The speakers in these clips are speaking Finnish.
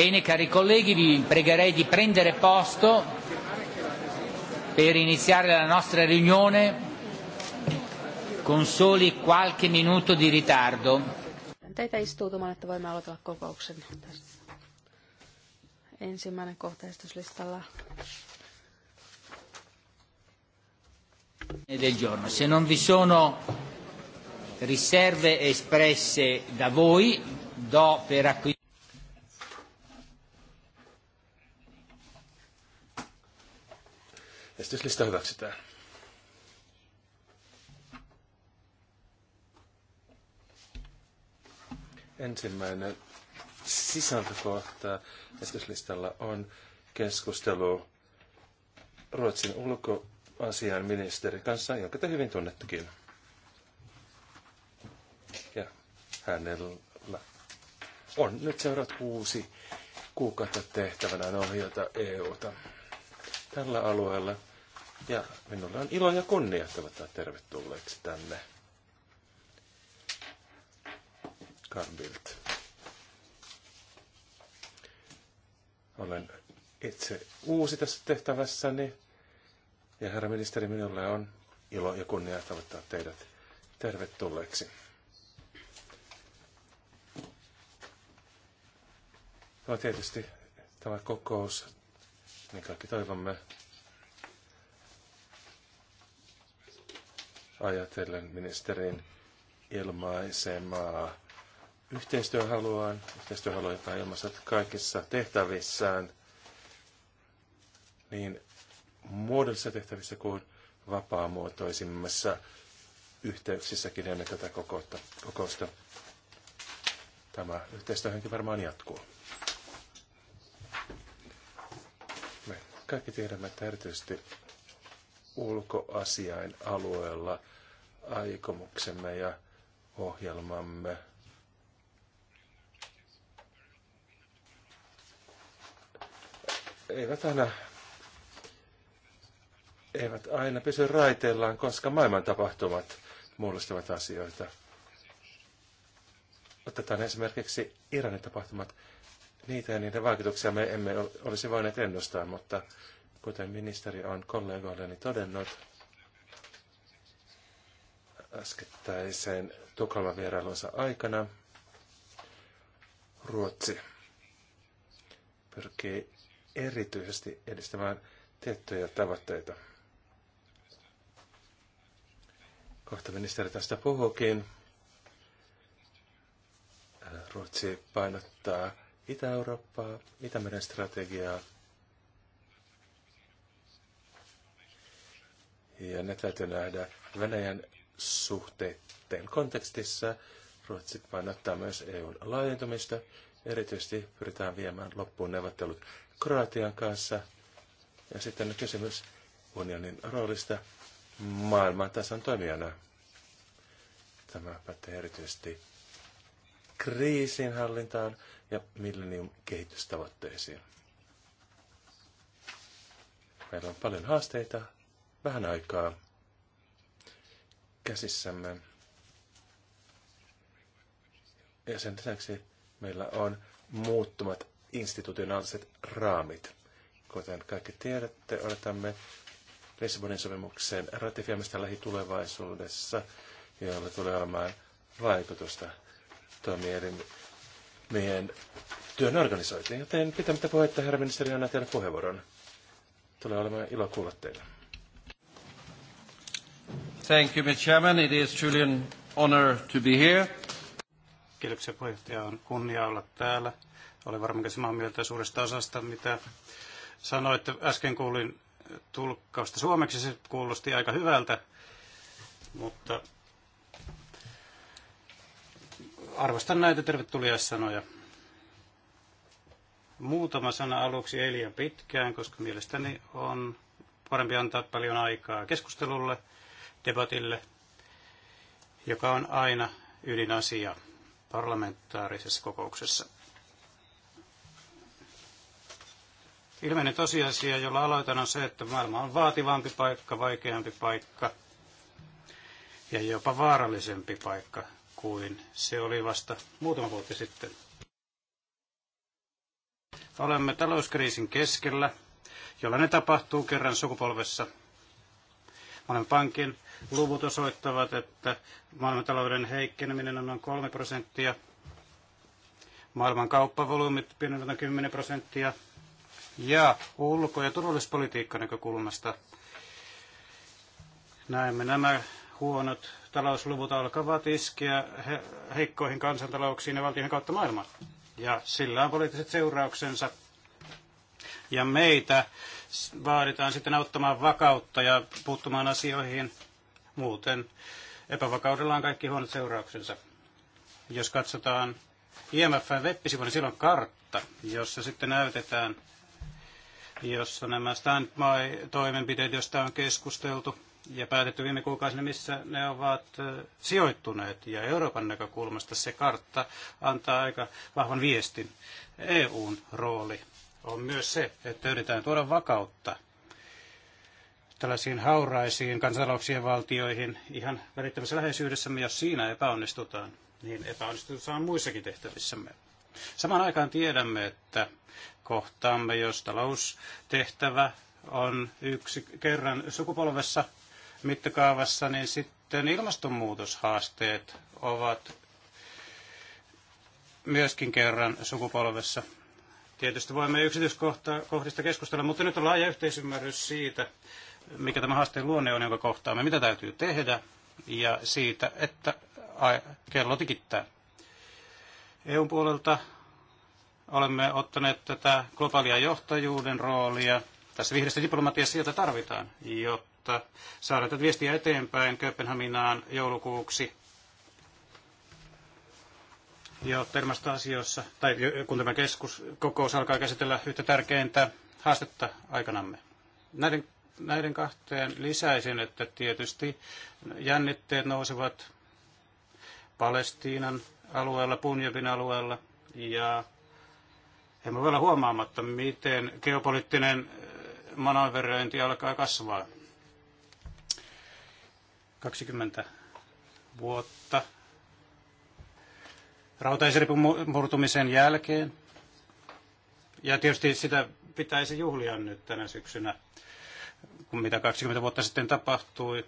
Bene, cari colleghi, vi pregherei di prendere posto per iniziare la nostra riunione con soli qualche minuto di ritardo. Teitä istuutumaan, että voimme aloittaa kokouksen. Ensimmäinen kohteistuslistalla del giorno. Se non vi sono riserve espresse da voi, do per acquisire Esityslista hyväksytään. Ensimmäinen sisältökohta esityslistalla on keskustelu Ruotsin ulkoasian ministerin kanssa, jonka te hyvin tunnettekin. Ja hänellä on nyt seuraavat kuusi kuukautta tehtävänä ohjata EUta tällä alueella – ja minulla on ilo ja kunnia toivottaa tervetulleeksi tänne. Karbilt. Olen itse uusi tässä tehtävässäni. Ja herra ministeri, minulle on ilo ja kunnia toivottaa teidät tervetulleeksi. Tämä no, tietysti tämä kokous, niin kaikki toivomme, ajatellen ministerin ilmaisemaa yhteistyöhaluaan, yhteistyöhalua, jota ilmaiset kaikissa tehtävissään, niin muodollisissa tehtävissä kuin vapaamuotoisimmissa yhteyksissäkin ennen tätä kokousta. kokousta. Tämä yhteistyöhenki varmaan jatkuu. Me kaikki tiedämme, että erityisesti ulkoasiain alueella aikomuksemme ja ohjelmamme. Eivät aina, eivät aina pysy raiteillaan, koska maailman tapahtumat muodostavat asioita. Otetaan esimerkiksi Iranin tapahtumat. Niitä ja niiden vaikutuksia me emme olisi voineet ennustaa, mutta Kuten ministeri on kollegoilleni todennut, äskettäisen Tukholman vierailunsa aikana Ruotsi pyrkii erityisesti edistämään tiettyjä tavoitteita. Kohta ministeri tästä puhuukin. Ruotsi painottaa Itä-Eurooppaa, Itämeren strategiaa, Ja ne täytyy nähdä Venäjän suhteiden kontekstissa. Ruotsi painottaa myös EUn laajentumista. Erityisesti pyritään viemään loppuun neuvottelut Kroatian kanssa. Ja sitten on kysymys unionin roolista maailman tason toimijana. Tämä pätee erityisesti kriisinhallintaan ja millennium-kehitystavoitteisiin. Meillä on paljon haasteita, vähän aikaa käsissämme. Ja sen lisäksi meillä on muuttumat institutionaaliset raamit. Kuten kaikki tiedätte, odotamme Lissabonin sopimuksen ratifioimista lähitulevaisuudessa, jolla tulee olemaan vaikutusta meidän työn organisointiin. Joten pitämättä puhetta, herra ministeri, annan teille puheenvuoron. Tulee olemaan ilo kuulla teille. Thank you, Mr. Chairman. It is truly an honor to be here. Kiitoksia puheenjohtaja. On kunnia olla täällä. Olen varmaankin samaa mieltä suuresta osasta, mitä sanoitte. Äsken kuulin tulkkausta suomeksi, se kuulosti aika hyvältä, mutta arvostan näitä sanoja. Muutama sana aluksi ei liian pitkään, koska mielestäni on parempi antaa paljon aikaa keskustelulle – debatille, joka on aina ydinasia parlamentaarisessa kokouksessa. Ilmeinen tosiasia, jolla aloitan, on se, että maailma on vaativampi paikka, vaikeampi paikka ja jopa vaarallisempi paikka kuin se oli vasta muutama vuotta sitten. Olemme talouskriisin keskellä, jolla ne tapahtuu kerran sukupolvessa. Olen pankin Luvut osoittavat, että maailmantalouden heikkeneminen on noin 3 prosenttia. Maailman kauppavolyymit pienenevät 10 prosenttia. Ja ulko- ja turvallisuuspolitiikka näkökulmasta näemme nämä huonot talousluvut alkavat iskeä heikkoihin kansantalouksiin ja valtioihin kautta maailman. Ja sillä on poliittiset seurauksensa. Ja meitä vaaditaan sitten auttamaan vakautta ja puuttumaan asioihin Muuten epävakaudella on kaikki huonot seurauksensa. Jos katsotaan IMFn web niin silloin kartta, jossa sitten näytetään, jossa nämä by toimenpiteet joista on keskusteltu ja päätetty viime kuukausina, missä ne ovat sijoittuneet. Ja Euroopan näkökulmasta se kartta antaa aika vahvan viestin. EUn rooli on myös se, että yritetään tuoda vakautta tällaisiin hauraisiin kansantalouksien valtioihin ihan välittömässä läheisyydessämme, jos siinä epäonnistutaan, niin epäonnistutaan muissakin tehtävissämme. Samaan aikaan tiedämme, että kohtaamme, jos taloustehtävä on yksi kerran sukupolvessa mittakaavassa, niin sitten ilmastonmuutoshaasteet ovat myöskin kerran sukupolvessa. Tietysti voimme yksityiskohdista keskustella, mutta nyt on laaja yhteisymmärrys siitä, mikä tämä haasteen luonne on, jonka kohtaamme, mitä täytyy tehdä, ja siitä, että kello tikittää. EUn puolelta olemme ottaneet tätä globaalia johtajuuden roolia tässä vihreässä diplomatiassa, sieltä tarvitaan, jotta saadaan tätä viestiä eteenpäin Kööpenhaminaan joulukuuksi. Jotta ilmasta asioissa, tai kun tämä keskus, kokous alkaa käsitellä yhtä tärkeintä haastetta aikanamme. Näiden näiden kahteen lisäisin, että tietysti jännitteet nousevat Palestiinan alueella, Punjabin alueella ja emme voi olla huomaamatta, miten geopoliittinen manöveröinti alkaa kasvaa. 20 vuotta rautaisripun murtumisen jälkeen. Ja tietysti sitä pitäisi juhlia nyt tänä syksynä kuin mitä 20 vuotta sitten tapahtui.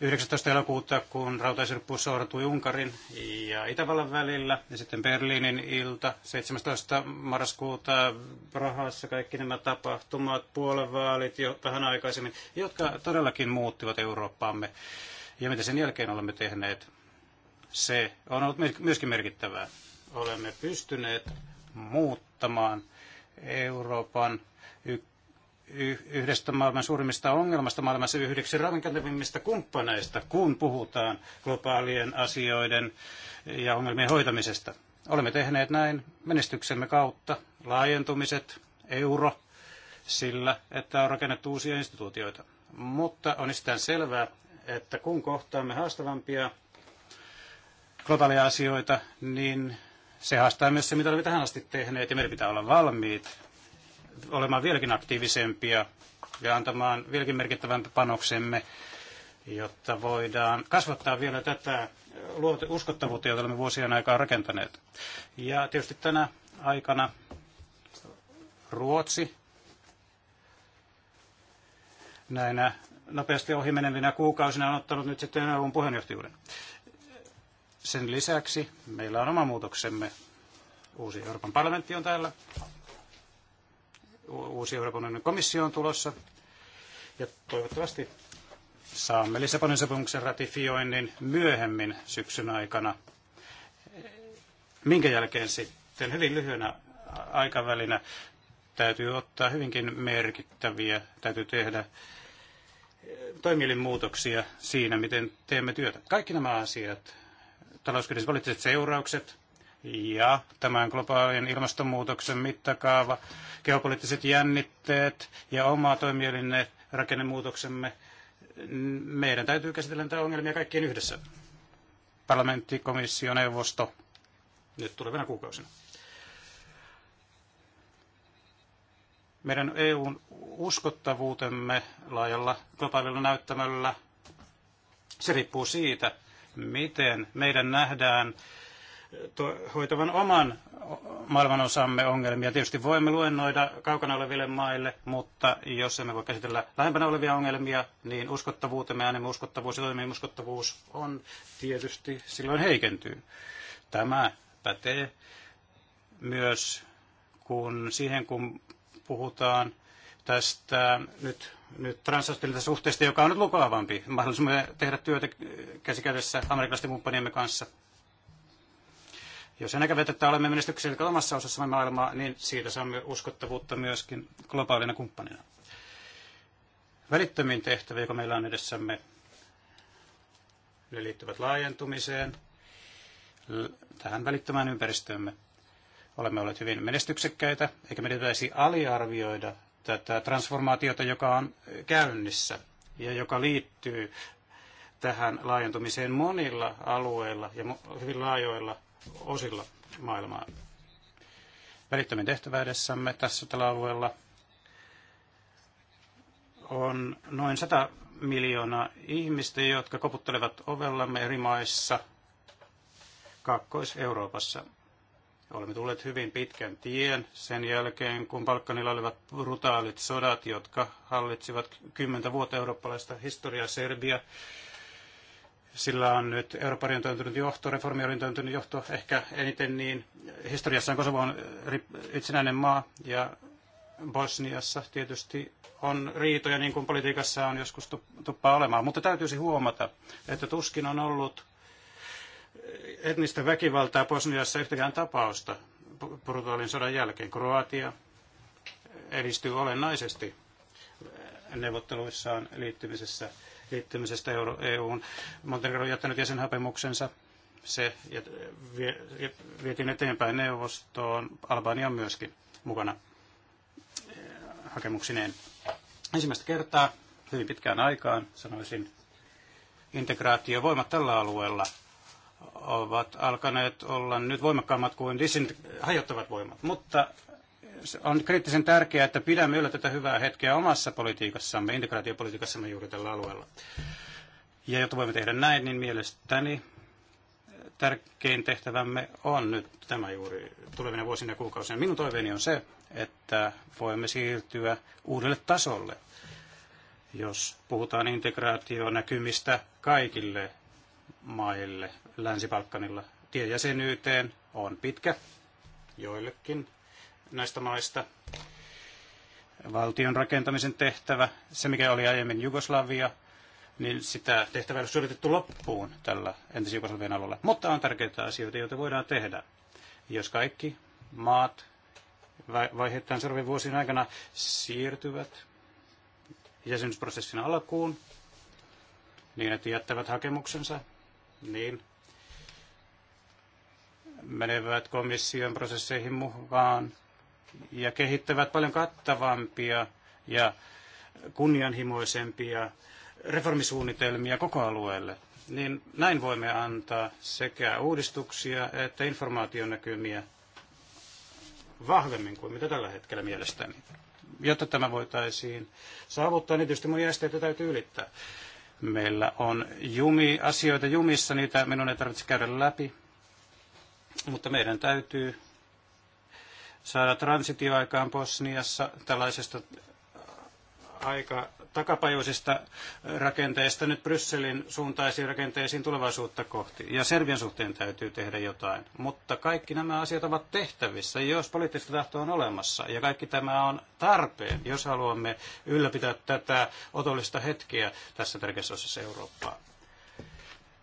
19. elokuuta, kun rautaisirppu sortui Unkarin ja Itävallan välillä, ja sitten Berliinin ilta 17. marraskuuta Prahassa kaikki nämä tapahtumat, puolenvaalit jo vähän aikaisemmin, jotka todellakin muuttivat Eurooppaamme. Ja mitä sen jälkeen olemme tehneet, se on ollut myöskin merkittävää. Olemme pystyneet muuttamaan Euroopan yhdestä maailman suurimmista ongelmasta maailmassa yhdeksi ravintolevimmista kumppaneista, kun puhutaan globaalien asioiden ja ongelmien hoitamisesta. Olemme tehneet näin menestyksemme kautta laajentumiset, euro, sillä, että on rakennettu uusia instituutioita. Mutta on itseään selvää, että kun kohtaamme haastavampia globaaleja asioita, niin se haastaa myös se, mitä olemme tähän asti tehneet, ja meidän pitää olla valmiit olemaan vieläkin aktiivisempia ja antamaan vieläkin merkittävämpi panoksemme, jotta voidaan kasvattaa vielä tätä uskottavuutta, jota olemme vuosien aikaa rakentaneet. Ja tietysti tänä aikana Ruotsi näinä nopeasti ohimenevinä kuukausina on ottanut nyt sitten EUn puheenjohtajuuden. Sen lisäksi meillä on oma muutoksemme. Uusi Euroopan parlamentti on täällä uusi Euroopan unionin komissio on tulossa. Ja toivottavasti saamme Lissabonin sopimuksen ratifioinnin myöhemmin syksyn aikana, minkä jälkeen sitten hyvin lyhyenä aikavälinä täytyy ottaa hyvinkin merkittäviä, täytyy tehdä toimielinmuutoksia siinä, miten teemme työtä. Kaikki nämä asiat, talouskriisin poliittiset seuraukset, ja tämän globaalin ilmastonmuutoksen mittakaava, geopoliittiset jännitteet ja oma toimielinne rakennemuutoksemme, meidän täytyy käsitellä näitä ongelmia kaikkien yhdessä. Parlamentti, komissio, neuvosto, nyt tulevina kuukausina. Meidän EUn uskottavuutemme laajalla globaalilla näyttämällä, se riippuu siitä, miten meidän nähdään hoitavan oman maailmanosamme ongelmia. Tietysti voimme luennoida kaukana oleville maille, mutta jos emme voi käsitellä lähempänä olevia ongelmia, niin uskottavuutemme, äänemme uskottavuus ja toimien uskottavuus on tietysti silloin heikentyy. Tämä pätee myös kun siihen, kun puhutaan tästä nyt, nyt transatlanttisesta suhteesta, joka on nyt lukaavampi. Mahdollisuus tehdä työtä käsikädessä amerikkalaisten kumppaniemme kanssa – jos se näkevät, että olemme menestykselliset omassa osassamme maailmaa, niin siitä saamme uskottavuutta myöskin globaalina kumppanina. Välittömin tehtävä, joka meillä on edessämme, ne liittyvät laajentumiseen, tähän välittömään ympäristöömme. Olemme olleet hyvin menestyksekkäitä, eikä meidän pitäisi aliarvioida tätä transformaatiota, joka on käynnissä ja joka liittyy tähän laajentumiseen monilla alueilla ja hyvin laajoilla osilla maailmaa. Välittömin tehtävä edessämme tässä tällä alueella on noin 100 miljoonaa ihmistä, jotka koputtelevat ovellamme eri maissa Kaakkois-Euroopassa. Olemme tulleet hyvin pitkän tien sen jälkeen, kun Balkanilla olivat brutaalit sodat, jotka hallitsivat kymmentä vuotta eurooppalaista historiaa Serbia, sillä on nyt Euroopan orientoitunut johto, reformi orientoitunut johto ehkä eniten niin. on Kosovo on itsenäinen maa ja Bosniassa tietysti on riitoja, niin kuin politiikassa on joskus tuppaa olemaan. Mutta täytyisi huomata, että tuskin on ollut etnistä väkivaltaa Bosniassa yhtäkään tapausta brutaalin sodan jälkeen. Kroatia edistyy olennaisesti neuvotteluissaan liittymisessä liittymisestä EU EUn. Montenegro on jättänyt jäsenhapemuksensa. Se vie, vietiin eteenpäin neuvostoon. Albania on myöskin mukana eh, hakemuksineen. Ensimmäistä kertaa hyvin pitkään aikaan, sanoisin, integraatiovoimat tällä alueella ovat alkaneet olla nyt voimakkaammat kuin disin hajottavat voimat. Mutta on kriittisen tärkeää, että pidämme yllä tätä hyvää hetkeä omassa politiikassamme, integraatiopolitiikassamme juuri tällä alueella. Ja jotta voimme tehdä näin, niin mielestäni tärkein tehtävämme on nyt tämä juuri tulevina vuosina ja kuukausina. Minun toiveeni on se, että voimme siirtyä uudelle tasolle, jos puhutaan integraationäkymistä kaikille maille Länsi-Balkanilla. Tie jäsenyyteen on pitkä joillekin näistä maista. Valtion rakentamisen tehtävä, se mikä oli aiemmin Jugoslavia, niin sitä tehtävää ei ole suoritettu loppuun tällä entis Jugoslavian alueella. Mutta on tärkeitä asioita, joita voidaan tehdä, jos kaikki maat vaiheittain seuraavien vuosien aikana siirtyvät jäsenyysprosessin alkuun, niin että jättävät hakemuksensa, niin menevät komission prosesseihin mukaan ja kehittävät paljon kattavampia ja kunnianhimoisempia reformisuunnitelmia koko alueelle. Niin näin voimme antaa sekä uudistuksia että informaationäkymiä vahvemmin kuin mitä tällä hetkellä mielestäni. Jotta tämä voitaisiin saavuttaa, niin tietysti monia esteitä täytyy ylittää. Meillä on jumi, asioita jumissa, niitä minun ei tarvitse käydä läpi, mutta meidän täytyy saada transitioaikaan Bosniassa tällaisesta äh, aika takapajuisista rakenteista nyt Brysselin suuntaisiin rakenteisiin tulevaisuutta kohti. Ja Serbian suhteen täytyy tehdä jotain. Mutta kaikki nämä asiat ovat tehtävissä, jos poliittista tahtoa on olemassa. Ja kaikki tämä on tarpeen, jos haluamme ylläpitää tätä otollista hetkeä tässä tärkeässä osassa Eurooppaa.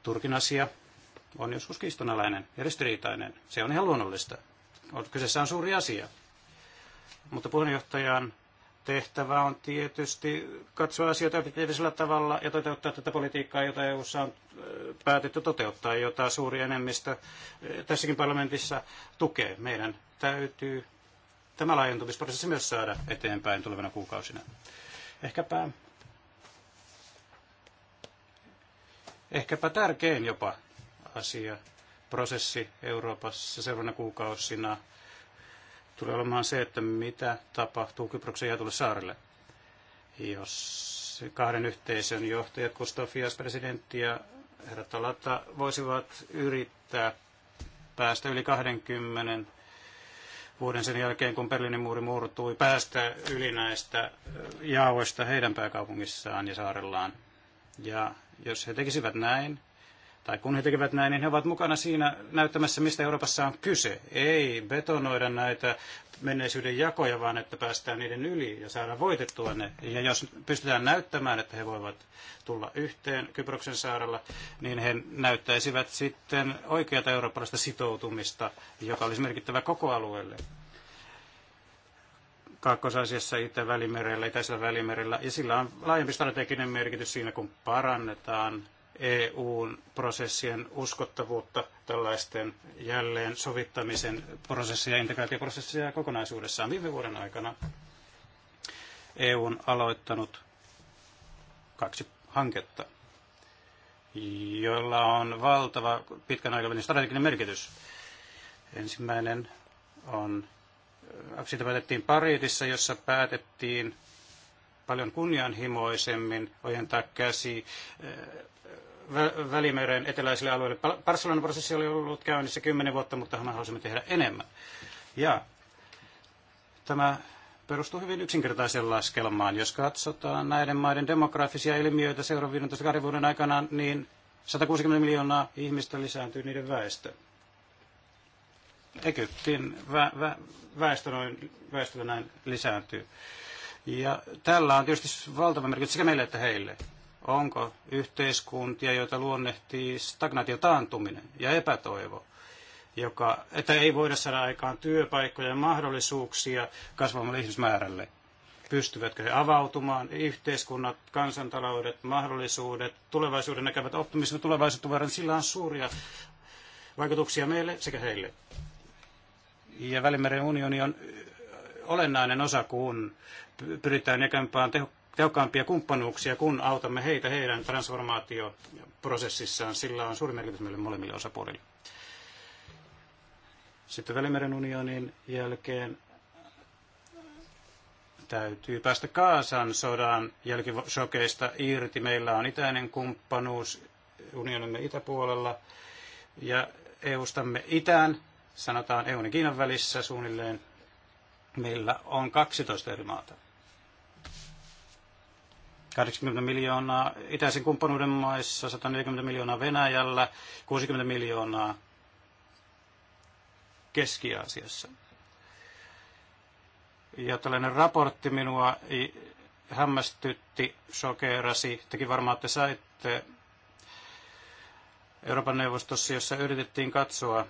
Turkin asia on joskus kiistanalainen ja ristiriitainen. Se on ihan luonnollista. Kyseessä on suuri asia. Mutta puheenjohtajan tehtävä on tietysti katsoa asioita objektiivisella tavalla ja toteuttaa tätä politiikkaa, jota eu on päätetty toteuttaa, jota suuri enemmistö tässäkin parlamentissa tukee. Meidän täytyy tämä laajentumisprosessi myös saada eteenpäin tulevina kuukausina. Ehkäpä, ehkäpä tärkein jopa asia prosessi Euroopassa seuraavana kuukausina tulee olemaan se, että mitä tapahtuu Kyproksen jäätulle saarelle. Jos kahden yhteisön johtajat, Kostofias presidentti ja herra Talata, voisivat yrittää päästä yli 20 vuoden sen jälkeen, kun Berliinin muuri murtui, päästä yli näistä jaoista heidän pääkaupungissaan ja saarellaan. Ja jos he tekisivät näin, tai kun he tekevät näin, niin he ovat mukana siinä näyttämässä, mistä Euroopassa on kyse. Ei betonoida näitä menneisyyden jakoja, vaan että päästään niiden yli ja saadaan voitettua ne. Ja jos pystytään näyttämään, että he voivat tulla yhteen Kyproksen saarella, niin he näyttäisivät sitten oikeata eurooppalaista sitoutumista, joka olisi merkittävä koko alueelle. Kaakkoisasiassa Itä-Välimerellä, Itäisellä Välimerellä, ja sillä on laajempi strateginen merkitys siinä, kun parannetaan EU-prosessien uskottavuutta tällaisten jälleen sovittamisen prosessia, integraatioprosessia kokonaisuudessaan viime vuoden aikana. EU on aloittanut kaksi hanketta, joilla on valtava pitkän aikavälin strateginen merkitys. Ensimmäinen on, äh, siitä päätettiin Pariitissa, jossa päätettiin paljon kunnianhimoisemmin ojentaa käsi äh, Välimeren eteläisille alueille. Barcelonan prosessi oli ollut käynnissä kymmenen vuotta, mutta me halusimme tehdä enemmän. Ja tämä perustuu hyvin yksinkertaiseen laskelmaan. Jos katsotaan näiden maiden demografisia ilmiöitä seuraavan 15 vuoden aikana, niin 160 miljoonaa ihmistä lisääntyy niiden väestö. Egyptin vä- vä- väestö, noin, väestö näin lisääntyy. Ja tällä on tietysti valtava merkitys sekä meille että heille. Onko yhteiskuntia, joita luonnehtii stagnaatio taantuminen ja epätoivo, joka, että ei voida saada aikaan työpaikkoja ja mahdollisuuksia kasvavalle ihmismäärälle? Pystyvätkö he avautumaan, yhteiskunnat, kansantaloudet, mahdollisuudet, tulevaisuuden näkevät optimismi tulevaisuutta varten, sillä on suuria vaikutuksia meille sekä heille. Ja Välimeren unioni on olennainen osa, kun pyritään jakamaan teho, tehokkaampia kumppanuuksia, kun autamme heitä heidän transformaatioprosessissaan. Sillä on suuri merkitys meille molemmille osapuolille. Sitten Välimeren unionin jälkeen täytyy päästä Kaasan sodan jälkisokeista irti. Meillä on itäinen kumppanuus unionimme itäpuolella ja eu EU-stamme itään, sanotaan EUn ja Kiinan välissä suunnilleen. Meillä on 12 eri maata. 80 miljoonaa itäisen kumppanuuden maissa, 140 miljoonaa Venäjällä, 60 miljoonaa Keski-Aasiassa. Ja tällainen raportti minua hämmästytti, sokeerasi, teki varmaan te saitte Euroopan neuvostossa, jossa yritettiin katsoa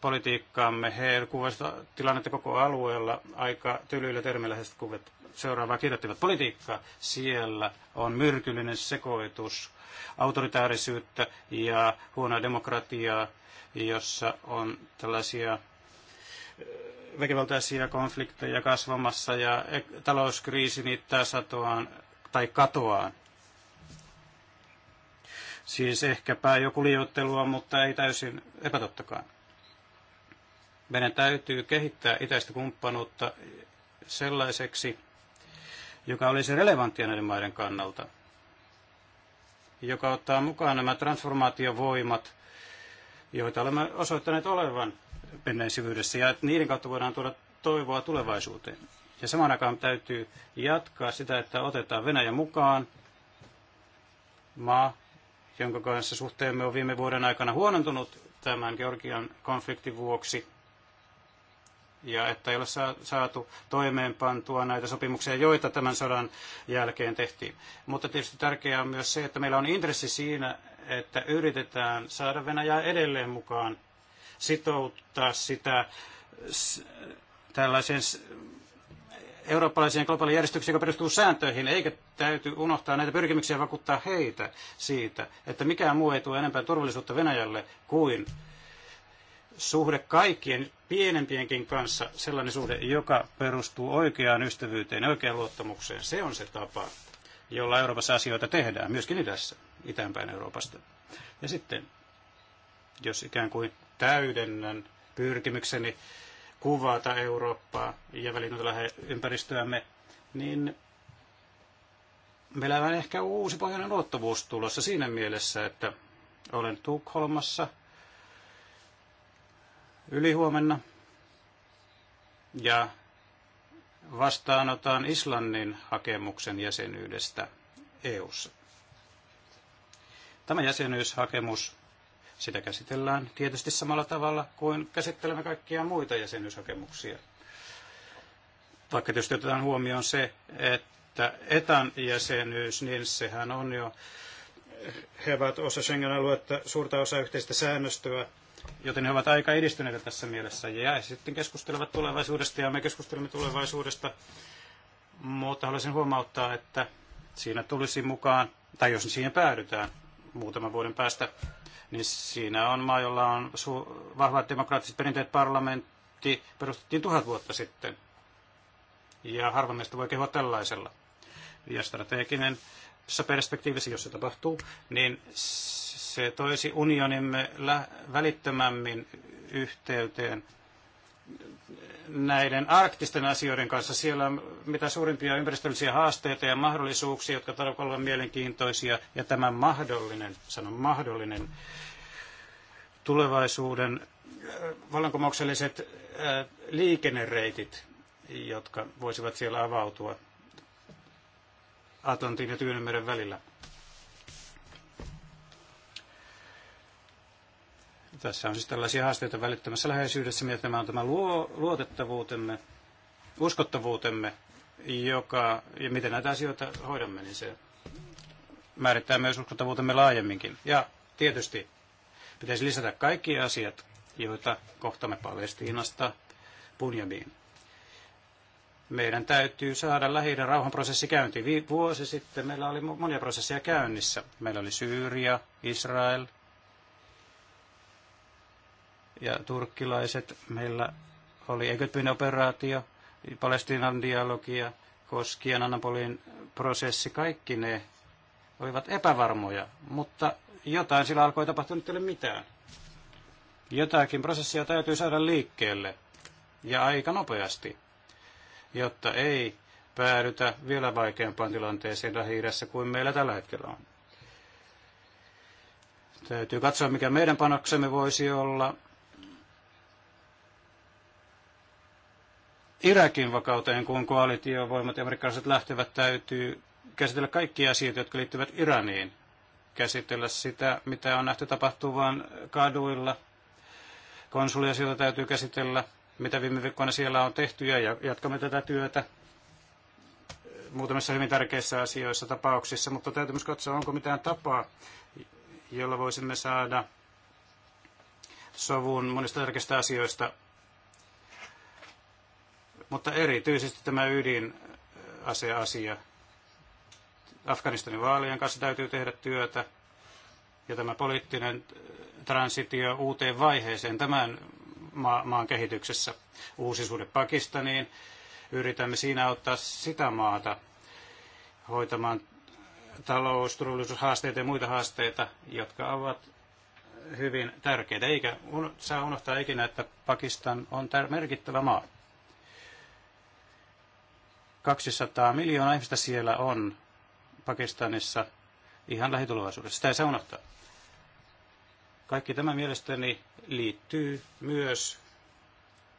politiikkaamme. He kuvasivat tilannetta koko alueella aika tylyillä termiläiset kuvat seuraavaa kirjoittivat. Politiikka siellä on myrkyllinen sekoitus autoritaarisyyttä ja huonoa demokratiaa, jossa on tällaisia äh, väkivaltaisia konflikteja kasvamassa ja e- talouskriisi niittää satoaan tai katoaan. Siis ehkäpä joku liioittelua, mutta ei täysin epätottakaan. Meidän täytyy kehittää itäistä kumppanuutta sellaiseksi, joka olisi relevanttia näiden maiden kannalta, joka ottaa mukaan nämä transformaatiovoimat, joita olemme osoittaneet olevan menneisyydessä, ja että niiden kautta voidaan tuoda toivoa tulevaisuuteen. Ja saman aikaan täytyy jatkaa sitä, että otetaan Venäjä mukaan, maa, jonka kanssa suhteemme on viime vuoden aikana huonontunut tämän Georgian konfliktin vuoksi ja että ei ole saatu toimeenpantua näitä sopimuksia, joita tämän sodan jälkeen tehtiin. Mutta tietysti tärkeää on myös se, että meillä on intressi siinä, että yritetään saada Venäjää edelleen mukaan sitouttaa sitä tällaiseen eurooppalaiseen globaaliin järjestykseen, joka perustuu sääntöihin, eikä täyty unohtaa näitä pyrkimyksiä vakuuttaa heitä siitä, että mikään muu ei tule enempää turvallisuutta Venäjälle kuin suhde kaikkien pienempienkin kanssa sellainen suhde, joka perustuu oikeaan ystävyyteen, oikeaan luottamukseen. Se on se tapa, jolla Euroopassa asioita tehdään, myöskin idässä, itäänpäin Euroopasta. Ja sitten, jos ikään kuin täydennän pyrkimykseni kuvata Eurooppaa ja välitytä ympäristöämme, niin meillä on ehkä uusi pohjoinen luottavuus tulossa siinä mielessä, että olen Tukholmassa – ylihuomenna ja vastaanotaan Islannin hakemuksen jäsenyydestä EU:ssa. Tämä jäsenyyshakemus, sitä käsitellään tietysti samalla tavalla kuin käsittelemme kaikkia muita jäsenyyshakemuksia. Vaikka tietysti otetaan huomioon se, että etan jäsenyys, niin sehän on jo, he ovat osa Schengen-aluetta, suurta osa yhteistä säännöstöä, joten he ovat aika edistyneitä tässä mielessä. Ja sitten keskustelevat tulevaisuudesta ja me keskustelemme tulevaisuudesta, mutta haluaisin huomauttaa, että siinä tulisi mukaan, tai jos siihen päädytään muutaman vuoden päästä, niin siinä on maa, jolla on su- vahvat demokraattiset perinteet parlamentti, perustettiin tuhat vuotta sitten. Ja harva meistä voi kehua tällaisella. Ja strateginen perspektiivissä, jos se tapahtuu, niin se toisi unionimme välittömämmin yhteyteen näiden arktisten asioiden kanssa. Siellä on mitä suurimpia ympäristöllisiä haasteita ja mahdollisuuksia, jotka tarvitsevat olla mielenkiintoisia. Ja tämä mahdollinen, sanon mahdollinen, tulevaisuuden äh, vallankumoukselliset äh, liikennereitit, jotka voisivat siellä avautua. Atlantin ja Tyynenmeren välillä. Tässä on siis tällaisia haasteita välittömässä läheisyydessä, ja tämä on tämä luo, luotettavuutemme, uskottavuutemme, joka, ja miten näitä asioita hoidamme, niin se määrittää myös uskottavuutemme laajemminkin. Ja tietysti pitäisi lisätä kaikki asiat, joita kohtamme Palestiinasta Bunjamiin meidän täytyy saada lähi rauhanprosessi käyntiin. Vuosi sitten meillä oli monia prosesseja käynnissä. Meillä oli Syyria, Israel ja turkkilaiset. Meillä oli Egyptin operaatio, Palestinan dialogia, koskien Annapolin prosessi. Kaikki ne olivat epävarmoja, mutta jotain sillä alkoi tapahtua, nyt ei ole mitään. Jotakin prosessia täytyy saada liikkeelle ja aika nopeasti jotta ei päädytä vielä vaikeampaan tilanteeseen lähi kuin meillä tällä hetkellä on. Täytyy katsoa, mikä meidän panoksemme voisi olla. Irakin vakauteen, kun koalitiovoimat ja amerikkalaiset lähtevät, täytyy käsitellä kaikkia asioita, jotka liittyvät Iraniin. Käsitellä sitä, mitä on nähty tapahtuvan kaduilla. Konsuliasioita täytyy käsitellä mitä viime viikkoina siellä on tehty ja jatkamme tätä työtä muutamissa hyvin tärkeissä asioissa, tapauksissa, mutta täytyy myös katsoa, onko mitään tapaa, jolla voisimme saada sovun monista tärkeistä asioista, mutta erityisesti tämä ydinaseasia. Afganistanin vaalien kanssa täytyy tehdä työtä ja tämä poliittinen transitio uuteen vaiheeseen, tämän ma- maan kehityksessä. Uusi suhde Pakistaniin. Yritämme siinä auttaa sitä maata hoitamaan talous, turvallisuushaasteita ja muita haasteita, jotka ovat hyvin tärkeitä. Eikä un- saa unohtaa ikinä, että Pakistan on tär- merkittävä maa. 200 miljoonaa ihmistä siellä on Pakistanissa ihan lähitulevaisuudessa. Sitä ei saa unohtaa. Kaikki tämä mielestäni liittyy myös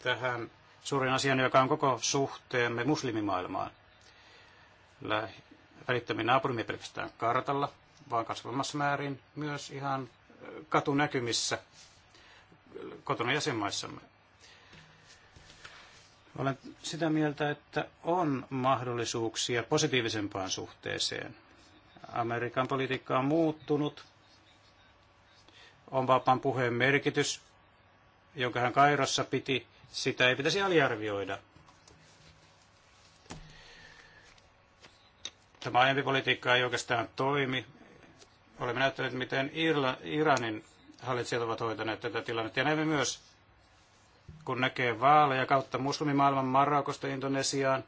tähän suurin asian, joka on koko suhteemme muslimimaailmaan. Välittömin naapurimme pelkästään kartalla, vaan kasvamassa määrin myös ihan katunäkymissä kotona jäsenmaissamme. Olen sitä mieltä, että on mahdollisuuksia positiivisempaan suhteeseen. Amerikan politiikka on muuttunut on vapaan puheen merkitys, jonka hän Kairossa piti, sitä ei pitäisi aliarvioida. Tämä aiempi politiikka ei oikeastaan toimi. Olemme näyttäneet, miten Irla, Iranin hallitsijat ovat hoitaneet tätä tilannetta. Ja näemme myös, kun näkee vaaleja kautta muslimimaailman Marokosta Indonesiaan,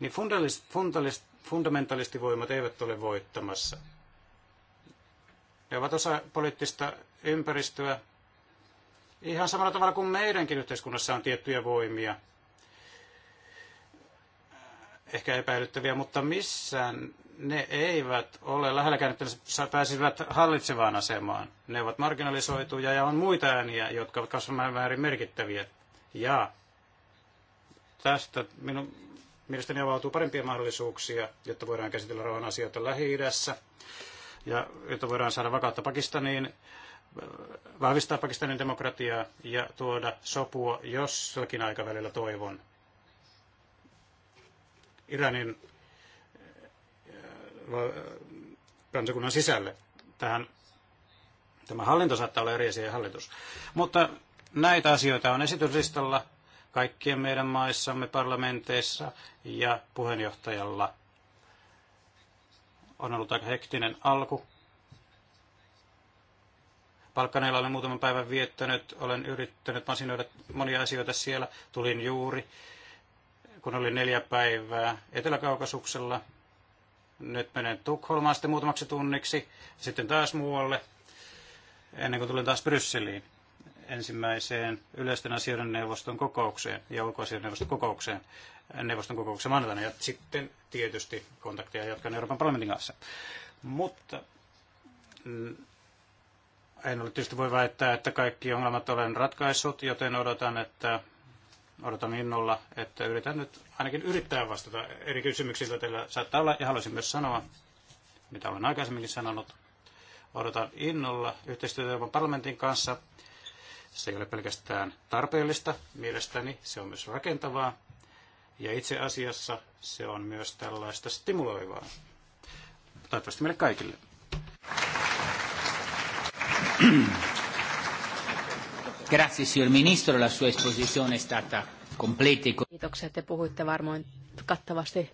niin fundalist, fundalist, fundamentalistivoimat eivät ole voittamassa. Ne ovat osa poliittista ympäristöä ihan samalla tavalla kuin meidänkin yhteiskunnassa on tiettyjä voimia. Ehkä epäilyttäviä, mutta missään ne eivät ole lähelläkään, että ne pääsisivät hallitsevaan asemaan. Ne ovat marginalisoituja ja on muita ääniä, jotka ovat kasvamaan väärin merkittäviä. Ja tästä minun mielestäni avautuu parempia mahdollisuuksia, jotta voidaan käsitellä rauhan asioita Lähi-idässä ja jotta voidaan saada vakautta Pakistaniin, vahvistaa Pakistanin demokratiaa ja tuoda sopua jossakin aikavälillä toivon. Iranin eh, kansakunnan sisälle. Tähän, tämä hallinto saattaa olla eri asia hallitus. Mutta näitä asioita on esityslistalla kaikkien meidän maissamme, parlamenteissa ja puheenjohtajalla on ollut aika hektinen alku. Palkkaneella olen muutaman päivän viettänyt, olen yrittänyt masinoida monia asioita siellä. Tulin juuri, kun oli neljä päivää Etelä-Kaukasuksella. Nyt menen Tukholmaan sitten muutamaksi tunniksi, sitten taas muualle, ennen kuin tulen taas Brysseliin ensimmäiseen yleisten asioiden neuvoston kokoukseen ja ulkoasioiden neuvoston kokoukseen neuvoston kokouksessa maanantaina ja sitten tietysti kontakteja jatkan Euroopan parlamentin kanssa. Mutta mm, en ole tietysti voi väittää, että kaikki ongelmat olen ratkaissut, joten odotan, että odotan innolla, että yritän nyt ainakin yrittää vastata eri kysymyksillä teillä saattaa olla, ja haluaisin myös sanoa, mitä olen aikaisemminkin sanonut, odotan innolla yhteistyötä Euroopan parlamentin kanssa. Se ei ole pelkästään tarpeellista mielestäni, se on myös rakentavaa. Ja itse asiassa se on myös tällaista stimuloivaa. Toivottavasti meille kaikille. Grazie signor Ministro, la sua esposizione è stata completa. E Kiitoksia, te puhuitte varmaan kattavasti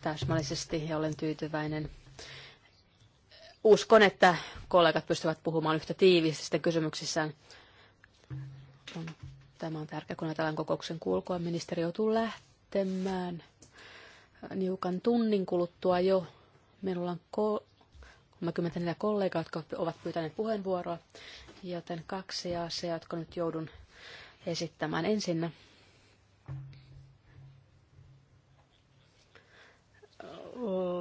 täsmällisesti ja olen tyytyväinen. Uskon, että kollegat pystyvät puhumaan yhtä tiiviisti sitten kysymyksissään. Tämä on tärkeää, kun ajatellaan kokouksen kulkua. Ministeri joutuu lähtemään lähtemään niukan tunnin kuluttua jo. Minulla on 34 kollegaa, jotka ovat pyytäneet puheenvuoroa, joten kaksi asiaa, jotka nyt joudun esittämään. Ensinnä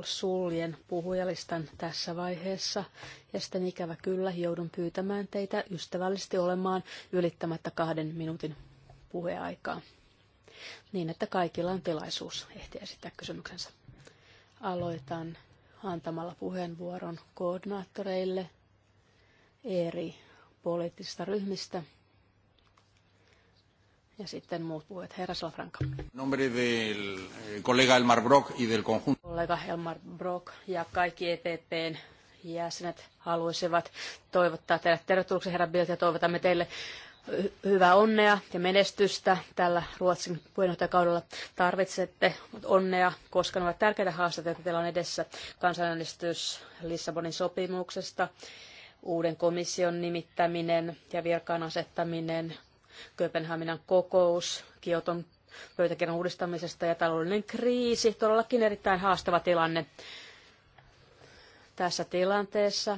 suljen puhujalistan tässä vaiheessa. Ja sitten ikävä kyllä joudun pyytämään teitä ystävällisesti olemaan ylittämättä kahden minuutin puheaikaa niin, että kaikilla on tilaisuus ehtiä esittää kysymyksensä. Aloitan antamalla puheenvuoron koordinaattoreille eri poliittisista ryhmistä. Ja sitten muut puhujat. Herra Salafranca. Nombre del kollega eh, Elmar Brock y del conjunto. Kollega Elmar Brock ja kaikki EPPn jäsenet haluaisivat toivottaa teille tervetulleeksi herra Bilt ja toivotamme teille hyvää onnea ja menestystä tällä Ruotsin puheenjohtajakaudella. Tarvitsette onnea, koska ne ovat tärkeitä haasteita, joita teillä on edessä. Kansanäänestys Lissabonin sopimuksesta, uuden komission nimittäminen ja virkaan asettaminen, Kööpenhaminan kokous, Kioton pöytäkirjan uudistamisesta ja taloudellinen kriisi. Todellakin erittäin haastava tilanne tässä tilanteessa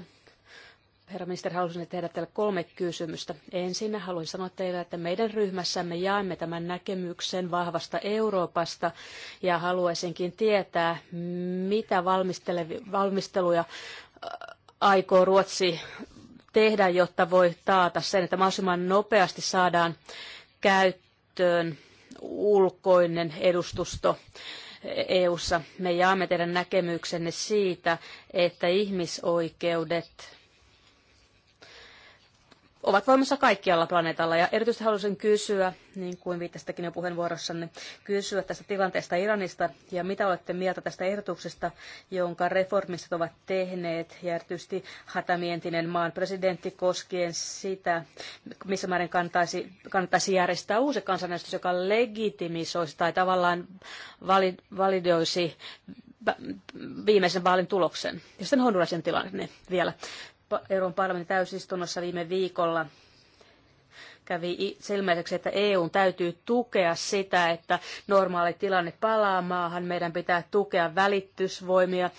herra ministeri, haluaisin tehdä teille kolme kysymystä. Ensin haluan sanoa teille, että meidän ryhmässämme jaamme tämän näkemyksen vahvasta Euroopasta ja haluaisinkin tietää, mitä valmisteluja aikoo Ruotsi tehdä, jotta voi taata sen, että mahdollisimman nopeasti saadaan käyttöön ulkoinen edustusto EU:ssa. Me jaamme teidän näkemyksenne siitä, että ihmisoikeudet ovat voimassa kaikkialla planeetalla. Ja erityisesti haluaisin kysyä, niin kuin viittasittekin jo puheenvuorossanne, kysyä tästä tilanteesta Iranista ja mitä olette mieltä tästä ehdotuksesta, jonka reformistit ovat tehneet ja erityisesti hatamientinen maan presidentti koskien sitä, missä määrin kannattaisi, kannattaisi järjestää uusi kansanäänestys, joka legitimisoisi tai tavallaan valid, validoisi viimeisen vaalin tuloksen. Ja sitten Hondurasin tilanne vielä. Euroopan parlamentin täysistunnossa viime viikolla kävi selmäiseksi, että EUn täytyy tukea sitä, että normaali tilanne palaa maahan. Meidän pitää tukea välitysvoimia,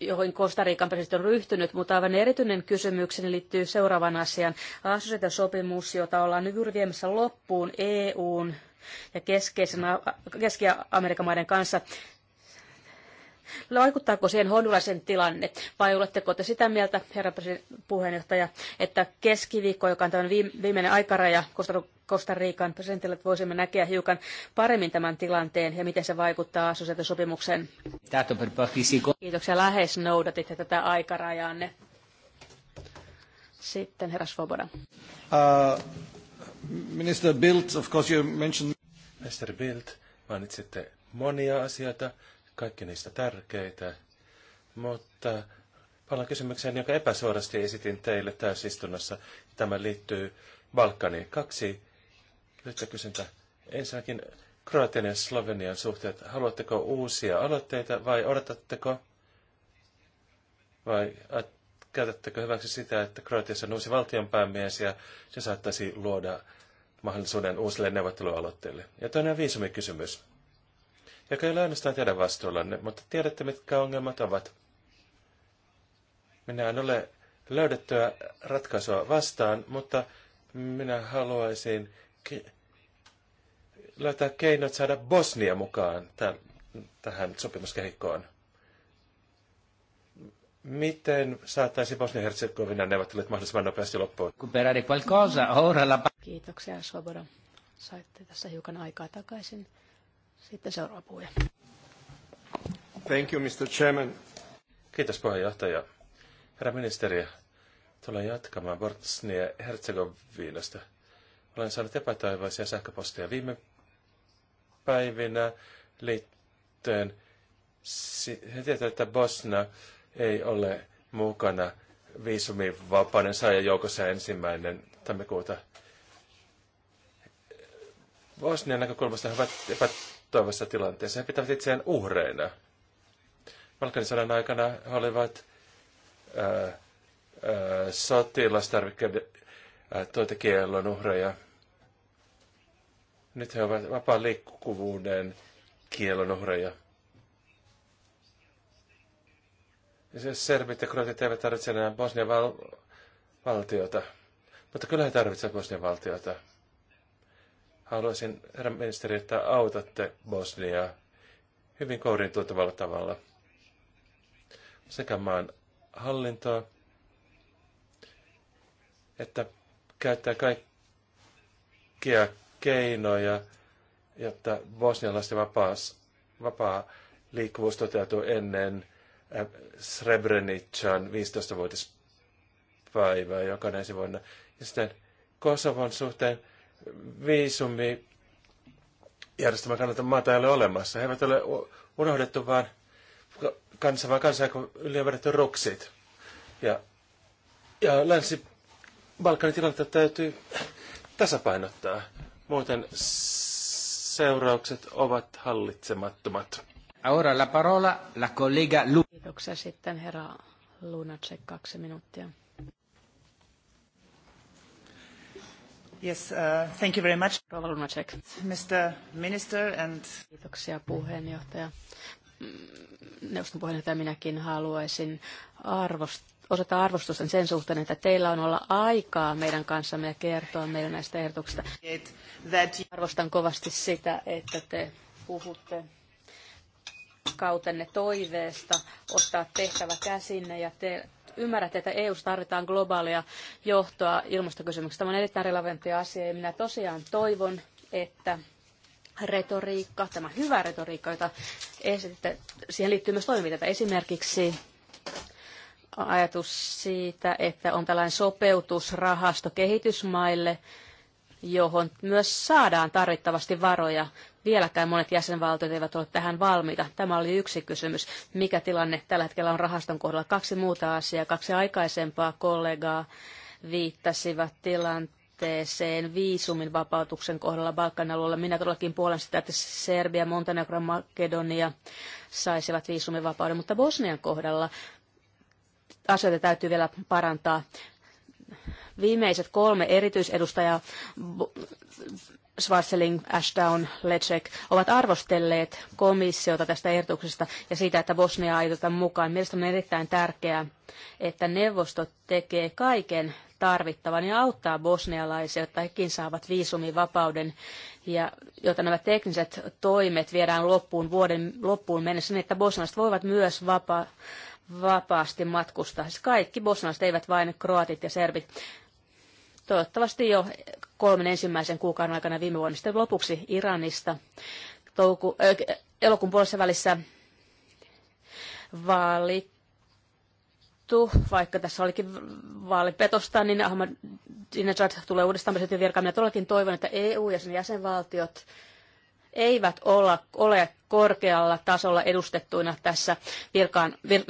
joihin Kostariikan presidentti on ryhtynyt, mutta aivan erityinen kysymykseni liittyy seuraavan asian. Assosiaatiosopimus, jota ollaan nyt juuri viemässä loppuun EUn ja Keski-Amerikan maiden kanssa. Vaikuttaako siihen hondulaisen tilanne vai oletteko te sitä mieltä, herra puheenjohtaja, että keskiviikko, joka on tämän viimeinen aikaraja Costa Rican presidentille, että voisimme näkeä hiukan paremmin tämän tilanteen ja miten se vaikuttaa assosiaatiosopimukseen? Kiitoksia. Lähes noudatitte tätä aikarajaanne. Sitten herra Svoboda. Uh, Minister Bildt, of course you mentioned... Minister Bildt, mainitsitte monia asioita, kaikki niistä tärkeitä, mutta palaan kysymykseen, jonka epäsuorasti esitin teille täysistunnossa. Tämä liittyy Balkaniin. Kaksi lyhyttä kysyntä. Ensinnäkin Kroatian ja Slovenian suhteet. Haluatteko uusia aloitteita vai odotatteko? Vai käytättekö hyväksi sitä, että Kroatiassa on uusi valtionpäämies ja se saattaisi luoda mahdollisuuden uusille neuvottelualoitteille? Ja toinen viisumikysymys. kysymys joka ei ole ainoastaan teidän vastuullanne, mutta tiedätte, mitkä ongelmat ovat. Minä en ole löydettyä ratkaisua vastaan, mutta minä haluaisin ke- löytää keinot saada Bosnia mukaan tämän, tähän sopimuskehikkoon. Miten saattaisi Bosnia-Herzegovina neuvottelut mahdollisimman nopeasti loppuun? Kiitoksia, Svoboda. Saitte tässä hiukan aikaa takaisin. Sitten seuraava puhuja. Thank you, Mr. Chairman. Kiitos puheenjohtaja. Herra ministeri, tulen jatkamaan Bosnia Herzegovinasta. Olen saanut epätoivoisia sähköposteja viime päivinä liittyen. siihen että Bosna ei ole mukana viisumivapauden saajajoukossa ensimmäinen tammikuuta. Bosnian näkökulmasta he ovat toivossa tilanteessa. He pitävät itseään uhreina. Balkanin sodan aikana he olivat sotilastarvikkeiden tuotekiellon uhreja. Nyt he ovat vapaan liikkuvuuden kielon uhreja. Serbit ja kroatit eivät tarvitse enää Bosnian val- valtiota. Mutta kyllä he tarvitsevat Bosnian valtiota. Haluaisin, herra ministeri, että autatte Bosniaa hyvin kourin tavalla sekä maan hallintoa että käyttää kaikkia keinoja, jotta bosnialaisten vapaas, vapaa liikkuvuus toteutuu ennen äh, Srebrenican 15-vuotispäivää, joka on ensi vuonna. Ja sitten Kosovon suhteen viisumi järjestelmä kannalta maata ei ole olemassa. He eivät ole unohdettu vaan kansa, vaan kansaa yli on vedetty ruksit. Ja, ja Länsi-Balkanin tilannetta täytyy tasapainottaa. Muuten seuraukset ovat hallitsemattomat. Ora la parola la collega Lu. Kiitoksia sitten herra Lunacek, kaksi minuuttia. Yes, uh, thank you very much. Lunacek. Mr. Minister and... Kiitoksia puheenjohtaja. Mm, neuvoston puheenjohtaja minäkin haluaisin arvostaa osoittaa arvostusta sen suhteen, että teillä on olla aikaa meidän kanssamme ja kertoa meille näistä ehdotuksista. Arvostan kovasti sitä, että te puhutte kautenne toiveesta ottaa tehtävä käsinne ja te ymmärrätte, että EU tarvitaan globaalia johtoa ilmastokysymyksessä. Tämä on erittäin relevantti asia ja minä tosiaan toivon, että retoriikka, tämä hyvä retoriikka, jota esititte, siihen liittyy myös toimenpiteitä. Esimerkiksi ajatus siitä, että on tällainen sopeutusrahasto kehitysmaille, johon myös saadaan tarvittavasti varoja Vieläkään monet jäsenvaltiot eivät ole tähän valmiita. Tämä oli yksi kysymys. Mikä tilanne tällä hetkellä on rahaston kohdalla? Kaksi muuta asiaa. Kaksi aikaisempaa kollegaa viittasivat tilanteeseen viisumin vapautuksen kohdalla Balkan alueella. Minä todellakin puolen sitä, että Serbia, Montenegro, Makedonia saisivat viisumin vapauden. mutta Bosnian kohdalla asioita täytyy vielä parantaa. Viimeiset kolme erityisedustajaa Schwarzeling, Ashdown, Lecek ovat arvostelleet komissiota tästä ehdotuksesta ja siitä, että Bosnia ei oteta mukaan. Mielestäni on erittäin tärkeää, että neuvosto tekee kaiken tarvittavan ja auttaa bosnialaisia, jotta hekin saavat viisumivapauden, ja jotta nämä tekniset toimet viedään loppuun vuoden loppuun mennessä, niin että bosnialaiset voivat myös vapaasti matkustaa. Siis kaikki bosnialaiset eivät vain kroatit ja serbit toivottavasti jo kolmen ensimmäisen kuukauden aikana viime vuonna. Sitten lopuksi Iranista touku, äh, elokuun puolessa välissä valittu, vaikka tässä olikin vaalipetosta, niin Ahmadinejad tulee uudestaan presidentin virkaan. Minä todellakin toivon, että EU ja sen jäsenvaltiot eivät olla, ole korkealla tasolla edustettuina tässä virkaan, vir,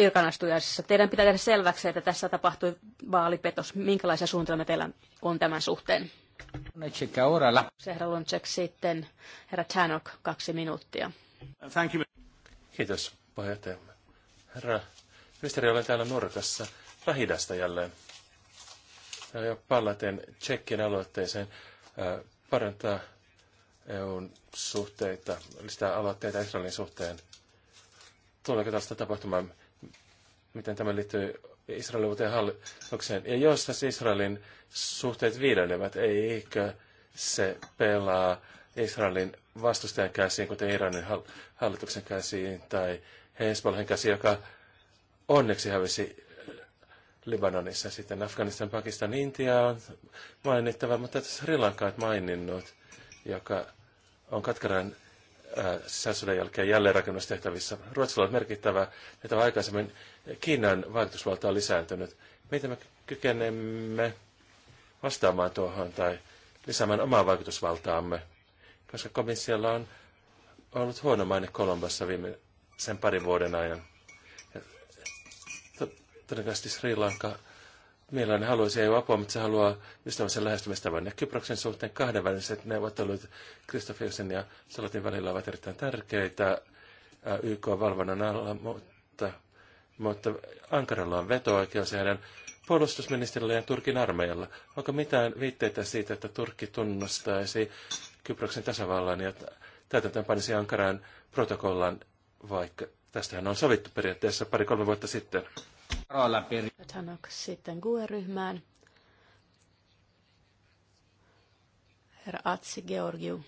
Teidän pitää tehdä selväksi, että tässä tapahtui vaalipetos. Minkälaisia suunnitelmia teillä on tämän suhteen? Herra Lunchek, sitten herra Chanok, kaksi minuuttia. Thank you. Kiitos, puheenjohtaja. Herra ministeri, olen täällä nurkassa lähi jälleen. Ja palaten Tsekkin aloitteeseen äh, parantaa EUn suhteita, sitä aloitteita Israelin suhteen. Tuleeko tällaista tapahtumaan? Miten tämä liittyy Israelin uuteen hallitukseen? Ja jos tässä Israelin suhteet viidelevät, eikö se pelaa Israelin vastustajan käsiin, kuten Iranin hallituksen käsiin tai Hezbollahin käsiin, joka onneksi hävisi Libanonissa. Sitten Afganistan, Pakistan, Intia on mainittava, mutta tässä Sri Lanka on maininnut, joka on katkaran sisäsodan äh, jälkeen jälleenrakennustehtävissä. Ruotsilla on merkittävä, että aikaisemmin Kiinan vaikutusvalta on lisääntynyt. Miten me kykenemme vastaamaan tuohon tai lisäämään omaa vaikutusvaltaamme, koska komissiolla on ollut huono maine Kolombassa viime sen parin vuoden ajan. todennäköisesti Sri Lanka millainen haluaisi EU-apua, mutta se haluaa ystävällisen lähestymistavan. Ja Kyproksen suhteen kahdenväliset neuvottelut Kristofiusen ja Salatin välillä ovat erittäin tärkeitä YK-valvonnan alla, mutta, mutta Ankaralla on veto-oikeus ja heidän puolustusministerillä ja Turkin armeijalla. Onko mitään viitteitä siitä, että Turkki tunnustaisi Kyproksen tasavallan ja panisi Ankaran protokollan, vaikka tästähän on sovittu periaatteessa pari-kolme vuotta sitten? Tanak sitten GUE-ryhmään. Herra Atsi Georgiu.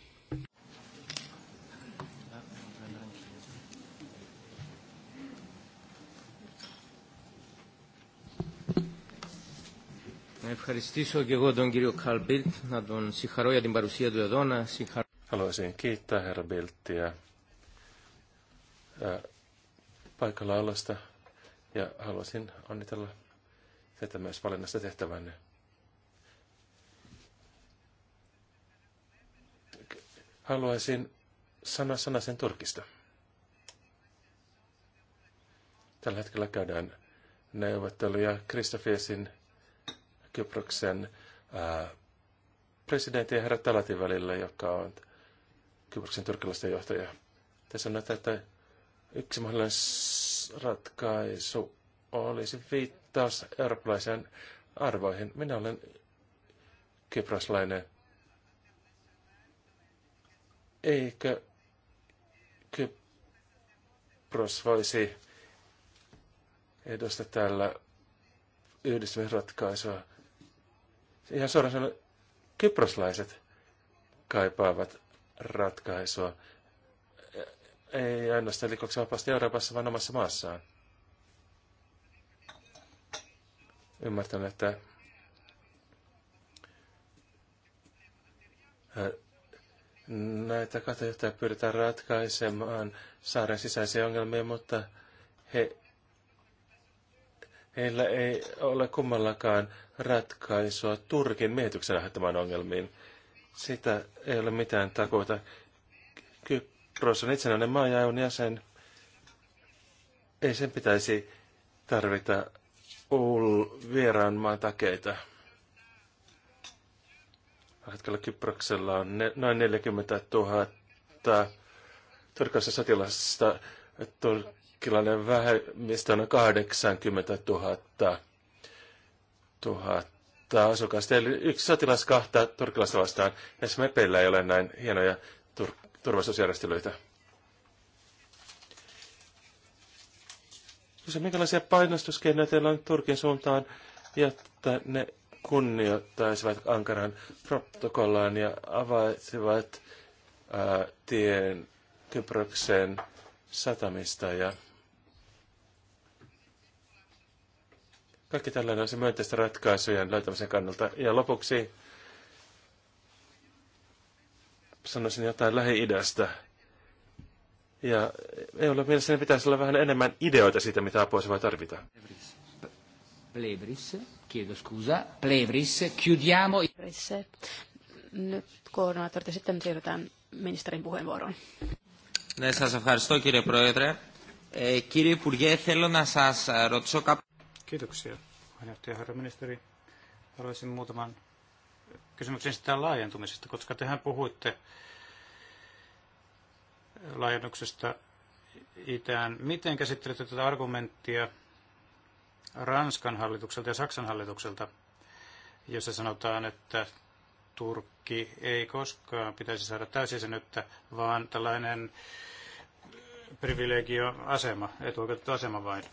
ευχαριστήσω και εγώ τον κύριο Καλμπίλτ, να τον συγχαρώ για την παρουσία του εδώ, να συγχαρώ. Haluaisin kiittää herra Bilttiä paikalla olosta. Ja haluaisin onnitella tätä myös valinnassa tehtävänne. Haluaisin sana sana sen Turkista. Tällä hetkellä käydään neuvotteluja Kristofiesin Kyproksen ää, presidentin ja herra Talatin välillä, joka on Kyproksen turkilaisten johtaja. Te sanoitte, että yksi mahdollinen ratkaisu olisi viittaus eurooppalaisen arvoihin. Minä olen kyproslainen. Eikö Kypros voisi edustaa tällä yhdistymisratkaisua? Ihan suoraan sanoen, kyproslaiset kaipaavat ratkaisua ei ainoastaan rikoksen vapaasti Euroopassa, vaan omassa maassaan. Ymmärtän, että näitä kahta pyritään ratkaisemaan saaren sisäisiä ongelmia, mutta he, heillä ei ole kummallakaan ratkaisua Turkin miehityksen lähettämään ongelmiin. Sitä ei ole mitään takuuta. Kyp- Kroos on itsenäinen maa ja on jäsen. Ei sen pitäisi tarvita vieraan maan takeita. Hetkellä Kyproksella on ne, noin 40 000 turkassa sotilasta. Turkilainen vähemmistö on 80 000, 000 asukasta. Eli yksi sotilas kahta turkilasta vastaan. Esimerkiksi meillä ei ole näin hienoja turkkilaisia turvallisuusjärjestelyitä. Kysyn, no minkälaisia painostuskeinoja teillä on Turkin suuntaan, jotta ne kunnioittaisivat Ankaran protokollaan ja avaisivat ää, tien Kyproksen satamista ja kaikki tällainen on se myönteistä ratkaisujen löytämisen kannalta. Ja lopuksi sanoisin jotain Lähi-idästä. Ja EUlla mielestäni pitäisi olla vähän enemmän ideoita siitä, mitä apua se voi tarvita. Plevris, chiedo scusa, Plevris, chiudiamo. Nyt koordinaattorit ja sitten siirrytään ministerin puheenvuoroon. Ναι, saa ευχαριστώ κύριε kirje Ε, Kirje purje. θέλω να σας ρωτήσω Kiitoksia, puheenjohtaja herra ministeri. Haluaisin muutaman kysymyksen sitä laajentumisesta, koska tehän puhuitte laajennuksesta itään. Miten käsittelette tätä argumenttia Ranskan hallitukselta ja Saksan hallitukselta, jossa sanotaan, että Turkki ei koskaan pitäisi saada täysjäsenyyttä, vaan tällainen privilegioasema, asema etuoikeutettu asema vain.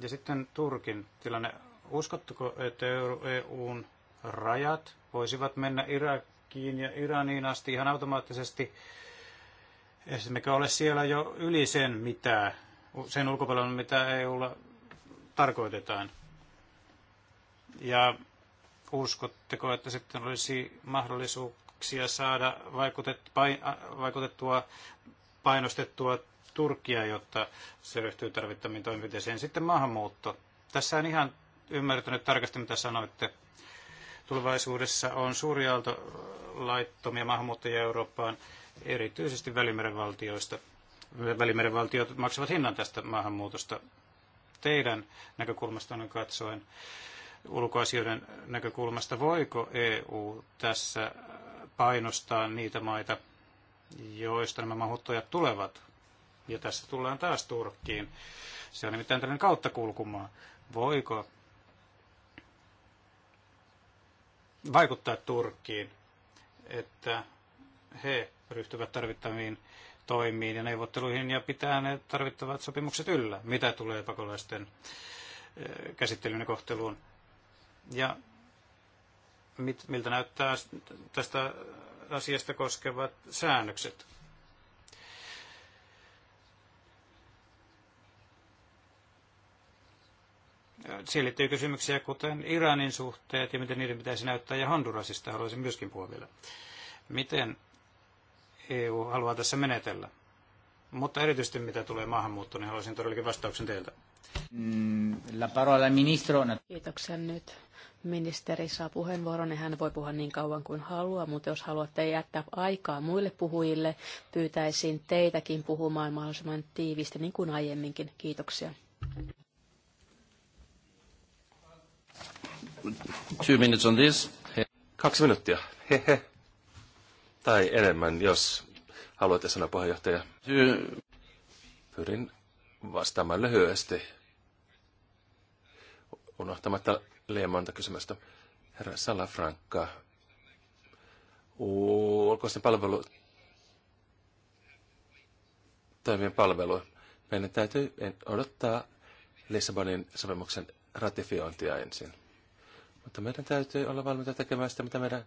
Ja sitten Turkin tilanne. Uskotteko, että EUn rajat voisivat mennä Irakiin ja Iraniin asti ihan automaattisesti. Esimerkiksi ole siellä jo yli sen, mitä, sen ulkopuolella, mitä EUlla tarkoitetaan. Ja uskotteko, että sitten olisi mahdollisuuksia saada vaikutet, pain, vaikutettua, painostettua Turkia, jotta se ryhtyy tarvittamiin toimenpiteisiin. Sitten maahanmuutto. Tässä en ihan ymmärtänyt tarkasti, mitä sanoitte tulevaisuudessa on suuri aalto laittomia maahanmuuttajia Eurooppaan, erityisesti Välimeren valtioista. Välimeren valtiot maksavat hinnan tästä maahanmuutosta teidän näkökulmastanne katsoen ulkoasioiden näkökulmasta, voiko EU tässä painostaa niitä maita, joista nämä maahanmuuttajat tulevat? Ja tässä tullaan taas Turkkiin. Se on nimittäin tällainen kauttakulkumaa. Voiko vaikuttaa Turkkiin, että he ryhtyvät tarvittaviin toimiin ja neuvotteluihin ja pitää ne tarvittavat sopimukset yllä, mitä tulee pakolaisten käsittelyyn ja kohteluun. Ja mit, miltä näyttää tästä asiasta koskevat säännökset. Siihen liittyy kysymyksiä, kuten Iranin suhteet ja miten niiden pitäisi näyttää, ja Hondurasista haluaisin myöskin puhua vielä. Miten EU haluaa tässä menetellä? Mutta erityisesti mitä tulee maahanmuuttoon, niin haluaisin todellakin vastauksen teiltä. Mm, la parola ministro. Kiitoksia nyt. Ministeri saa puheenvuoron niin hän voi puhua niin kauan kuin haluaa, mutta jos haluatte jättää aikaa muille puhujille, pyytäisin teitäkin puhumaan mahdollisimman tiivisti niin kuin aiemminkin. Kiitoksia. Two minutes on this. He. Kaksi minuuttia. Hehe. Tai enemmän, jos haluatte sanoa puheenjohtaja. Pyrin vastaamaan lyhyesti. Unohtamatta liian monta kysymystä. Herra Salafrankka, ulkoisten palvelu toimien palvelu. Meidän täytyy odottaa Lissabonin sopimuksen ratifiointia ensin. Mutta meidän täytyy olla valmiita tekemään sitä, mitä meidän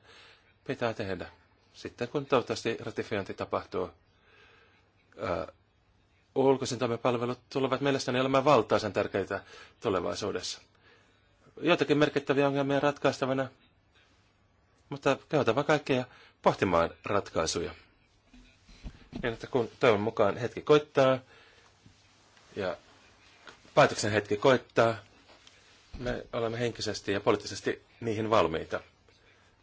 pitää tehdä. Sitten kun toivottavasti ratifiointi tapahtuu, ää, ulkoisen palvelut tulevat mielestäni olemaan valtaisen tärkeitä tulevaisuudessa. Joitakin merkittäviä ongelmia ratkaistavana, mutta käytävä kaikkea pohtimaan ratkaisuja. Niin, että kun toivon mukaan hetki koittaa ja päätöksen hetki koittaa, me olemme henkisesti ja poliittisesti niihin valmiita.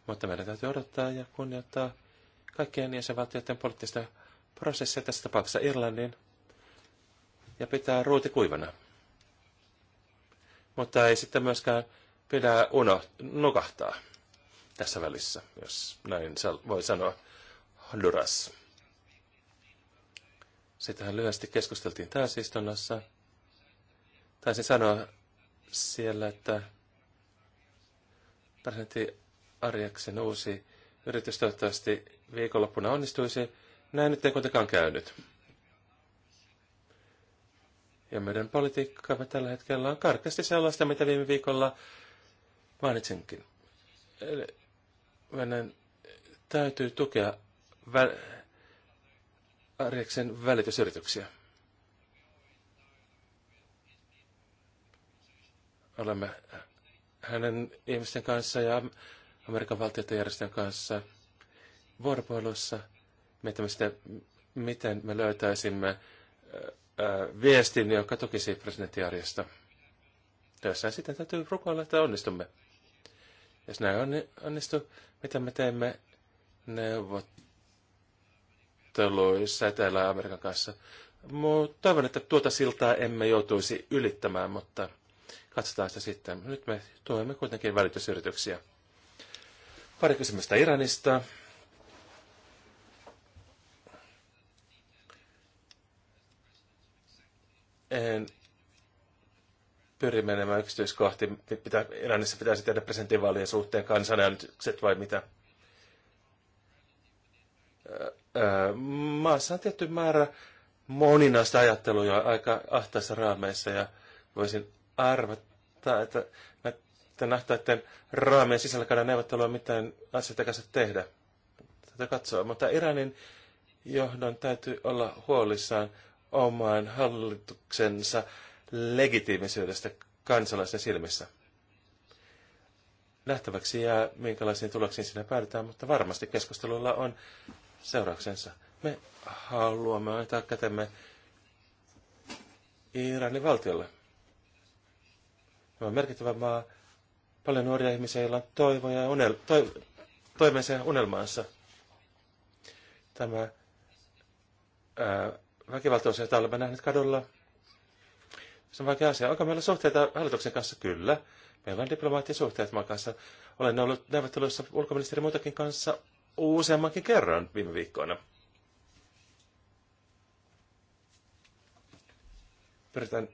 Mutta meidän täytyy odottaa ja kunnioittaa kaikkien jäsenvaltioiden poliittista prosessia, tässä tapauksessa Irlannin, ja pitää ruuti kuivana. Mutta ei sitten myöskään pidä uno, nukahtaa tässä välissä, jos näin voi sanoa Honduras. Sitähän lyhyesti keskusteltiin täysistunnossa. Taisin sanoa siellä, että presidentti Arjaksen uusi yritys toivottavasti viikonloppuna onnistuisi. Näin nyt ei kuitenkaan käynyt. Ja meidän politiikkamme tällä hetkellä on karkeasti sellaista, mitä viime viikolla mainitsinkin. Eli meidän täytyy tukea väl- Arjeksen välitysyrityksiä. olemme hänen ihmisten kanssa ja Amerikan valtioiden järjestön kanssa vuoropuhelussa. Mietimme sitä, miten me löytäisimme viestin, joka tukisi presidenttiarjesta. Työssään sitten täytyy rukoilla, että onnistumme. Jos näin niin onnistu, mitä me teemme neuvotteluissa Etelä-Amerikan kanssa? mutta Toivon, että tuota siltaa emme joutuisi ylittämään, mutta Katsotaan sitä sitten. Nyt me tuemme kuitenkin välitysyrityksiä. Pari kysymystä Iranista. En pyri menemään yksityiskohtiin. Iranissa pitäisi tehdä presidentinvaalien suhteen kansanäänestykset vai mitä? maassa on tietty määrä moninaista ajattelua aika ahtaissa raameissa ja voisin arvata, että näiden nähtäiden raamien sisällä käydään neuvottelua, miten asioita kanssa tehdä. Tätä katsoa. Mutta Iranin johdon täytyy olla huolissaan oman hallituksensa legitiimisyydestä kansalaisen silmissä. Nähtäväksi jää, minkälaisiin tuloksiin sinne päädytään, mutta varmasti keskustelulla on seurauksensa. Me haluamme antaa kätemme Iranin valtiolle. Me on merkittävä maa, paljon nuoria ihmisiä, joilla on toivoja ja unel- to- toiveensa ja unelmaansa. Tämä se, jota olemme nähneet kadulla, se on vaikea asia. Onko meillä suhteita hallituksen kanssa? Kyllä. Meillä on diplomaattisuhteet maan kanssa. Olen ollut neuvotteluissa ulkoministeri muutakin kanssa useammankin kerran viime viikkoina. Pyritään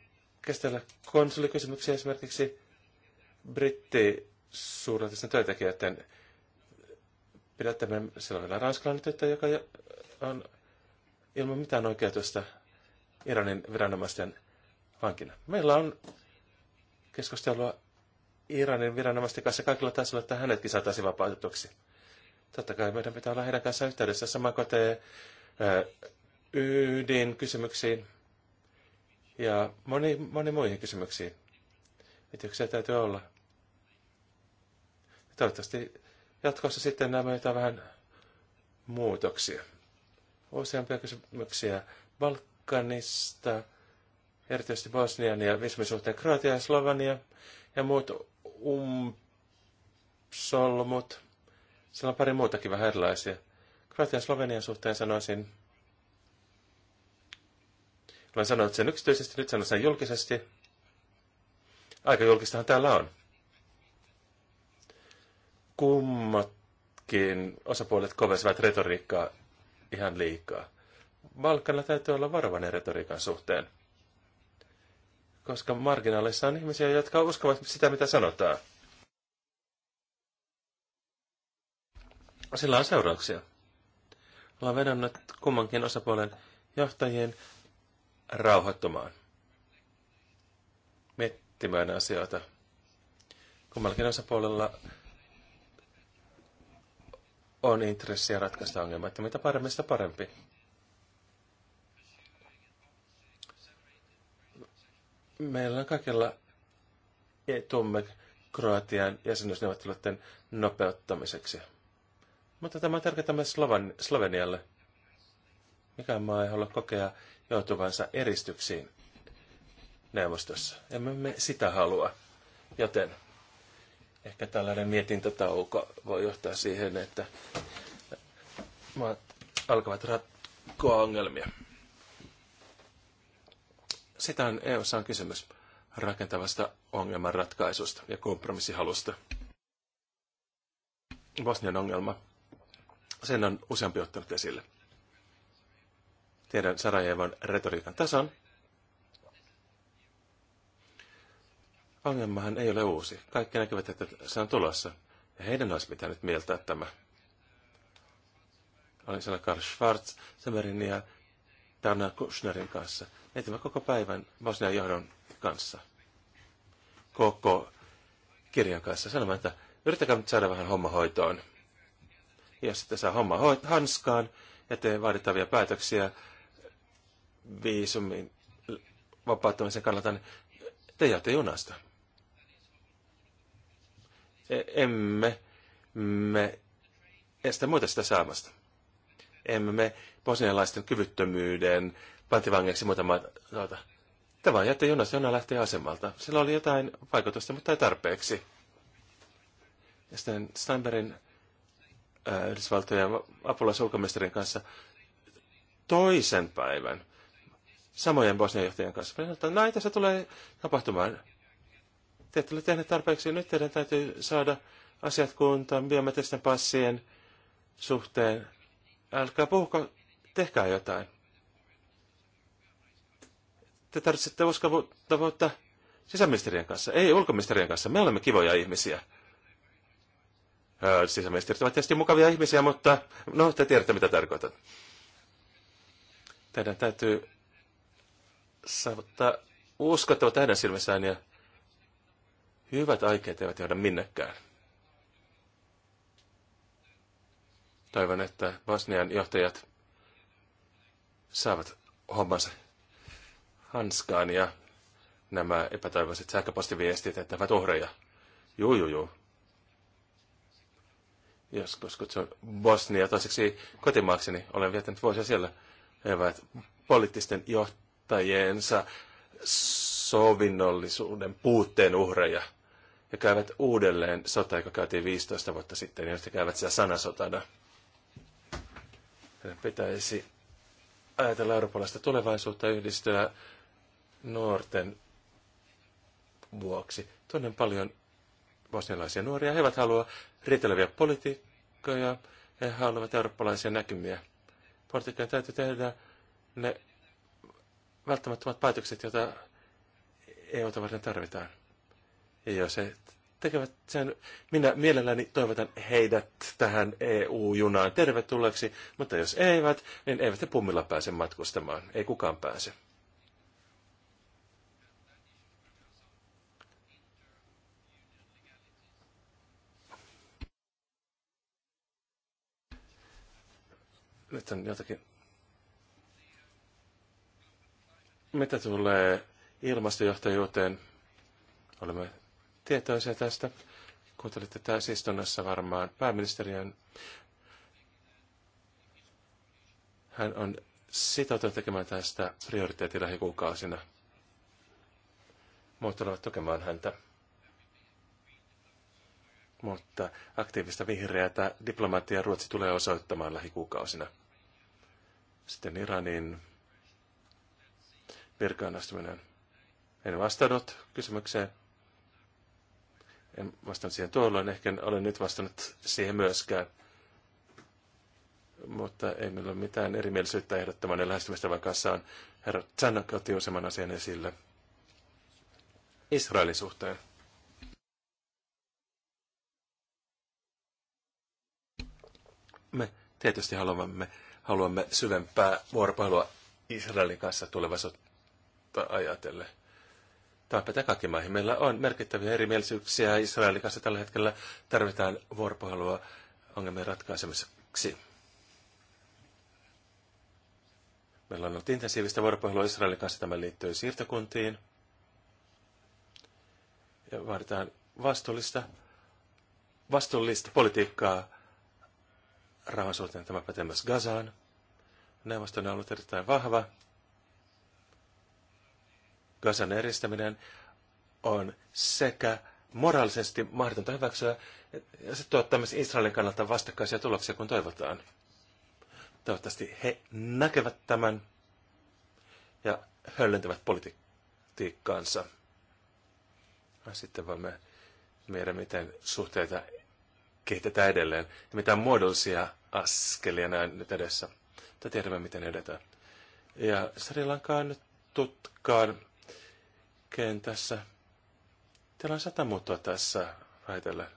käsitellä konsulikysymyksiä esimerkiksi brittisuurlaisten työntekijöiden pidättäminen. Siellä vielä ranskalainen tyttö, joka on ilman mitään oikeutusta Iranin viranomaisten vankina. Meillä on keskustelua Iranin viranomaisten kanssa kaikilla tasolla, että hänetkin saataisiin vapautetuksi. Totta kai meidän pitää olla heidän kanssaan yhteydessä. Sama kotee ydinkysymyksiin. kysymyksiin ja moni, moni muihin kysymyksiin. Etyksiä täytyy olla. Ja toivottavasti jatkossa sitten nämä jotain vähän muutoksia. Useampia kysymyksiä Balkanista, erityisesti Bosnian ja suhteen Kroatia ja Slovenia ja muut umpsolmut. Siellä on pari muutakin vähän erilaisia. Kroatian Slovenian suhteen sanoisin, olen sanonut sen yksityisesti, nyt sanon sen julkisesti. Aika julkistahan täällä on. Kummatkin osapuolet kovesivat retoriikkaa ihan liikaa. Balkanilla täytyy olla varovainen retoriikan suhteen. Koska marginaalissa on ihmisiä, jotka uskovat sitä, mitä sanotaan. Sillä on seurauksia. Ollaan vedonnut kummankin osapuolen johtajien rauhoittumaan, miettimään asioita. Kummallakin osapuolella on intressiä ratkaista ongelmaa, että mitä paremmin, sitä parempi. Meillä on kaikilla etumme Kroatian jäsenyysneuvotteluiden nopeuttamiseksi. Mutta tämä on tärkeää myös Slovenialle. Mikään maa ei halua kokea joutuvansa eristyksiin neuvostossa. Emme me sitä halua. Joten ehkä tällainen mietintätauko voi johtaa siihen, että maat alkavat ratkoa ongelmia. Sitä on eu on kysymys rakentavasta ongelmanratkaisusta ja kompromissihalusta. Bosnian ongelma, sen on useampi ottanut esille. Tiedän Sarajevan retoriikan tasan. Ongelmahan ei ole uusi. Kaikki näkevät, että se on tulossa. Ja heidän olisi pitänyt mieltää tämä. Olin siellä Karl Schwarz, Semerin ja Tarna Kushnerin kanssa. Mietimme koko päivän Bosnian johdon kanssa. Koko kirjan kanssa. Sanomaan, että yrittäkää nyt saada vähän homma hoitoon. Ja sitten saa homma hanskaan ja tee vaadittavia päätöksiä viisumin vapauttamisen kannalta, niin te jäätte junasta. E, emme me estä muita sitä saamasta. Emme me bosnialaisten kyvyttömyyden pantivangeksi muuta maata. Te vaan jätte junasta, jona lähtee asemalta. Sillä oli jotain vaikutusta, mutta ei tarpeeksi. Ja sitten Steinbergin äh, Yhdysvaltojen apulaisulkoministerin kanssa toisen päivän samojen Bosnian johtajien kanssa. Minä sanoin, että näin no, tässä tulee tapahtumaan. Te ette ole tehneet tarpeeksi, nyt teidän täytyy saada asiat kuntoon biometristen passien suhteen. Älkää puhuko, tehkää jotain. Te tarvitsette uskovuutta sisäministerien kanssa, ei ulkoministerien kanssa. Me olemme kivoja ihmisiä. Sisäministerit ovat tietysti mukavia ihmisiä, mutta no, te tiedätte mitä tarkoitan. Teidän täytyy saavuttaa uskottavat hänen silmissään ja hyvät aikeet eivät johda minnekään. Toivon, että Bosnian johtajat saavat hommansa hanskaan ja nämä epätoivoiset sähköpostiviestit, että ovat uhreja. Juu, juu, juu. Joskus kutsun Bosnia toiseksi kotimaakseni. Olen viettänyt vuosia siellä. He ovat poliittisten johtajien tuottajiensa sovinnollisuuden puutteen uhreja ja käyvät uudelleen sota, joka käytiin 15 vuotta sitten, ja käyvät siellä sanasotana. Meidän pitäisi ajatella eurooppalaista tulevaisuutta yhdistyä nuorten vuoksi. Tunnen paljon bosnialaisia nuoria. He eivät halua riiteleviä politiikkoja. He haluavat eurooppalaisia näkymiä. Politiikkojen täytyy tehdä ne välttämättömät päätökset, joita EUta varten tarvitaan. Ja jos he tekevät sen, minä mielelläni toivotan heidät tähän EU-junaan tervetulleeksi, mutta jos eivät, niin eivät he pummilla pääse matkustamaan. Ei kukaan pääse. nyt on jotakin Mitä tulee ilmastojohtajuuteen, olemme tietoisia tästä. Kuuntelitte istunnossa varmaan pääministeriön. Hän on sitoutunut tekemään tästä prioriteetin lähikuukausina. Muut tulevat tukemaan häntä. Mutta aktiivista vihreätä diplomaattia Ruotsi tulee osoittamaan lähikuukausina. Sitten Iranin virkaannastuminen. astuminen. En vastannut kysymykseen. En vastannut siihen tuolloin, ehkä olen nyt vastannut siihen myöskään. Mutta ei meillä ole mitään erimielisyyttä ehdottamaan niin lähestymistavan kanssa. On herra Tsanak otti useamman asian esille. Israelin suhteen. Me tietysti haluamme, haluamme syvempää vuoropuhelua Israelin kanssa tulevaisuudessa ajatellen. Tämä pätee maihin. Meillä on merkittäviä erimielisyyksiä Israelin kanssa tällä hetkellä. Tarvitaan vuoropuhelua ongelmien ratkaisemiseksi. Meillä on ollut intensiivistä vuoropuhelua Israelin kanssa. Tämä liittyy siirtokuntiin. Ja vaaditaan vastuullista, vastuullista politiikkaa rauhan suhteen. Tämä pätee myös Gazaan. Neuvosto on ollut erittäin vahva. Gazan eristäminen on sekä moraalisesti mahdotonta hyväksyä, ja se tuottaa myös Israelin kannalta vastakkaisia tuloksia, kun toivotaan. Toivottavasti he näkevät tämän ja höllentävät politiikkaansa. sitten voimme miettiä, miten suhteita kehitetään edelleen ja mitä muodollisia askelia näin nyt edessä. Mutta tiedämme, miten edetään. Ja Sri Lanka on nyt tutkaan kentässä. Teillä on sata muuttua tässä väitellä.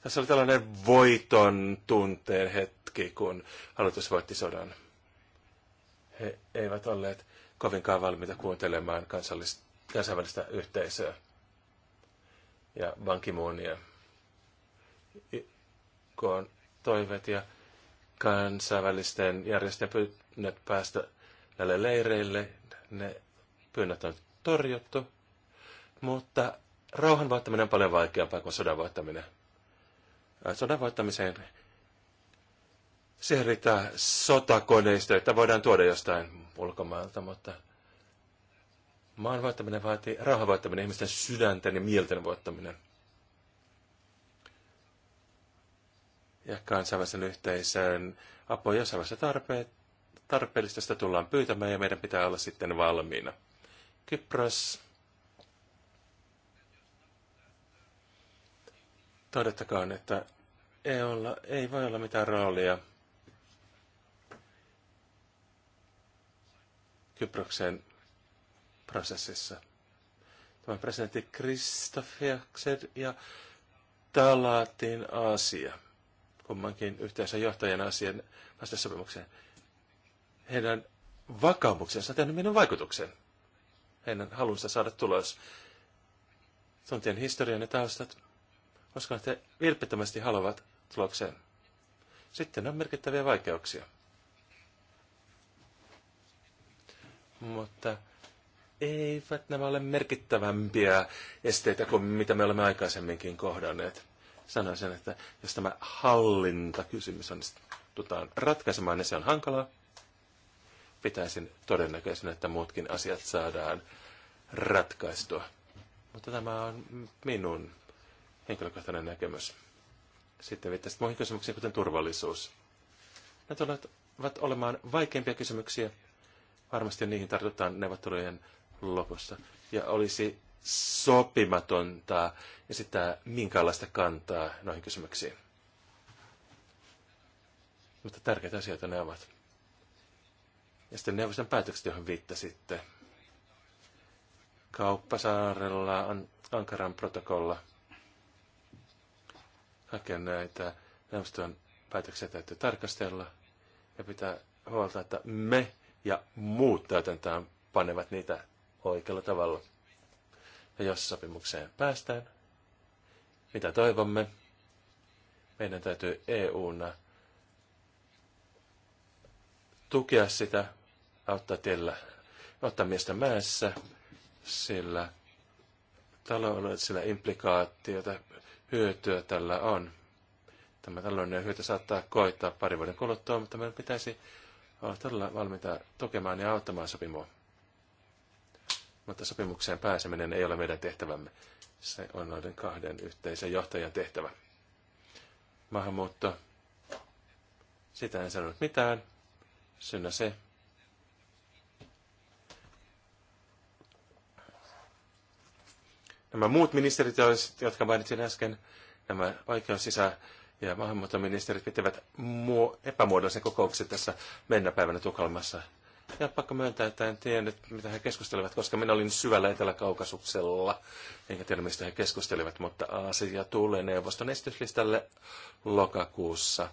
Tässä oli tällainen voiton tunteen hetki, kun hallitus voitti sodan. He eivät olleet kovinkaan valmiita kuuntelemaan kansallista, kansainvälistä yhteisöä ja vankimuunia. Kun toiveet ja kansainvälisten järjestöjen pyynnöt päästä näille leireille, ne pyynnöt on torjuttu. Mutta rauhan voittaminen on paljon vaikeampaa kuin sodan voittaminen. Äh, sodan voittamiseen siihen riittää sotakoneisto, että voidaan tuoda jostain ulkomailta, mutta maan voittaminen vaatii rauhan voittaminen, ihmisten sydänten ja mielten voittaminen. Ja kansainvälisen yhteisön apua jossain tarpeet, tarpeellista sitä tullaan pyytämään ja meidän pitää olla sitten valmiina. Kypros todettakoon, että olla, ei voi olla mitään roolia Kyproksen prosessissa. Tämä presidentti Kristofiaksen ja Talatin asia, kummankin yhteisön johtajan asian vastasopimukseen. Heidän vakaumuksensa on tehnyt minun vaikutuksen. Heidän halunsa saada tulos. Tuntien historian ja taustat, koska he vilpittömästi haluavat tulokseen. Sitten on merkittäviä vaikeuksia. Mutta eivät nämä ole merkittävämpiä esteitä kuin mitä me olemme aikaisemminkin kohdanneet. Sanoisin, että jos tämä hallintakysymys onnistutaan ratkaisemaan, niin se on hankalaa. Pitäisin todennäköisenä, että muutkin asiat saadaan ratkaistua. Mutta tämä on minun henkilökohtainen näkemys. Sitten viittasit muihin kysymyksiin, kuten turvallisuus. Ne tulevat olemaan vaikeimpia kysymyksiä. Varmasti niihin tartutaan neuvottelujen lopussa. Ja olisi sopimatonta sitä minkäänlaista kantaa noihin kysymyksiin. Mutta tärkeitä asioita ne ovat. Ja sitten neuvoston päätökset, johon viittasitte. Kauppasaarella Ankaran protokolla – kaikkia näitä neuvoston päätöksiä täytyy tarkastella ja pitää huolta, että me ja muut täytäntöön panevat niitä oikealla tavalla. Ja jos sopimukseen päästään, mitä toivomme, meidän täytyy EUna tukea sitä, auttaa tiellä, ottaa miestä mäessä, sillä taloudellisilla implikaatioita hyötyä tällä on. Tämä taloudellinen hyöty saattaa koittaa pari vuoden kuluttua, mutta meidän pitäisi olla todella valmiita tukemaan ja auttamaan sopimua. Mutta sopimukseen pääseminen ei ole meidän tehtävämme. Se on noiden kahden yhteisen johtajan tehtävä. Maahanmuutto. Sitä en sanonut mitään. Synnä se, nämä muut ministerit, jotka mainitsin äsken, nämä oikeus sisä- ja maahanmuuttoministerit pitävät muo- epämuodollisen kokouksen tässä mennä päivänä Tukholmassa. Ja pakko myöntää, että en tiedä mitä he keskustelevat, koska minä olin syvällä eteläkaukasuksella. Enkä tiedä, mistä he keskustelivat, mutta asia tulee neuvoston esityslistalle lokakuussa.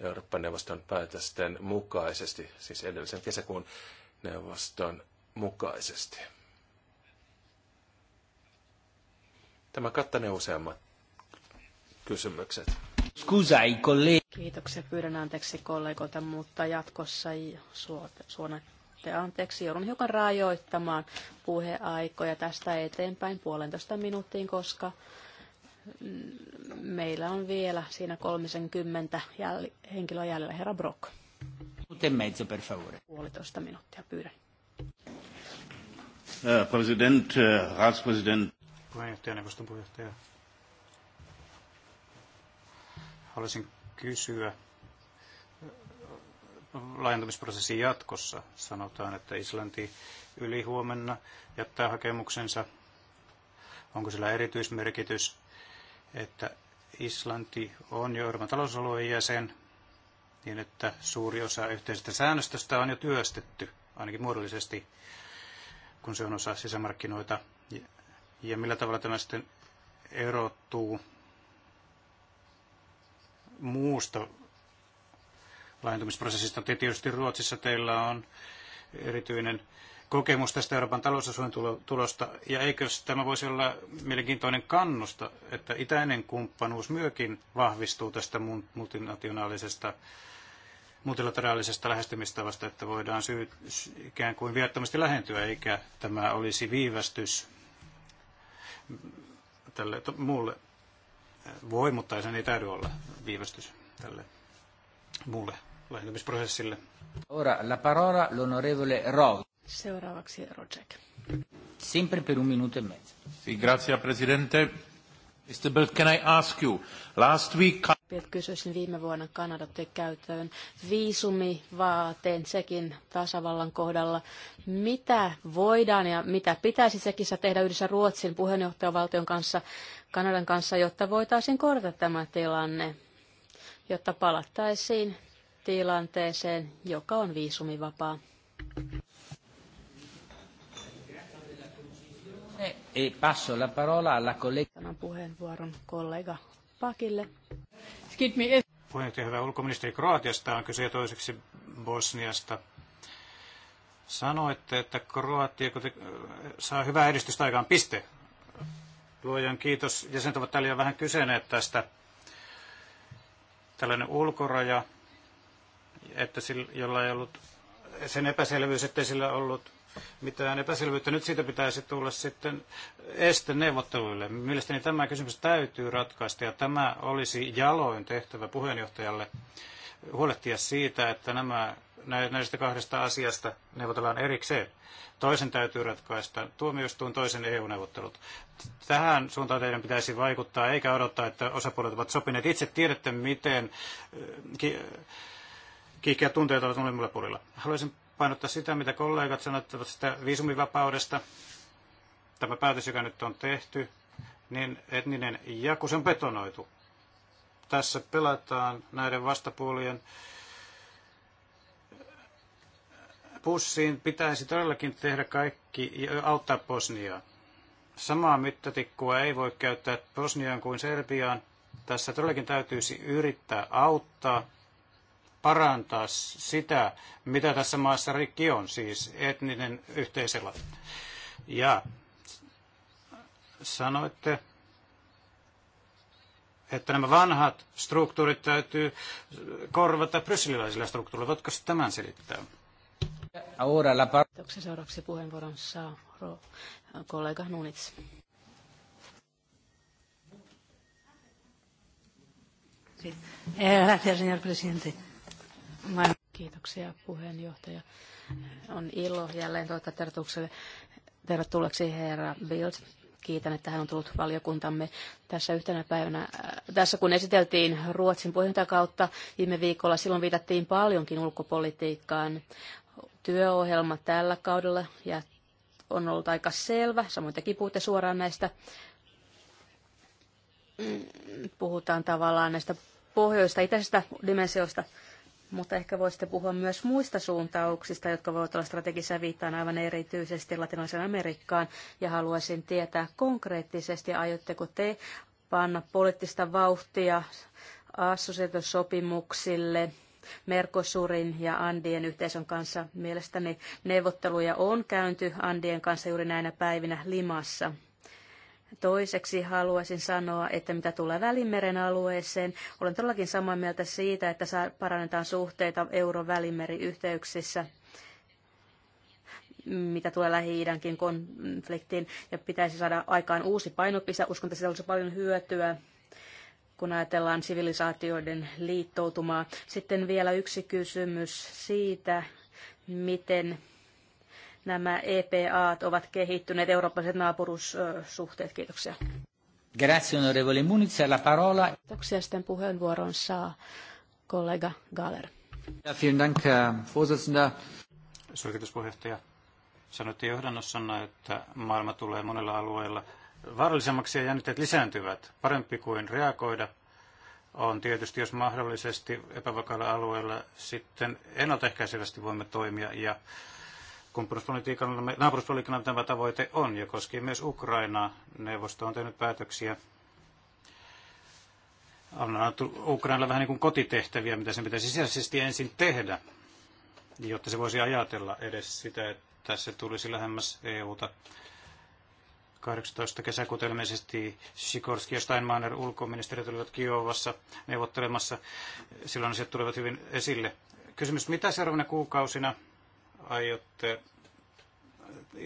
Euroopan neuvoston päätösten mukaisesti, siis edellisen kesäkuun neuvoston mukaisesti. Tämä kattanee useammat kysymykset. Skusai, Kiitoksia. Pyydän anteeksi kollegoilta, mutta jatkossa suonatte anteeksi. Joudun hiukan rajoittamaan puheaikoja tästä eteenpäin puolentoista minuuttiin, koska mm, meillä on vielä siinä 30 jäl- henkilöä jäljellä. Herra Brock. E mezzo, per favore. Puolitoista minuuttia pyydän. Herr Präsident, Ratspresident puheenjohtaja, neuvoston puheenjohtaja. Haluaisin kysyä laajentumisprosessin jatkossa. Sanotaan, että Islanti yli huomenna jättää hakemuksensa. Onko sillä erityismerkitys, että Islanti on jo Euroopan talousalueen jäsen, niin että suuri osa yhteisestä säännöstöstä on jo työstetty, ainakin muodollisesti, kun se on osa sisämarkkinoita ja millä tavalla tämä sitten erottuu muusta laajentumisprosessista. Tietysti Ruotsissa teillä on erityinen kokemus tästä Euroopan tulosta, ja eikö tämä voisi olla mielenkiintoinen kannusta, että itäinen kumppanuus myökin vahvistuu tästä multinationaalisesta multilateraalisesta lähestymistavasta, että voidaan syy, ikään kuin viattomasti lähentyä, eikä tämä olisi viivästys tälle to, muulle voi, mutta sen ei täydy olla viivästys tälle muulle lähentymisprosessille. Ora la parola l'onorevole Rog. Seuraavaksi Rojek. Sempre per un minuto e mezzo. Sì, grazie Presidente. Mr. can I ask you, last week... kysyisin viime vuonna Kanada otti käyttöön viisumivaateen sekin tasavallan kohdalla. Mitä voidaan ja mitä pitäisi sekissä tehdä yhdessä Ruotsin puheenjohtajavaltion kanssa, Kanadan kanssa, jotta voitaisiin korjata tämä tilanne, jotta palattaisiin tilanteeseen, joka on viisumivapaa? E passo la parola alla collega. Annan puheenvuoron kollega Pakille. Puheenjohtaja, hyvä ulkoministeri Kroatiasta on kyse ja toiseksi Bosniasta. Sanoitte, että Kroatia äh, saa hyvää edistystä aikaan piste. Luojan kiitos. Jäsenet ovat täällä jo vähän kyseneet tästä. Tällainen ulkoraja, että sillä, jolla ei ollut sen epäselvyys, ettei sillä ollut mitään epäselvyyttä. Nyt siitä pitäisi tulla sitten este neuvotteluille. Mielestäni tämä kysymys täytyy ratkaista ja tämä olisi jaloin tehtävä puheenjohtajalle huolehtia siitä, että nämä näistä kahdesta asiasta neuvotellaan erikseen. Toisen täytyy ratkaista tuomioistuin, toisen EU-neuvottelut. Tähän suuntaan teidän pitäisi vaikuttaa, eikä odottaa, että osapuolet ovat sopineet. Itse tiedätte, miten eh, ki- kiihkeät tunteet ovat molemmilla puolilla. Haluaisin painottaa sitä, mitä kollegat sanoivat sitä viisumivapaudesta. Tämä päätös, joka nyt on tehty, niin etninen jaku, se on betonoitu. Tässä pelataan näiden vastapuolien pussiin. Pitäisi todellakin tehdä kaikki ja auttaa Bosniaa. Samaa mittatikkua ei voi käyttää Bosniaan kuin Serbiaan. Tässä todellakin täytyisi yrittää auttaa parantaa sitä, mitä tässä maassa rikki on, siis etninen yhteisellä. Ja sanoitte, että nämä vanhat struktuurit täytyy korvata brysseliläisillä struktuureilla. Voitko tämän selittää? Kiitoksia. Seuraavaksi puheenvuoron saa kollega Nunits. Eh, gracias, señor presidente. Kiitoksia puheenjohtaja. On ilo jälleen tuota tertukselle. Tervetulleeksi herra Bild. Kiitän, että hän on tullut valiokuntamme tässä yhtenä päivänä. Äh, tässä kun esiteltiin Ruotsin puheenjohtajakautta viime viikolla, silloin viitattiin paljonkin ulkopolitiikkaan. Työohjelma tällä kaudella ja on ollut aika selvä, samoin tekin puhutte suoraan näistä, mm, puhutaan tavallaan näistä pohjoista, itäisestä dimensiosta mutta ehkä voisitte puhua myös muista suuntauksista, jotka voivat olla strategisia viittaan aivan erityisesti Latinalaisen Amerikkaan. Ja haluaisin tietää konkreettisesti, aiotteko te panna poliittista vauhtia assosiaatiosopimuksille Mercosurin ja Andien yhteisön kanssa. Mielestäni neuvotteluja on käynty Andien kanssa juuri näinä päivinä Limassa. Toiseksi haluaisin sanoa, että mitä tulee Välimeren alueeseen, olen todellakin samaa mieltä siitä, että parannetaan suhteita euro-välimeriyhteyksissä mitä tulee Lähi-idänkin konfliktiin, ja pitäisi saada aikaan uusi painopiste. Uskon, että siitä olisi paljon hyötyä, kun ajatellaan sivilisaatioiden liittoutumaa. Sitten vielä yksi kysymys siitä, miten nämä EPA ovat kehittyneet, eurooppalaiset naapuruussuhteet. Kiitoksia. Grazie onorevole Muniz, la parola. Kiitoksia sitten puheenvuoron saa kollega Galler. Ja, vielen dank, äh, Vorsitzender. Sanoitte johdannossanne, että maailma tulee monella alueella vaarallisemmaksi ja jännitteet lisääntyvät. Parempi kuin reagoida on tietysti, jos mahdollisesti epävakailla alueella sitten ennaltaehkäisevästi voimme toimia ja Kumppuruspolitiikallamme, naapuruspolitiikallamme tämä tavoite on ja koskee myös Ukrainaa. Neuvosto on tehnyt päätöksiä. On annettu Ukrainalle vähän niin kuin kotitehtäviä, mitä sen pitäisi sisäisesti ensin tehdä, jotta se voisi ajatella edes sitä, että se tulisi lähemmäs EUta. 18. kesäkuuta ilmeisesti Sikorski ja Steinmeier ulkoministerit olivat Kiovassa neuvottelemassa. Silloin asiat tulivat hyvin esille. Kysymys, mitä seuraavana kuukausina aiotte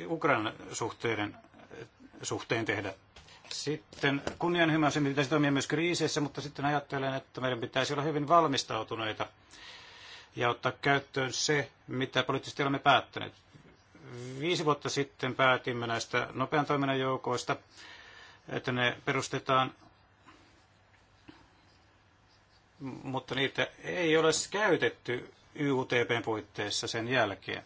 Ukrainan suhteiden, suhteen tehdä? Sitten kunnianhimoisemmin pitäisi toimia myös kriiseissä, mutta sitten ajattelen, että meidän pitäisi olla hyvin valmistautuneita ja ottaa käyttöön se, mitä poliittisesti olemme päättäneet. Viisi vuotta sitten päätimme näistä nopean toiminnan joukoista, että ne perustetaan, mutta niitä ei ole käytetty YUTPn puitteissa sen jälkeen.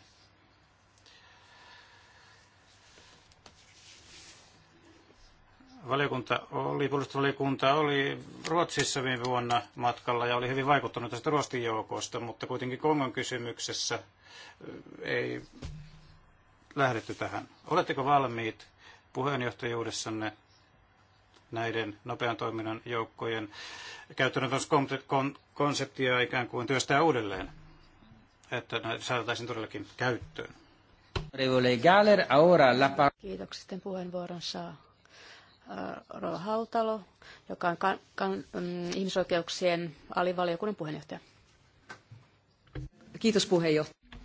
Valiokunta oli, puolustusvaliokunta oli Ruotsissa viime vuonna matkalla ja oli hyvin vaikuttanut tästä Ruotsin joukosta, mutta kuitenkin Kongon kysymyksessä ei lähdetty tähän. Oletteko valmiit puheenjohtajuudessanne näiden nopean toiminnan joukkojen käytännön konseptia ikään kuin työstää uudelleen? että näitä saataisiin todellakin käyttöön. Kiitoksia. Sitten puheenvuoron saa äh, Rova Hautalo, joka on kan, kan, mm, ihmisoikeuksien alivaliokunnan puheenjohtaja. Kiitos puheenjohtaja. Äh,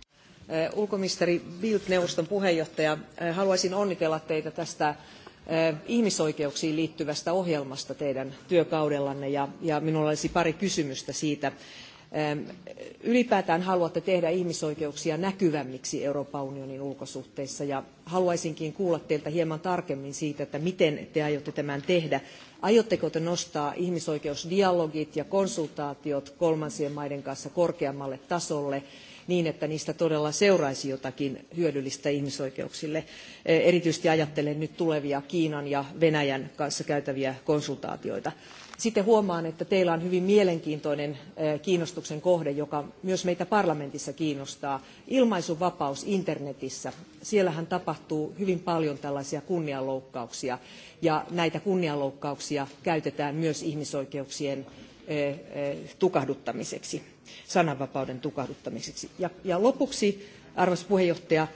ulkoministeri Bildt, neuvoston puheenjohtaja, äh, haluaisin onnitella teitä tästä ihmisoikeuksiin liittyvästä ohjelmasta teidän työkaudellanne ja, ja minulla olisi pari kysymystä siitä ylipäätään haluatte tehdä ihmisoikeuksia näkyvämmiksi Euroopan unionin ulkosuhteissa ja haluaisinkin kuulla teiltä hieman tarkemmin siitä, että miten te aiotte tämän tehdä. Aiotteko te nostaa ihmisoikeusdialogit ja konsultaatiot kolmansien maiden kanssa korkeammalle tasolle niin, että niistä todella seuraisi jotakin hyödyllistä ihmisoikeuksille. E, erityisesti ajattelen nyt tulevia Kiinan ja Venäjän kanssa käytäviä konsultaatioita sitten huomaan, että teillä on hyvin mielenkiintoinen kiinnostuksen kohde, joka myös meitä parlamentissa kiinnostaa. Ilmaisuvapaus internetissä. Siellähän tapahtuu hyvin paljon tällaisia kunnianloukkauksia ja näitä kunnianloukkauksia käytetään myös ihmisoikeuksien tukahduttamiseksi, sananvapauden tukahduttamiseksi. Ja, ja lopuksi, arvoisa puheenjohtaja,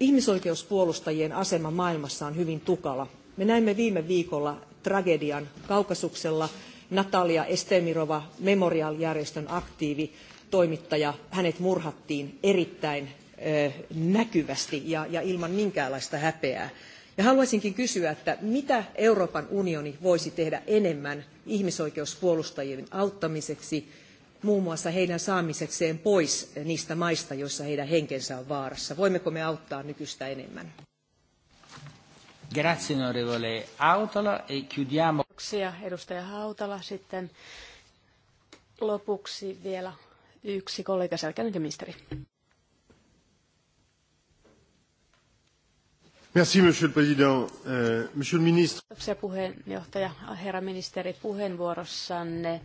ihmisoikeuspuolustajien asema maailmassa on hyvin tukala. Me näimme viime viikolla tragedian Kaukasuksella. Natalia Estemirova, Memorial-järjestön aktiivi toimittaja, hänet murhattiin erittäin näkyvästi ja, ja ilman minkäänlaista häpeää. Ja haluaisinkin kysyä, että mitä Euroopan unioni voisi tehdä enemmän ihmisoikeuspuolustajien auttamiseksi, muun muassa heidän saamisekseen pois niistä maista, joissa heidän henkensä on vaarassa? Voimmeko me auttaa nykyistä enemmän? Grazie onorevole Autola e chiudiamo. Kiitoksia edustaja Hautala. Sitten lopuksi vielä yksi kollega Sälkänen ministeri. Merci, monsieur le président. Euh, monsieur le ministre. Kiitoksia puheenjohtaja, herra ministeri. Puheenvuorossanne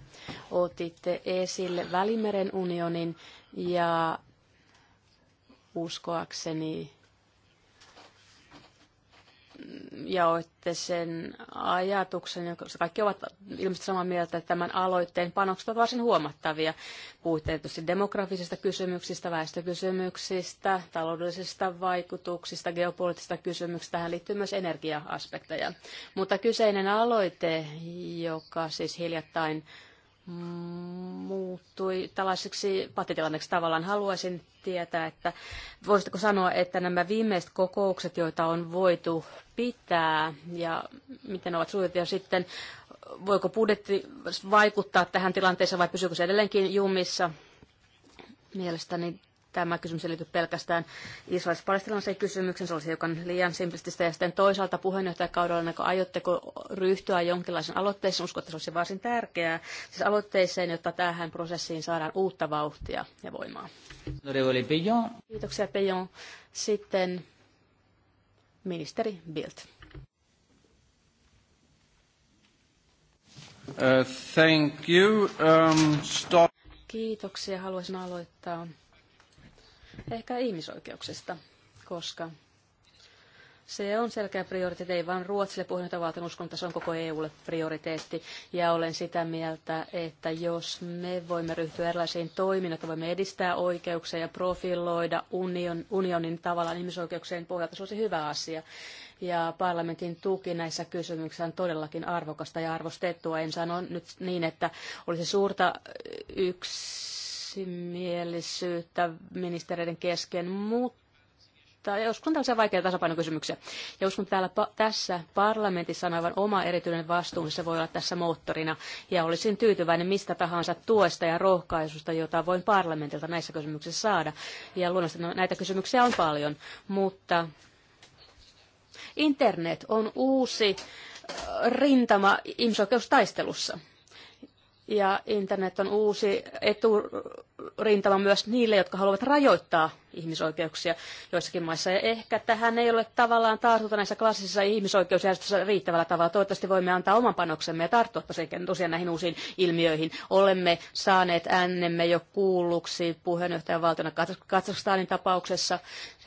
otitte esille Välimeren unionin ja uskoakseni jaoitte sen ajatuksen, koska kaikki ovat ilmeisesti samaa mieltä, että tämän aloitteen panokset ovat varsin huomattavia. Puhutte tietysti demografisista kysymyksistä, väestökysymyksistä, taloudellisista vaikutuksista, geopoliittisista kysymyksistä. Tähän liittyy myös energia-aspekteja. Mutta kyseinen aloite, joka siis hiljattain muuttui tällaiseksi pattitilanneeksi tavallaan. Haluaisin tietää, että voisitko sanoa, että nämä viimeiset kokoukset, joita on voitu pitää ja miten ovat suljettu ja sitten voiko budjetti vaikuttaa tähän tilanteeseen vai pysyykö se edelleenkin jumissa? Mielestäni tämä kysymys ei liity pelkästään israelis palestinaiseen kysymykseen, se olisi hiukan liian simplististä. Ja sitten toisaalta puheenjohtajakaudella, kun niin aiotteko ryhtyä jonkinlaisen aloitteeseen, uskon, että se olisi varsin tärkeää, siis aloitteeseen, jotta tähän prosessiin saadaan uutta vauhtia ja voimaa. Kiitoksia Pejon. Sitten ministeri Bildt. Uh, thank you. Um, stop. Kiitoksia. Haluaisin aloittaa ehkä ihmisoikeuksista, koska se on selkeä prioriteetti, ei vain Ruotsille puheenjohtajavaltion uskon, että se on koko EUlle prioriteetti. Ja olen sitä mieltä, että jos me voimme ryhtyä erilaisiin toimiin, että voimme edistää oikeuksia ja profiloida union, unionin tavallaan ihmisoikeuksien pohjalta, se olisi hyvä asia. Ja parlamentin tuki näissä kysymyksissä on todellakin arvokasta ja arvostettua. En sano nyt niin, että olisi suurta yksi yksimielisyyttä ministereiden kesken, mutta joskus on tällaisia vaikeita tasapainokysymyksiä. Ja uskon täällä tässä parlamentissa on aivan oma erityinen vastuunsa voi olla tässä moottorina. Ja olisin tyytyväinen mistä tahansa tuesta ja rohkaisusta, jota voin parlamentilta näissä kysymyksissä saada. Ja luonnollisesti no, näitä kysymyksiä on paljon, mutta internet on uusi äh, rintama ihmisoikeustaistelussa. Ja internet on uusi eturintama myös niille, jotka haluavat rajoittaa ihmisoikeuksia joissakin maissa. Ja ehkä tähän ei ole tavallaan tartuta näissä klassisissa ihmisoikeusjärjestöissä riittävällä tavalla. Toivottavasti voimme antaa oman panoksemme ja tarttua tosiaan näihin uusiin ilmiöihin. Olemme saaneet äänemme jo kuulluksi puheenjohtajan valtiona Katsakstaanin tapauksessa.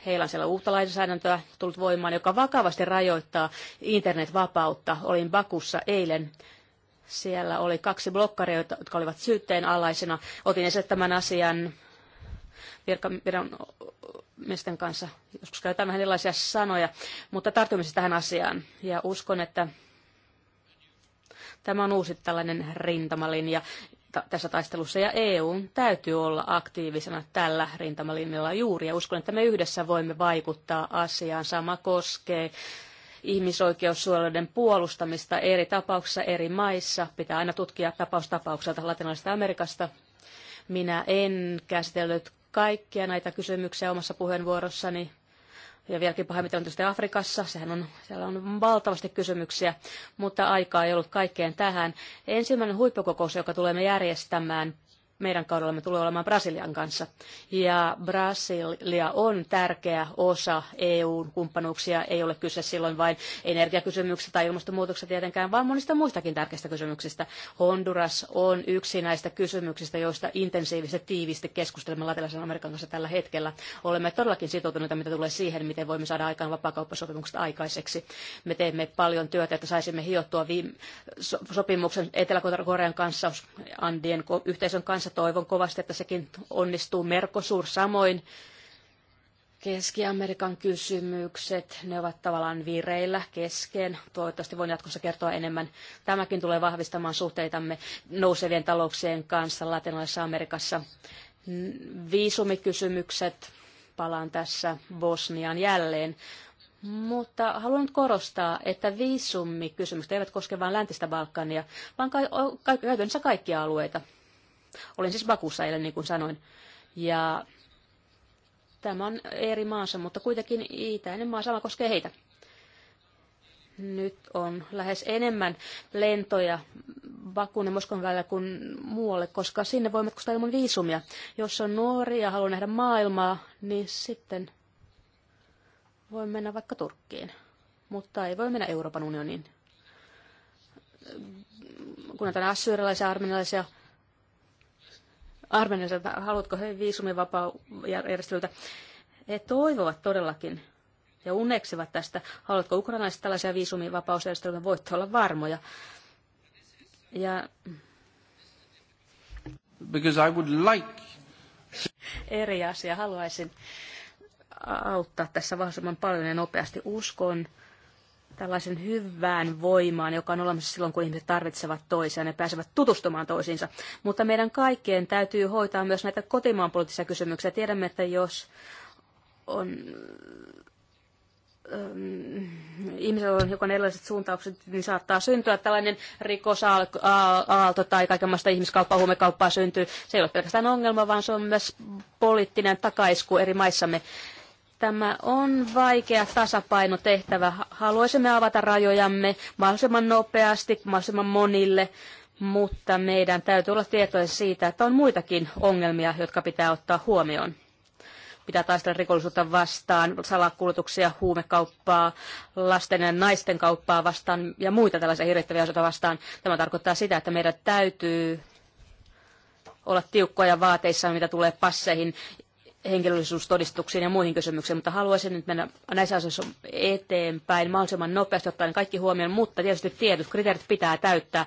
Heillä on siellä uutta lainsäädäntöä tullut voimaan, joka vakavasti rajoittaa internetvapautta. Olin Bakussa eilen siellä oli kaksi blokkaria, jotka olivat syytteen alaisena. Otin esille tämän asian virkamiesten kanssa. Joskus käytetään vähän erilaisia sanoja, mutta tartumisi siis tähän asiaan. Ja uskon, että tämä on uusi tällainen rintamalinja tässä taistelussa ja EU täytyy olla aktiivisena tällä rintamalinjalla juuri ja uskon, että me yhdessä voimme vaikuttaa asiaan. Sama koskee ihmisoikeussuojelijoiden puolustamista eri tapauksissa eri maissa. Pitää aina tutkia tapaustapaukselta latinalaisesta Amerikasta. Minä en käsitellyt kaikkia näitä kysymyksiä omassa puheenvuorossani. Ja vieläkin pahemmin on tietysti Afrikassa, sehän on, siellä on valtavasti kysymyksiä, mutta aikaa ei ollut kaikkeen tähän. Ensimmäinen huippukokous, joka tulemme järjestämään meidän kaudellamme tulee olemaan Brasilian kanssa. Ja Brasilia on tärkeä osa EU-kumppanuuksia. Ei ole kyse silloin vain energiakysymyksistä tai ilmastonmuutoksesta tietenkään, vaan monista muistakin tärkeistä kysymyksistä. Honduras on yksi näistä kysymyksistä, joista intensiivisesti tiiviisti keskustelemme Latinalaisen Amerikan kanssa tällä hetkellä. Olemme todellakin sitoutuneita, mitä tulee siihen, miten voimme saada aikaan vapaakauppasopimukset aikaiseksi. Me teemme paljon työtä, että saisimme hiottua viime- sopimuksen Etelä-Korean kanssa, Andien yhteisön kanssa, kanssa. Toivon kovasti, että sekin onnistuu. Merkosuur samoin. Keski-Amerikan kysymykset, ne ovat tavallaan vireillä kesken. Toivottavasti voin jatkossa kertoa enemmän. Tämäkin tulee vahvistamaan suhteitamme nousevien talouksien kanssa Latinalaisessa Amerikassa. Viisumikysymykset, palaan tässä Bosnian jälleen. Mutta haluan nyt korostaa, että kysymykset eivät koske vain läntistä Balkania, vaan ka- käytännössä kaikkia alueita. Olin siis Bakussa eilen, niin kuin sanoin. Ja tämä on eri maansa, mutta kuitenkin itäinen maa sama koskee heitä. Nyt on lähes enemmän lentoja Bakun ja Moskon välillä kuin muualle, koska sinne voi matkustaa ilman viisumia. Jos on nuori ja haluaa nähdä maailmaa, niin sitten voi mennä vaikka Turkkiin, mutta ei voi mennä Euroopan unioniin. Kun näitä assyrialaisia, armenialaisia, Armenialta, haluatko he viisumivapaajärjestelyltä? He toivovat todellakin ja uneksivat tästä. Haluatko ukrainalaiset tällaisia viisumivapausjärjestelmiä? Voitte olla varmoja. Ja... Because I would like... Eri asia. Haluaisin auttaa tässä mahdollisimman paljon ja nopeasti. Uskon, tällaisen hyvään voimaan, joka on olemassa silloin, kun ihmiset tarvitsevat toisiaan ja pääsevät tutustumaan toisiinsa. Mutta meidän kaikkien täytyy hoitaa myös näitä kotimaan poliittisia kysymyksiä. Tiedämme, että jos on ähm, ihmisellä on hiukan erilaiset suuntaukset, niin saattaa syntyä tällainen rikosaalto tai kaikenlaista ihmiskauppaa, huumekauppaa syntyy. Se ei ole pelkästään ongelma, vaan se on myös poliittinen takaisku eri maissamme. Tämä on vaikea tasapaino tehtävä. Haluaisimme avata rajojamme mahdollisimman nopeasti, mahdollisimman monille, mutta meidän täytyy olla tietoisia siitä, että on muitakin ongelmia, jotka pitää ottaa huomioon. Pitää taistella rikollisuutta vastaan, salakulutuksia, huumekauppaa, lasten ja naisten kauppaa vastaan ja muita tällaisia hirvittäviä asioita vastaan. Tämä tarkoittaa sitä, että meidän täytyy olla tiukkoja vaateissa, mitä tulee passeihin, henkilöllisyystodistuksiin ja muihin kysymyksiin, mutta haluaisin nyt mennä näissä asioissa eteenpäin mahdollisimman nopeasti ottaen kaikki huomioon, mutta tietysti tietyt kriteerit pitää täyttää.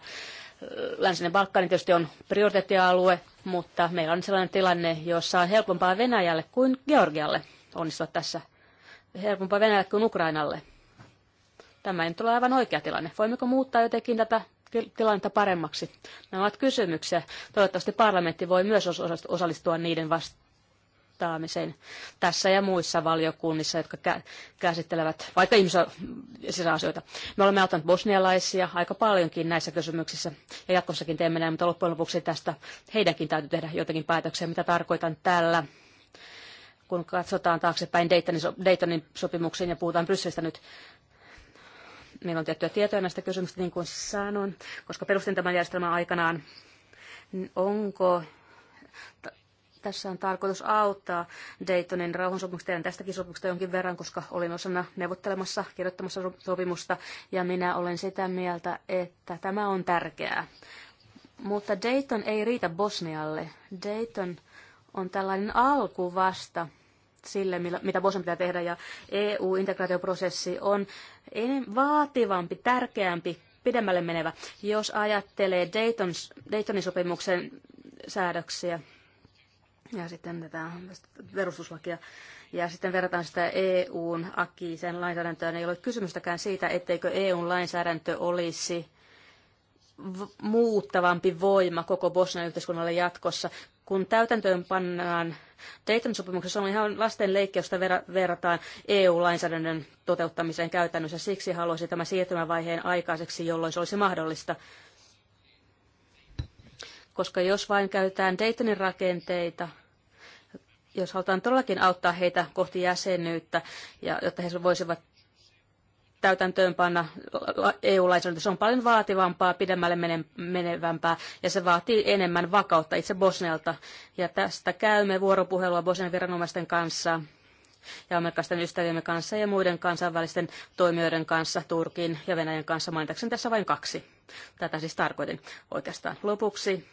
Länsinen Balkani tietysti on prioriteettialue, mutta meillä on sellainen tilanne, jossa on helpompaa Venäjälle kuin Georgialle onnistua tässä. Helpompaa Venäjälle kuin Ukrainalle. Tämä ei nyt ole aivan oikea tilanne. Voimmeko muuttaa jotenkin tätä tilannetta paremmaksi? Nämä ovat kysymyksiä. Toivottavasti parlamentti voi myös osallistua niiden vastaan kohtaamisen tässä ja muissa valiokunnissa, jotka käsittelevät vaikka ihmisasioita. Me olemme auttaneet bosnialaisia aika paljonkin näissä kysymyksissä ja jatkossakin teemme näin, mutta loppujen lopuksi tästä heidänkin täytyy tehdä jotakin päätöksiä, mitä tarkoitan tällä kun katsotaan taaksepäin Daytonin, Daytonin sopimuksiin ja puhutaan Brysselistä nyt, meillä on tiettyjä tietoja näistä kysymyksistä, niin kuin sanon, koska perustin tämän järjestelmän aikanaan, niin onko tässä on tarkoitus auttaa Daytonin rauhansopimuksesta. Tiedän tästäkin sopimuksesta jonkin verran, koska olin osana neuvottelemassa, kirjoittamassa sopimusta. Ja minä olen sitä mieltä, että tämä on tärkeää. Mutta Dayton ei riitä Bosnialle. Dayton on tällainen alku vasta sille, mitä Bosnia pitää tehdä. Ja EU-integraatioprosessi on vaativampi, tärkeämpi, pidemmälle menevä, jos ajattelee Daytonin sopimuksen säädöksiä ja sitten tätä perustuslakia. Ja sitten verrataan sitä EUn akiisen lainsäädäntöön. Ei ole kysymystäkään siitä, etteikö EUn lainsäädäntö olisi muuttavampi voima koko Bosnian yhteiskunnalle jatkossa. Kun täytäntöön pannaan Dayton sopimuksessa on ihan lasten josta ver- verrataan EU-lainsäädännön toteuttamiseen käytännössä. Siksi haluaisin tämän siirtymävaiheen aikaiseksi, jolloin se olisi mahdollista koska jos vain käytetään Daytonin rakenteita, jos halutaan todellakin auttaa heitä kohti jäsenyyttä, ja, jotta he voisivat täytäntöönpanna EU-lainsäädäntö. Se on paljon vaativampaa, pidemmälle menevämpää ja se vaatii enemmän vakautta itse Bosnialta. Ja tästä käymme vuoropuhelua Bosnian viranomaisten kanssa ja amerikkalaisten ystäviemme kanssa ja muiden kansainvälisten toimijoiden kanssa, Turkin ja Venäjän kanssa. Mainitakseni tässä vain kaksi. Tätä siis tarkoitin oikeastaan. Lopuksi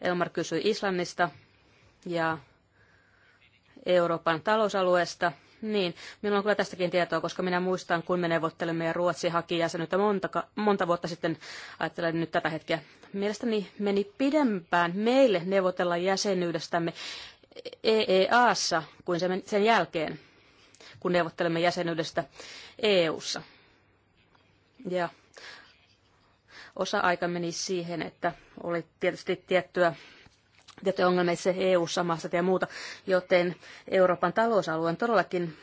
Elmar kysyi Islannista ja Euroopan talousalueesta. Niin, minulla on kyllä tästäkin tietoa, koska minä muistan, kun me neuvottelimme ja Ruotsi haki jäsenyyttä monta, monta vuotta sitten, ajattelen nyt tätä hetkeä. Mielestäni meni pidempään meille neuvotella jäsenyydestämme EEAssa kuin sen jälkeen, kun neuvottelemme jäsenyydestä EUssa. Ja Osa aika meni siihen, että oli tietysti tiettyä tiettyjä ongelmia EU-ssa, e ja muuta, joten Euroopan talousalue on todellakin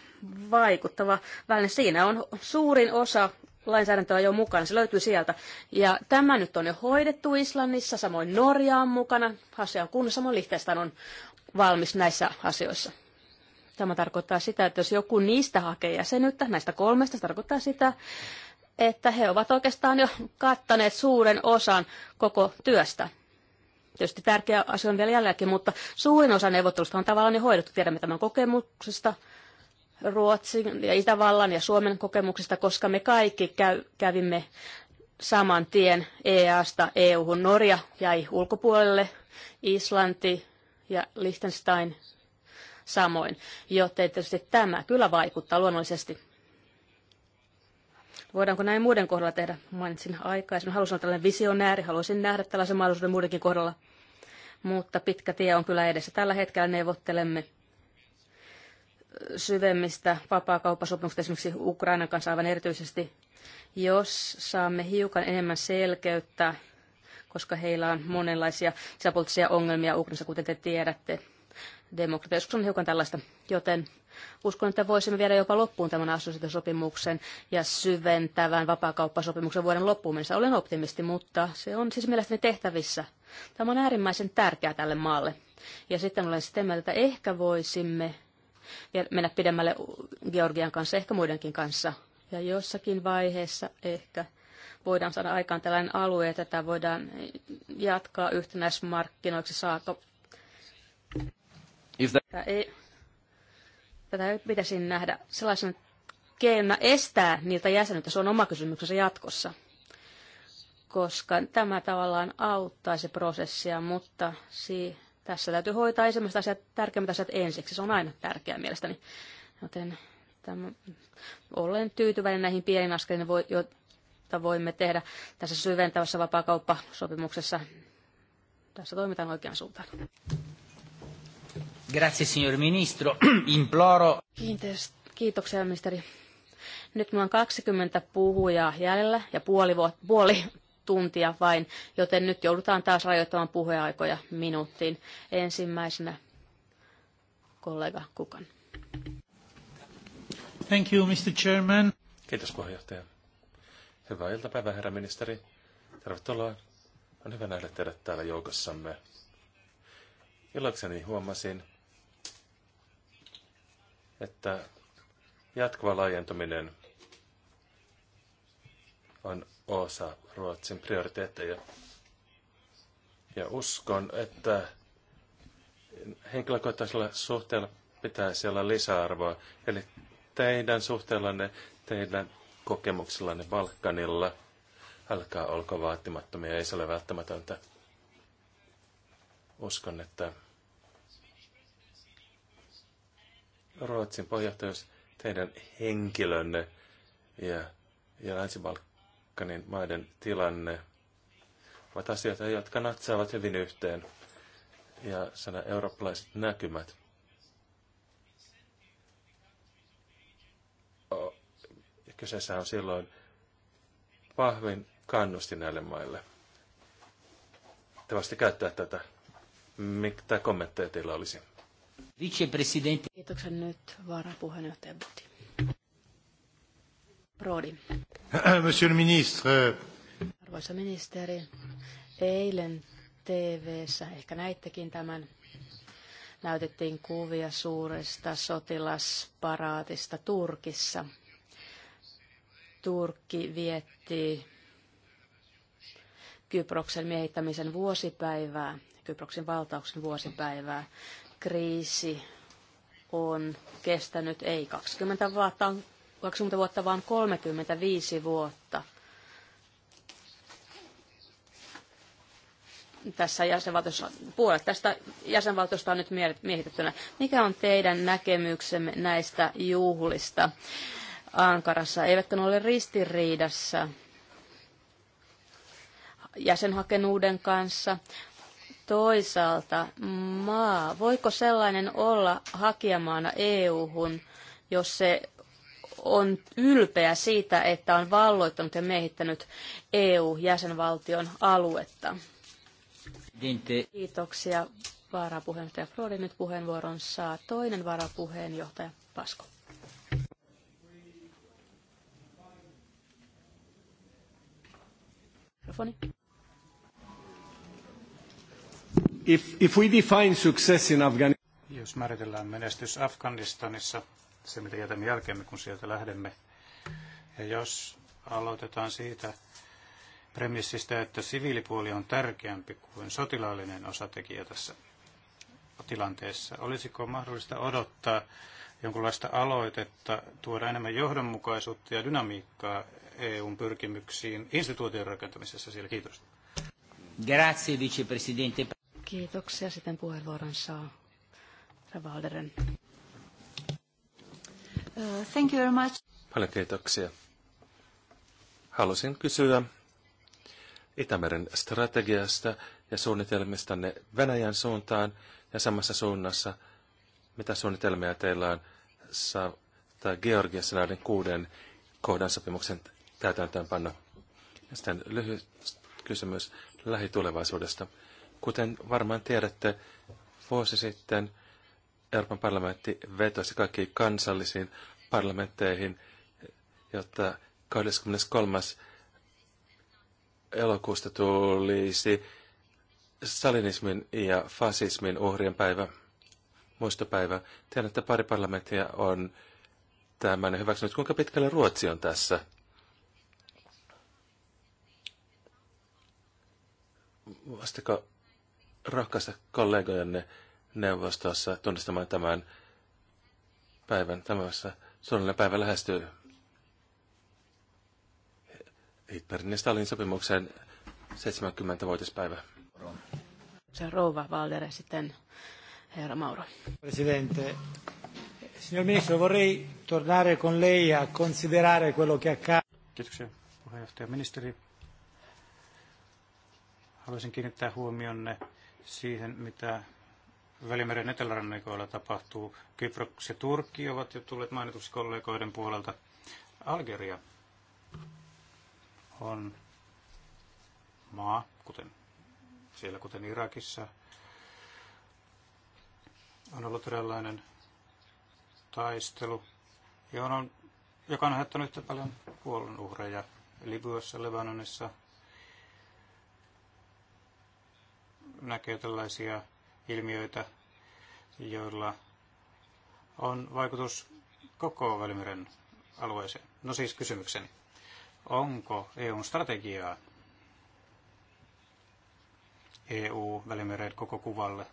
vaikuttava väline. Siinä on suurin osa lainsäädäntöä jo mukana, se löytyy sieltä. Ja tämä nyt on jo hoidettu Islannissa, samoin Norja on mukana, asia on kunnossa, samoin Liechtenstein on valmis näissä asioissa. Tämä tarkoittaa sitä, että jos joku niistä hakee jäsenyyttä, näistä kolmesta, se tarkoittaa sitä, että he ovat oikeastaan jo kattaneet suuren osan koko työstä. Tietysti tärkeä asia on vielä jälleenkin, mutta suurin osa neuvottelusta on tavallaan jo hoidettu. Tiedämme tämän kokemuksesta, Ruotsin ja Itävallan ja Suomen kokemuksista, koska me kaikki käy, kävimme saman tien EAsta EU-hun. Norja jäi ulkopuolelle, Islanti ja Liechtenstein samoin, joten tietysti tämä kyllä vaikuttaa luonnollisesti Voidaanko näin muiden kohdalla tehdä? Mainitsin aikaisemmin. Halusin olla tällainen visionääri, haluaisin nähdä tällaisen mahdollisuuden muidenkin kohdalla. Mutta pitkä tie on kyllä edessä. Tällä hetkellä neuvottelemme syvemmistä vapaakauppasopimuksista esimerkiksi Ukrainan kanssa aivan erityisesti. Jos saamme hiukan enemmän selkeyttä, koska heillä on monenlaisia sisäpoliittisia ongelmia Ukrainassa, kuten te tiedätte, demokratia joskus on hiukan tällaista, joten Uskon, että voisimme viedä jopa loppuun tämän assosiaatiosopimuksen ja syventävän vapaakauppasopimuksen vuoden loppuun mennessä. Olen optimisti, mutta se on siis mielestäni tehtävissä. Tämä on äärimmäisen tärkeää tälle maalle. Ja sitten olen sitä mieltä, että ehkä voisimme mennä pidemmälle Georgian kanssa, ehkä muidenkin kanssa. Ja jossakin vaiheessa ehkä voidaan saada aikaan tällainen alue, että tätä voidaan jatkaa yhtenäismarkkinoiksi saakka. Is that... Ei Tätä pitäisi nähdä sellaisena keinona estää niiltä jäsenyyttä. Se on oma kysymyksensä jatkossa, koska tämä tavallaan auttaisi prosessia, mutta si- tässä täytyy hoitaa ensimmäiset asiat, tärkeimmät asiat ensiksi. Se on aina tärkeää mielestäni. Joten tämän, olen tyytyväinen näihin pieniin askeliin, joita voimme tehdä tässä syventävässä vapaakauppasopimuksessa. Tässä toimitaan oikeaan suuntaan. Grazie, signor ministro. Imploro. kiitoksia, ministeri. Nyt minulla on 20 puhujaa jäljellä ja puoli, vuot, puoli tuntia vain, joten nyt joudutaan taas rajoittamaan puheaikoja minuuttiin. Ensimmäisenä kollega Kukan. Thank you, Mr. Chairman. Kiitos puheenjohtaja. Hyvää iltapäivää, herra ministeri. Tervetuloa. On hyvä nähdä teidät täällä joukossamme. Ilokseni huomasin, että jatkuva laajentuminen on osa Ruotsin prioriteetteja. Ja uskon, että henkilökohtaisella suhteella pitäisi olla lisäarvoa. Eli teidän suhteellanne, teidän kokemuksellanne Balkanilla, älkää olko vaatimattomia, ei se ole välttämätöntä. Uskon, että Ruotsin pohjohtajuus teidän henkilönne ja, ja Länsi-Balkanin maiden tilanne ovat asioita, jotka natsaavat hyvin yhteen. Ja sana eurooppalaiset näkymät kyseessä on silloin vahvin kannusti näille maille. Te käyttää tätä. Mitä kommentteja teillä olisi? Kiitoksen nyt varapuheenjohtaja Monsieur le ministre. Arvoisa ministeri, eilen tv ehkä näittekin tämän, näytettiin kuvia suuresta sotilasparaatista Turkissa. Turkki vietti Kyproksen miehittämisen vuosipäivää, Kyproksen valtauksen vuosipäivää kriisi on kestänyt ei 20 vuotta, 20 vuotta vaan 35 vuotta. Tässä jäsenvaltiossa, puolet tästä jäsenvaltiosta on nyt miehitettynä. Mikä on teidän näkemyksemme näistä juhlista Ankarassa? Eivätkö ne ole ristiriidassa jäsenhakenuuden kanssa? Toisaalta maa, voiko sellainen olla hakijamaana EU-hun, jos se on ylpeä siitä, että on valloittanut ja miehittänyt EU-jäsenvaltion aluetta? Kiitoksia varapuheenjohtaja Frodi. Nyt puheenvuoron saa toinen varapuheenjohtaja Pasko. Mikrofoni. If, we define success in Afghanistan... Jos määritellään menestys Afganistanissa, se mitä jätämme jälkeemme, kun sieltä lähdemme, ja jos aloitetaan siitä premissistä, että siviilipuoli on tärkeämpi kuin sotilaallinen osatekijä tässä tilanteessa, olisiko mahdollista odottaa jonkinlaista aloitetta tuoda enemmän johdonmukaisuutta ja dynamiikkaa EUn pyrkimyksiin instituution rakentamisessa siellä. Kiitos. Grazie, vicepresidente. Kiitoksia. Sitten puheenvuoron saa Revalderen. Uh, thank you very much. Paljon kiitoksia. Halusin kysyä Itämeren strategiasta ja suunnitelmistanne Venäjän suuntaan ja samassa suunnassa, mitä suunnitelmia teillä on saattaa Georgiassa näiden kuuden kohdan sopimuksen täytäntöönpanno. Ja sitten lyhyt kysymys lähitulevaisuudesta. Kuten varmaan tiedätte, vuosi sitten Euroopan parlamentti vetosi kaikkiin kansallisiin parlamentteihin, jotta 23. elokuusta tulisi salinismin ja fasismin uhrien päivä, muistopäivä. Tiedän, että pari parlamenttia on tämän hyväksynyt. Kuinka pitkälle Ruotsi on tässä? Vastako rohkaista kollegojanne neuvostossa tunnistamaan tämän päivän. Tämässä suunnilleen päivä lähestyy. Hitlerin ja Stalin sopimuksen 70-vuotispäivä. Se Rouva Valdere, sitten herra Mauro. Presidente, signor ministro, vorrei tornare con lei a considerare quello che accade. Kiitoksia puheenjohtaja ministeri. Haluaisin kiinnittää huomionne siihen, mitä Välimeren etelärannikoilla tapahtuu. Kypros ja Turkki ovat jo tulleet mainituksi kollegoiden puolelta. Algeria on maa, kuten siellä kuten Irakissa, on ollut eräänlainen taistelu, johon on, joka on aiheuttanut yhtä paljon kuolonuhreja Libyassa, Lebanonissa, näkee tällaisia ilmiöitä, joilla on vaikutus koko Välimeren alueeseen. No siis kysymykseni, onko EUn strategiaa EU-välimeren koko kuvalle?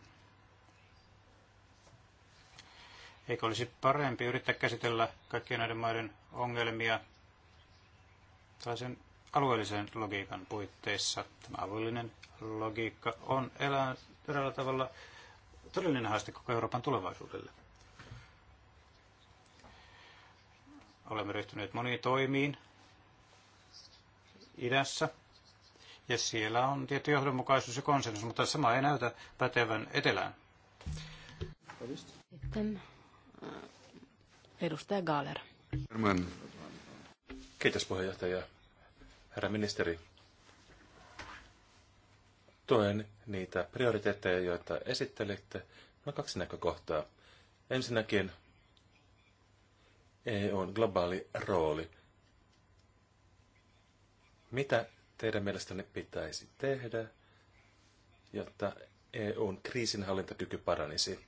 Eikö olisi parempi yrittää käsitellä kaikkien näiden maiden ongelmia sen alueellisen logiikan puitteissa. Tämä alueellinen logiikka on elää eräällä tavalla todellinen haaste koko Euroopan tulevaisuudelle. Olemme ryhtyneet moniin toimiin idässä, ja siellä on tietty johdonmukaisuus ja konsensus, mutta sama ei näytä pätevän etelään. Sitten äh, edustaja Gaaler. Kiitos puheenjohtaja herra ministeri, tuen niitä prioriteetteja, joita esittelitte. No kaksi näkökohtaa. Ensinnäkin EUn globaali rooli. Mitä teidän mielestänne pitäisi tehdä, jotta EUn kriisinhallintakyky paranisi?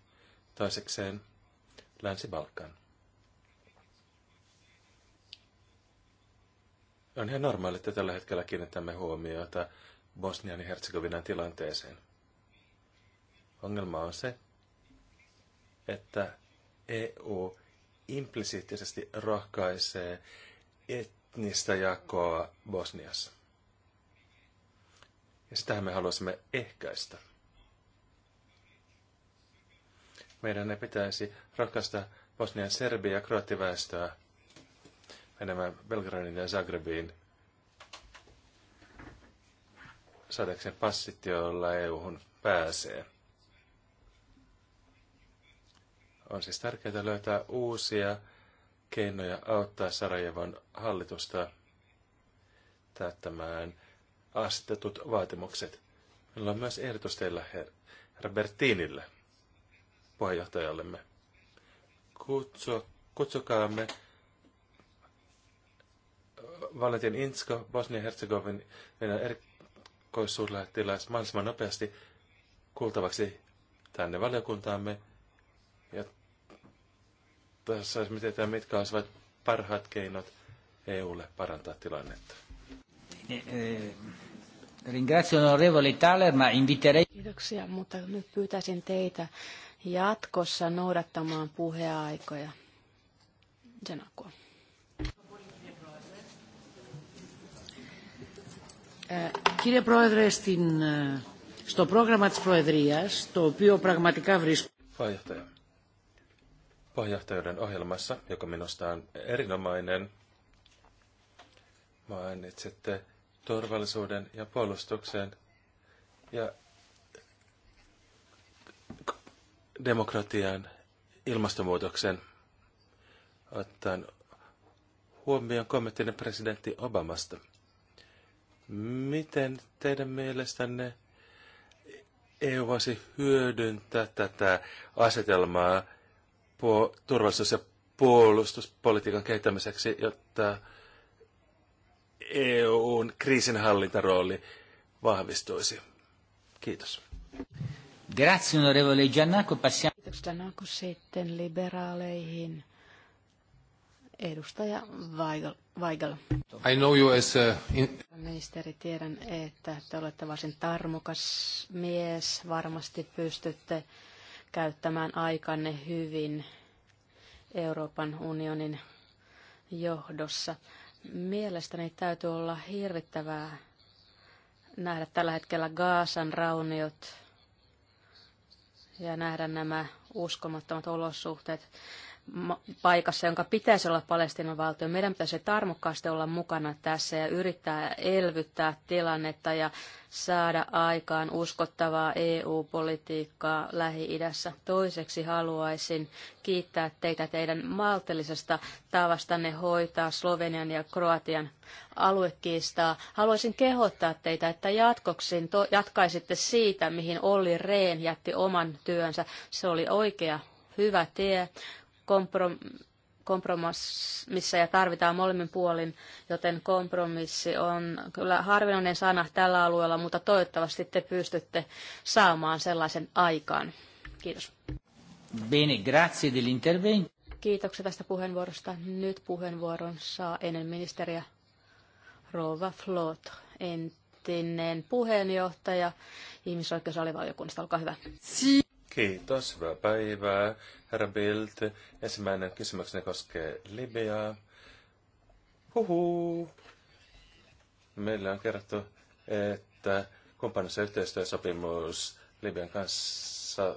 Toisekseen Länsi-Balkan. On ihan normaali, että tällä hetkellä kiinnitämme huomiota Bosnian ja Herzegovinan tilanteeseen. Ongelma on se, että EU implisiittisesti rohkaisee etnistä jakoa Bosniassa. Ja sitähän me haluaisimme ehkäistä. Meidän ei pitäisi rohkaista Bosnian serbia ja kroattiväestöä menemään Belgradin ja Zagrebiin saadakseen passit, joilla EU-hun pääsee. On siis tärkeää löytää uusia keinoja auttaa Sarajevon hallitusta täyttämään asetetut vaatimukset. Meillä on myös ehdotus teillä herra Bertinille, puheenjohtajallemme. Kutsu, kutsukaamme Valentin Insko, Bosnia-Herzegovin erikoissuurlähettiläs mahdollisimman nopeasti kuultavaksi tänne valiokuntaamme. Ja tässä mietitään, mitkä olisivat parhaat keinot EUlle parantaa tilannetta. Eh, onorevole inviterei... Kiitoksia, mutta nyt pyytäisin teitä jatkossa noudattamaan puheaikoja. Sen Κύριε Πρόεδρε, στην, στο πρόγραμμα της Προεδρίας, το οποίο πραγματικά βρίσκω... Puheenjohtajuuden ohjelmassa, joka minusta on erinomainen, mainitsette turvallisuuden ja puolustuksen ja demokratian ilmastonmuutoksen ottaen huomioon kommenttinen presidentti Obamasta – Miten teidän mielestänne EU voisi hyödyntää tätä asetelmaa turvallisuus- ja puolustuspolitiikan kehittämiseksi, jotta EUn kriisinhallintarooli vahvistuisi? Kiitos. Grazie onorevole Giannaco. Passiamo... Kiitos Giannaco. Sitten liberaaleihin. Edustaja Weigel. Weigel. I know you as a... Ministeri, tiedän, että te olette varsin tarmokas mies. Varmasti pystytte käyttämään aikanne hyvin Euroopan unionin johdossa. Mielestäni täytyy olla hirvittävää nähdä tällä hetkellä Gaasan rauniot ja nähdä nämä uskomattomat olosuhteet paikassa, jonka pitäisi olla Palestiinan valtio. Meidän pitäisi tarmokkaasti olla mukana tässä ja yrittää elvyttää tilannetta ja saada aikaan uskottavaa EU-politiikkaa Lähi-idässä. Toiseksi haluaisin kiittää teitä teidän maltillisesta tavastanne hoitaa Slovenian ja Kroatian aluekiistaa. Haluaisin kehottaa teitä, että jatkoksi to, jatkaisitte siitä, mihin Olli Rehn jätti oman työnsä. Se oli oikea hyvä tie kompromississa ja tarvitaan molemmin puolin, joten kompromissi on kyllä harvinainen sana tällä alueella, mutta toivottavasti te pystytte saamaan sellaisen aikaan. Kiitos. Bene, grazie dell'intervento. Kiitoksia tästä puheenvuorosta. Nyt puheenvuoron saa ennen ministeriä Rova Flot, entinen puheenjohtaja ihmisoikeusalivaliokunnasta. Olkaa hyvä. Si- Kiitos, hyvää päivää. Herra Bild, ensimmäinen kysymykseni koskee Libiaa. Huhuu. Meillä on kerrottu, että kumppanissa yhteistyösopimus Libian kanssa,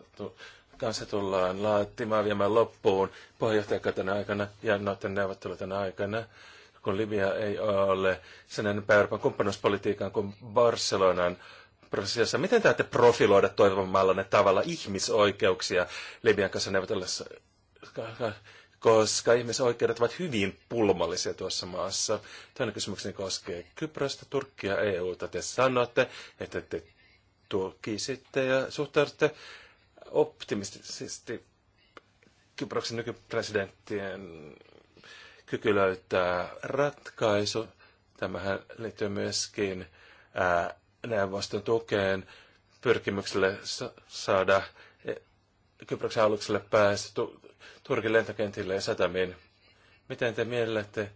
kanssa tullaan laatimaan viemään loppuun puheenjohtajakauden aikana ja noiden neuvotteluiden aikana, kun Libia ei ole sen enempää Euroopan kumppanuuspolitiikan kuin Barcelonan prosessissa. Miten te profiloida toivomallanne tavalla ihmisoikeuksia Libian kanssa neuvotellessa? Koska ihmisoikeudet ovat hyvin pulmallisia tuossa maassa. Toinen kysymykseni koskee Kyprosta, Turkkia, EUta. Te sanotte, että te tukisitte ja suhtaudutte optimistisesti Kyproksen nykypresidenttien kyky löytää ratkaisu. Tämähän liittyy myöskin ää, neuvoston tukeen pyrkimykselle saada e, Kyproksen alukselle pääsy Turkin lentokentille ja satamiin. Miten te miellätte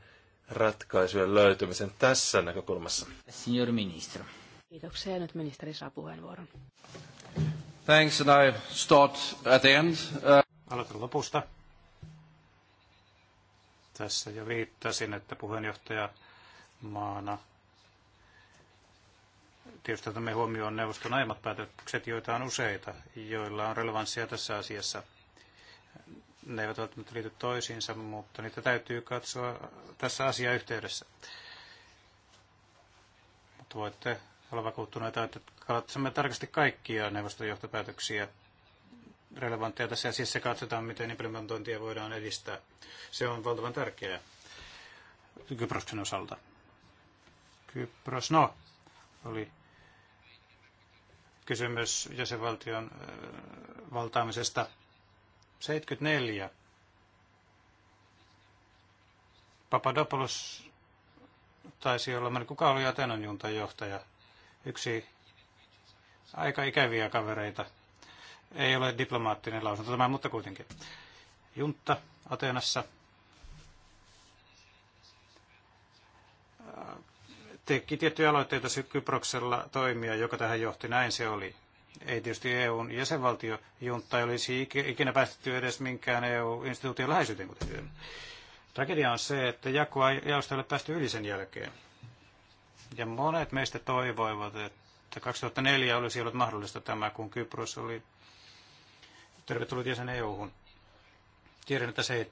ratkaisujen löytymisen tässä näkökulmassa? Signor Ministro. Kiitoksia. Nyt ministeri saa puheenvuoron. Thanks, and I start at the end. Uh... Aloitan lopusta. Tässä jo viittasin, että puheenjohtaja maana tietysti otamme huomioon neuvoston aiemmat päätökset, joita on useita, joilla on relevanssia tässä asiassa. Ne eivät välttämättä liity toisiinsa, mutta niitä täytyy katsoa tässä asiayhteydessä. Mutta voitte olla vakuuttuneita, että katsomme tarkasti kaikkia neuvoston johtopäätöksiä relevantteja tässä asiassa katsotaan, miten implementointia voidaan edistää. Se on valtavan tärkeää Kyproksen osalta. Kypros, no, oli kysymys jäsenvaltion valtaamisesta. 74. Papadopoulos taisi olla, mutta kuka oli Atenon juntan johtaja? Yksi aika ikäviä kavereita. Ei ole diplomaattinen lausunto tämä, mutta kuitenkin. junta Atenassa teki tiettyjä aloitteita Kyproksella toimia, joka tähän johti. Näin se oli. Ei tietysti EUn jäsenvaltio juntta ei olisi ikinä päästetty edes minkään EU-instituution läheisyyteen, kuten tiedämme. Tragedia on se, että jakoa jaosta ei ole päästy yli sen jälkeen. Ja monet meistä toivoivat, että 2004 olisi ollut mahdollista tämä, kun Kypros oli tervetullut jäsen EU-hun. Tiedän, että se ei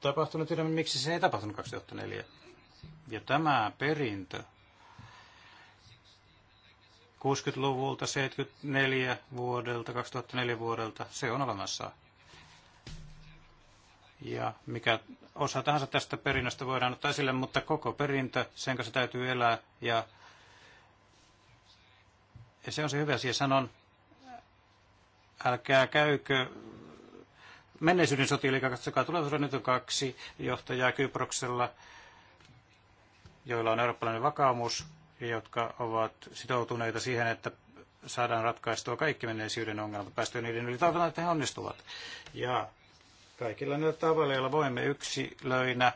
tapahtunut, tiedämme miksi se ei tapahtunut 2004. Ja tämä perintö 60-luvulta, 74 vuodelta, 2004 vuodelta, se on olemassa. Ja mikä osa tahansa tästä perinnöstä voidaan ottaa esille, mutta koko perintö, sen kanssa täytyy elää. Ja, ja se on se hyvä asia. Sanon, älkää käykö menneisyyden sotielikä, katsokaa tulevaisuuden nyt on kaksi johtajaa Kyproksella, joilla on eurooppalainen vakaumus jotka ovat sitoutuneita siihen, että saadaan ratkaistua kaikki menneisyyden ongelmat, päästyä niiden yli tavalla, että he onnistuvat. Ja kaikilla niillä tavoilla, joilla voimme yksilöinä,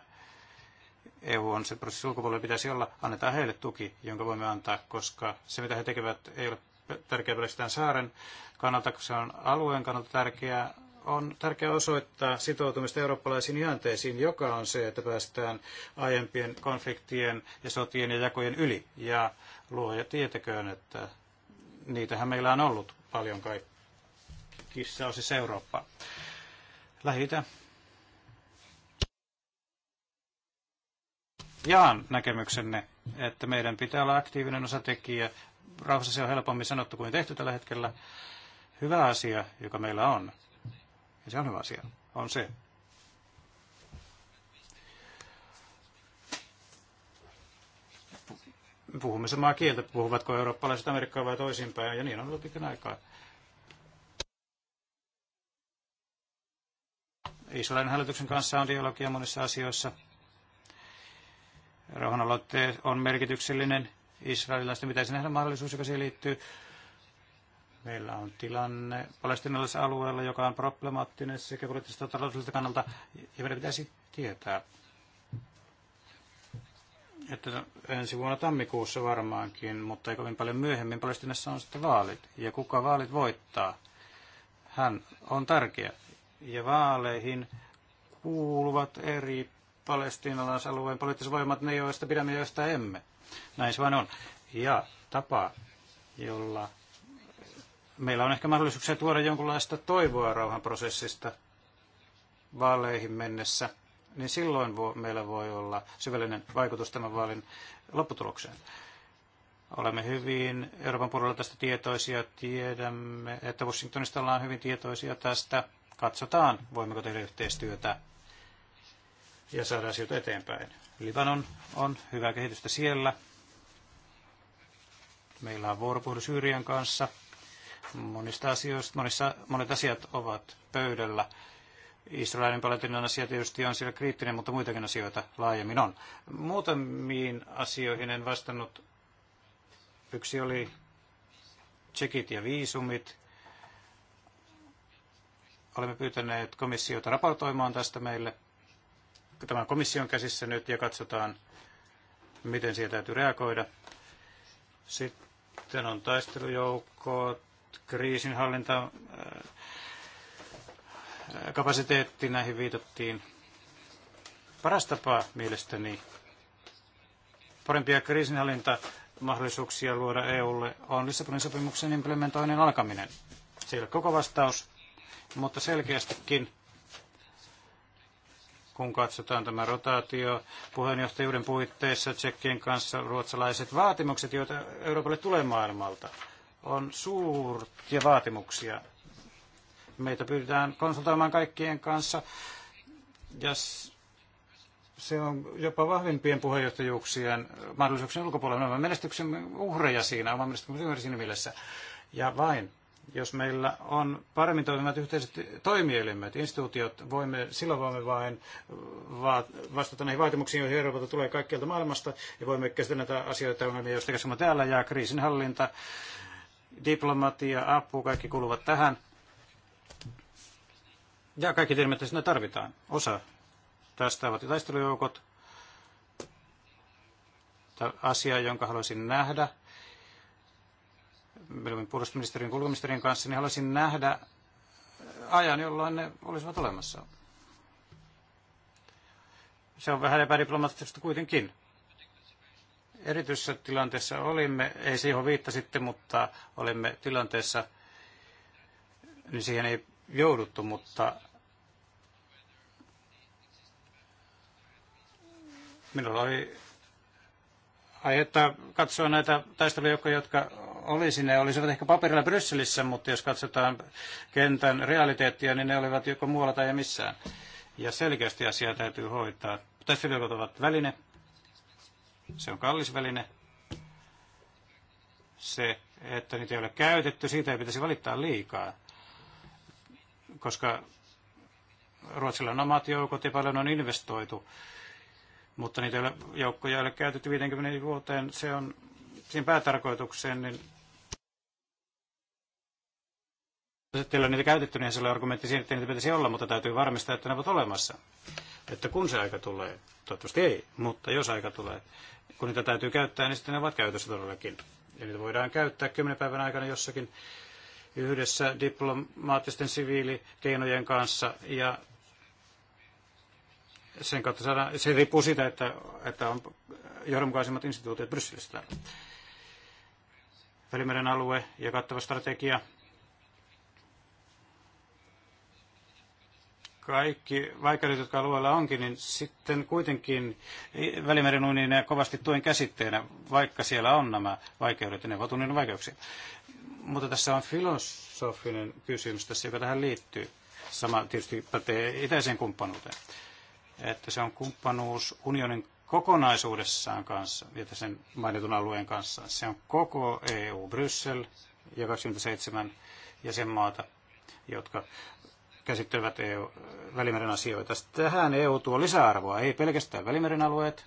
EU on se prosessi ulkopuolella pitäisi olla, annetaan heille tuki, jonka voimme antaa, koska se mitä he tekevät ei ole tärkeää pelkästään saaren kannalta, koska se on alueen kannalta tärkeää, on tärkeää osoittaa sitoutumista eurooppalaisiin ihanteisiin, joka on se, että päästään aiempien konfliktien ja sotien ja jakojen yli. Ja luoja tietäköön, että niitähän meillä on ollut paljon kaikissa osissa Eurooppaa. Lähitä. Jaan näkemyksenne, että meidän pitää olla aktiivinen osatekijä. Rauhassa se on helpommin sanottu kuin tehty tällä hetkellä. Hyvä asia, joka meillä on, ja se on hyvä asia. On se. Puhumme samaa kieltä, puhuvatko eurooppalaiset Amerikkaa vai toisinpäin, ja niin on ollut pitkän aikaa. Israelin hallituksen kanssa on dialogia monissa asioissa. Rauhanaloitteet on merkityksellinen. Israelilaisten pitäisi nähdä mahdollisuus, joka siihen liittyy. Meillä on tilanne palestinalaisella alueella, joka on problemaattinen sekä poliittisesta että taloudelliselta kannalta, ja meidän pitäisi tietää, että ensi vuonna tammikuussa varmaankin, mutta ei kovin paljon myöhemmin, Palestinassa on sitten vaalit. Ja kuka vaalit voittaa, hän on tärkeä. Ja vaaleihin kuuluvat eri palestinalaisalueen poliittiset voimat, ne joista pidämme, joista emme. Näin se vain on. Ja tapa, jolla meillä on ehkä mahdollisuuksia tuoda jonkinlaista toivoa rauhanprosessista vaaleihin mennessä, niin silloin vo, meillä voi olla syvällinen vaikutus tämän vaalin lopputulokseen. Olemme hyvin Euroopan puolella tästä tietoisia, tiedämme, että Washingtonista ollaan hyvin tietoisia tästä. Katsotaan, voimmeko tehdä yhteistyötä ja saada asioita eteenpäin. Libanon on hyvää kehitystä siellä. Meillä on vuoropuhelu Syyrian kanssa Monista asioista, monissa, monet asiat ovat pöydällä. Israelin palestinan asia tietysti on siellä kriittinen, mutta muitakin asioita laajemmin on. Muutamiin asioihin en vastannut. Yksi oli tsekit ja viisumit. Olemme pyytäneet komissiota raportoimaan tästä meille. Tämä on komission käsissä nyt ja katsotaan, miten siihen täytyy reagoida. Sitten on taistelujoukkoot, kriisinhallinta äh, kapasiteetti, näihin viitattiin. Paras tapa mielestäni parempia mahdollisuuksia luoda EUlle on Lissabonin sopimuksen implementoinnin alkaminen. Se ei ole koko vastaus, mutta selkeästikin, kun katsotaan tämä rotaatio puheenjohtajuuden puitteissa Tsekkien kanssa ruotsalaiset vaatimukset, joita Euroopalle tulee maailmalta – on suuria vaatimuksia. Meitä pyydetään konsultoimaan kaikkien kanssa ja se on jopa vahvimpien puheenjohtajuuksien mahdollisuuksien ulkopuolella. Me olemme menestyksen uhreja siinä, oman menestyksemme siinä mielessä. Ja vain jos meillä on paremmin toimivat yhteiset toimielimet, instituutiot, voimme, silloin voimme vain vastata näihin vaatimuksiin, joihin Euroopalta tulee kaikkialta maailmasta, ja voimme käsitellä näitä asioita, ongelmia, joista käsimme täällä, ja kriisinhallinta diplomatia, apu, kaikki kuluvat tähän. Ja kaikki tiedämme, että sinne tarvitaan. Osa tästä ovat taistelujoukot. Tämä asia, jonka haluaisin nähdä. Minun puolustusministeriön kulkoministerin kanssa, niin haluaisin nähdä ajan, jolloin ne olisivat olemassa. Se on vähän epädiplomaattista kuitenkin erityisessä tilanteessa olimme, ei siihen viittasitte, mutta olimme tilanteessa, niin siihen ei jouduttu, mutta minulla oli aihetta katsoa näitä taistelujoukkoja, jotka oli sinne, olisivat ehkä paperilla Brysselissä, mutta jos katsotaan kentän realiteettia, niin ne olivat joko muualla tai missään. Ja selkeästi asiaa täytyy hoitaa. Taistelujoukot ovat väline, se on kallis väline. Se, että niitä ei ole käytetty, siitä ei pitäisi valittaa liikaa, koska Ruotsilla on omat joukot ja paljon on investoitu, mutta niitä ei ole, joukkoja ei ole käytetty 50 vuoteen. Se on siinä päätarkoitukseen, niin jos teillä on niitä käytetty, niin se oli argumentti siinä, että niitä pitäisi olla, mutta täytyy varmistaa, että ne ovat olemassa että kun se aika tulee, toivottavasti ei, mutta jos aika tulee, kun niitä täytyy käyttää, niin sitten ne ovat käytössä todellakin. Ja niitä voidaan käyttää kymmenen päivän aikana jossakin yhdessä diplomaattisten siviilikeinojen kanssa ja sen kautta saadaan, se riippuu siitä, että, että on johdonmukaisimmat instituutiot Brysselistä. Välimeren alue ja kattava strategia kaikki vaikeudet, jotka alueella onkin, niin sitten kuitenkin Välimeren ja kovasti tuen käsitteenä, vaikka siellä on nämä vaikeudet ja ne ovat unionin vaikeuksia. Mutta tässä on filosofinen kysymys tässä, joka tähän liittyy. Sama tietysti pätee itäiseen kumppanuuteen. Että se on kumppanuus unionin kokonaisuudessaan kanssa, ja sen mainitun alueen kanssa. Se on koko EU, Bryssel ja 27 jäsenmaata, jotka käsittelevät EU, Välimeren asioita. Tähän EU tuo lisäarvoa, ei pelkästään Välimeren alueet.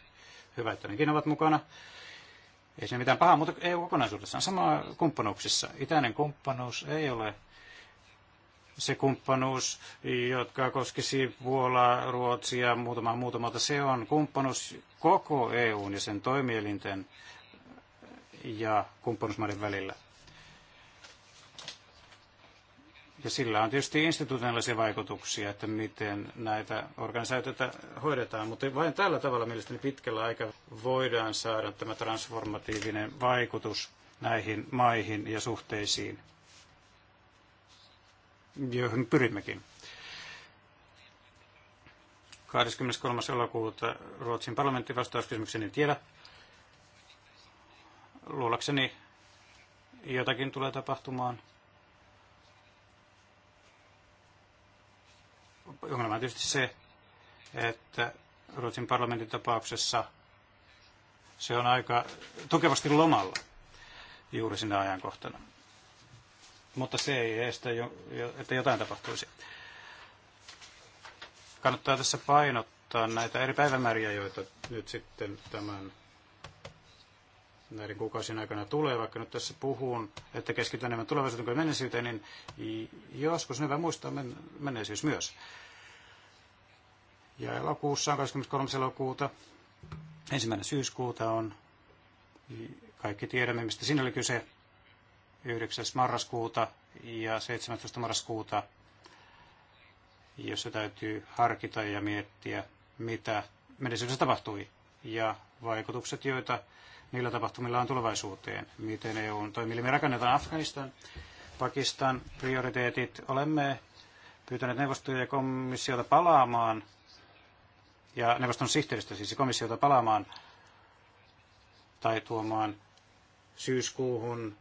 Hyvä, että nekin ovat mukana. Ei siinä mitään pahaa, mutta EU kokonaisuudessaan sama kumppanuuksissa. Itäinen kumppanuus ei ole se kumppanuus, jotka koskisi Puolaa, Ruotsia, muutama muutamata, se on kumppanuus koko EUn ja sen toimielinten ja kumppanuusmaiden välillä. Ja sillä on tietysti instituutionaalisia vaikutuksia, että miten näitä organisaatioita hoidetaan, mutta vain tällä tavalla mielestäni pitkällä aikaa voidaan saada tämä transformatiivinen vaikutus näihin maihin ja suhteisiin, joihin pyrimmekin. 23. elokuuta Ruotsin parlamentti vastauskysymykseni en tiedä. Luulakseni jotakin tulee tapahtumaan. Ongelma on tietysti se, että Ruotsin parlamentin tapauksessa se on aika tukevasti lomalla juuri sinä ajankohtana. Mutta se ei estä, että jotain tapahtuisi. Kannattaa tässä painottaa näitä eri päivämääriä, joita nyt sitten tämän näiden kuukausien aikana tulee, vaikka nyt tässä puhun, että keskitytään enemmän tulevaisuuteen kuin menneisyyteen, niin joskus on hyvä muistaa menneisyys myös. Ja elokuussa on 23. elokuuta, ensimmäinen syyskuuta on, kaikki tiedämme mistä siinä oli kyse, 9. marraskuuta ja 17. marraskuuta, jossa täytyy harkita ja miettiä, mitä menneisyydessä tapahtui ja vaikutukset, joita niillä tapahtumilla on tulevaisuuteen. Miten EUn toimielimiä rakennetaan Afganistan, Pakistan, prioriteetit. Olemme pyytäneet neuvostoja ja komissiota palaamaan ja neuvoston sihteeristö, siis komissiota palaamaan tai tuomaan syyskuuhun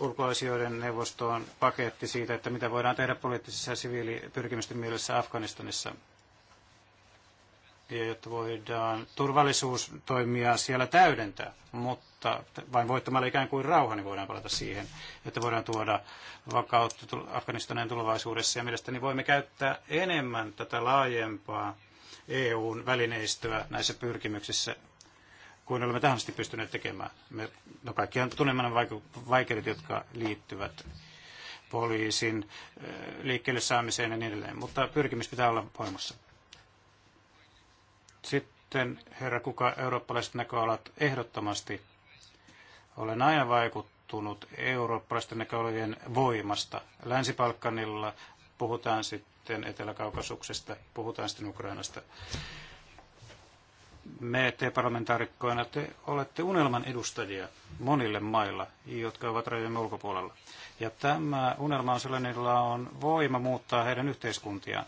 ulkoasioiden neuvostoon paketti siitä, että mitä voidaan tehdä poliittisissa ja siviilipyrkimysten mielessä Afganistanissa. Ja jotta voidaan turvallisuustoimia siellä täydentää, mutta vain voittamalla ikään kuin rauha, niin voidaan palata siihen, että voidaan tuoda vakautta Afganistanin tulevaisuudessa. Ja mielestäni voimme käyttää enemmän tätä laajempaa EUn välineistöä näissä pyrkimyksissä kuin olemme tähän asti pystyneet tekemään. Me, no kaikkiaan tunnemme nämä vaikeudet, jotka liittyvät poliisin liikkeelle saamiseen ja niin edelleen, mutta pyrkimys pitää olla voimassa. Sitten herra kuka eurooppalaiset näköalat ehdottomasti. Olen aina vaikuttunut eurooppalaisten näköalojen voimasta. Länsi-Balkanilla puhutaan sitten Etelä-Kaukasuksesta, puhutaan sitten Ukrainasta. Me te parlamentaarikkoina te olette unelman edustajia monille mailla, jotka ovat rajojen ulkopuolella. Ja tämä unelma on sellainen, jolla on voima muuttaa heidän yhteiskuntiaan.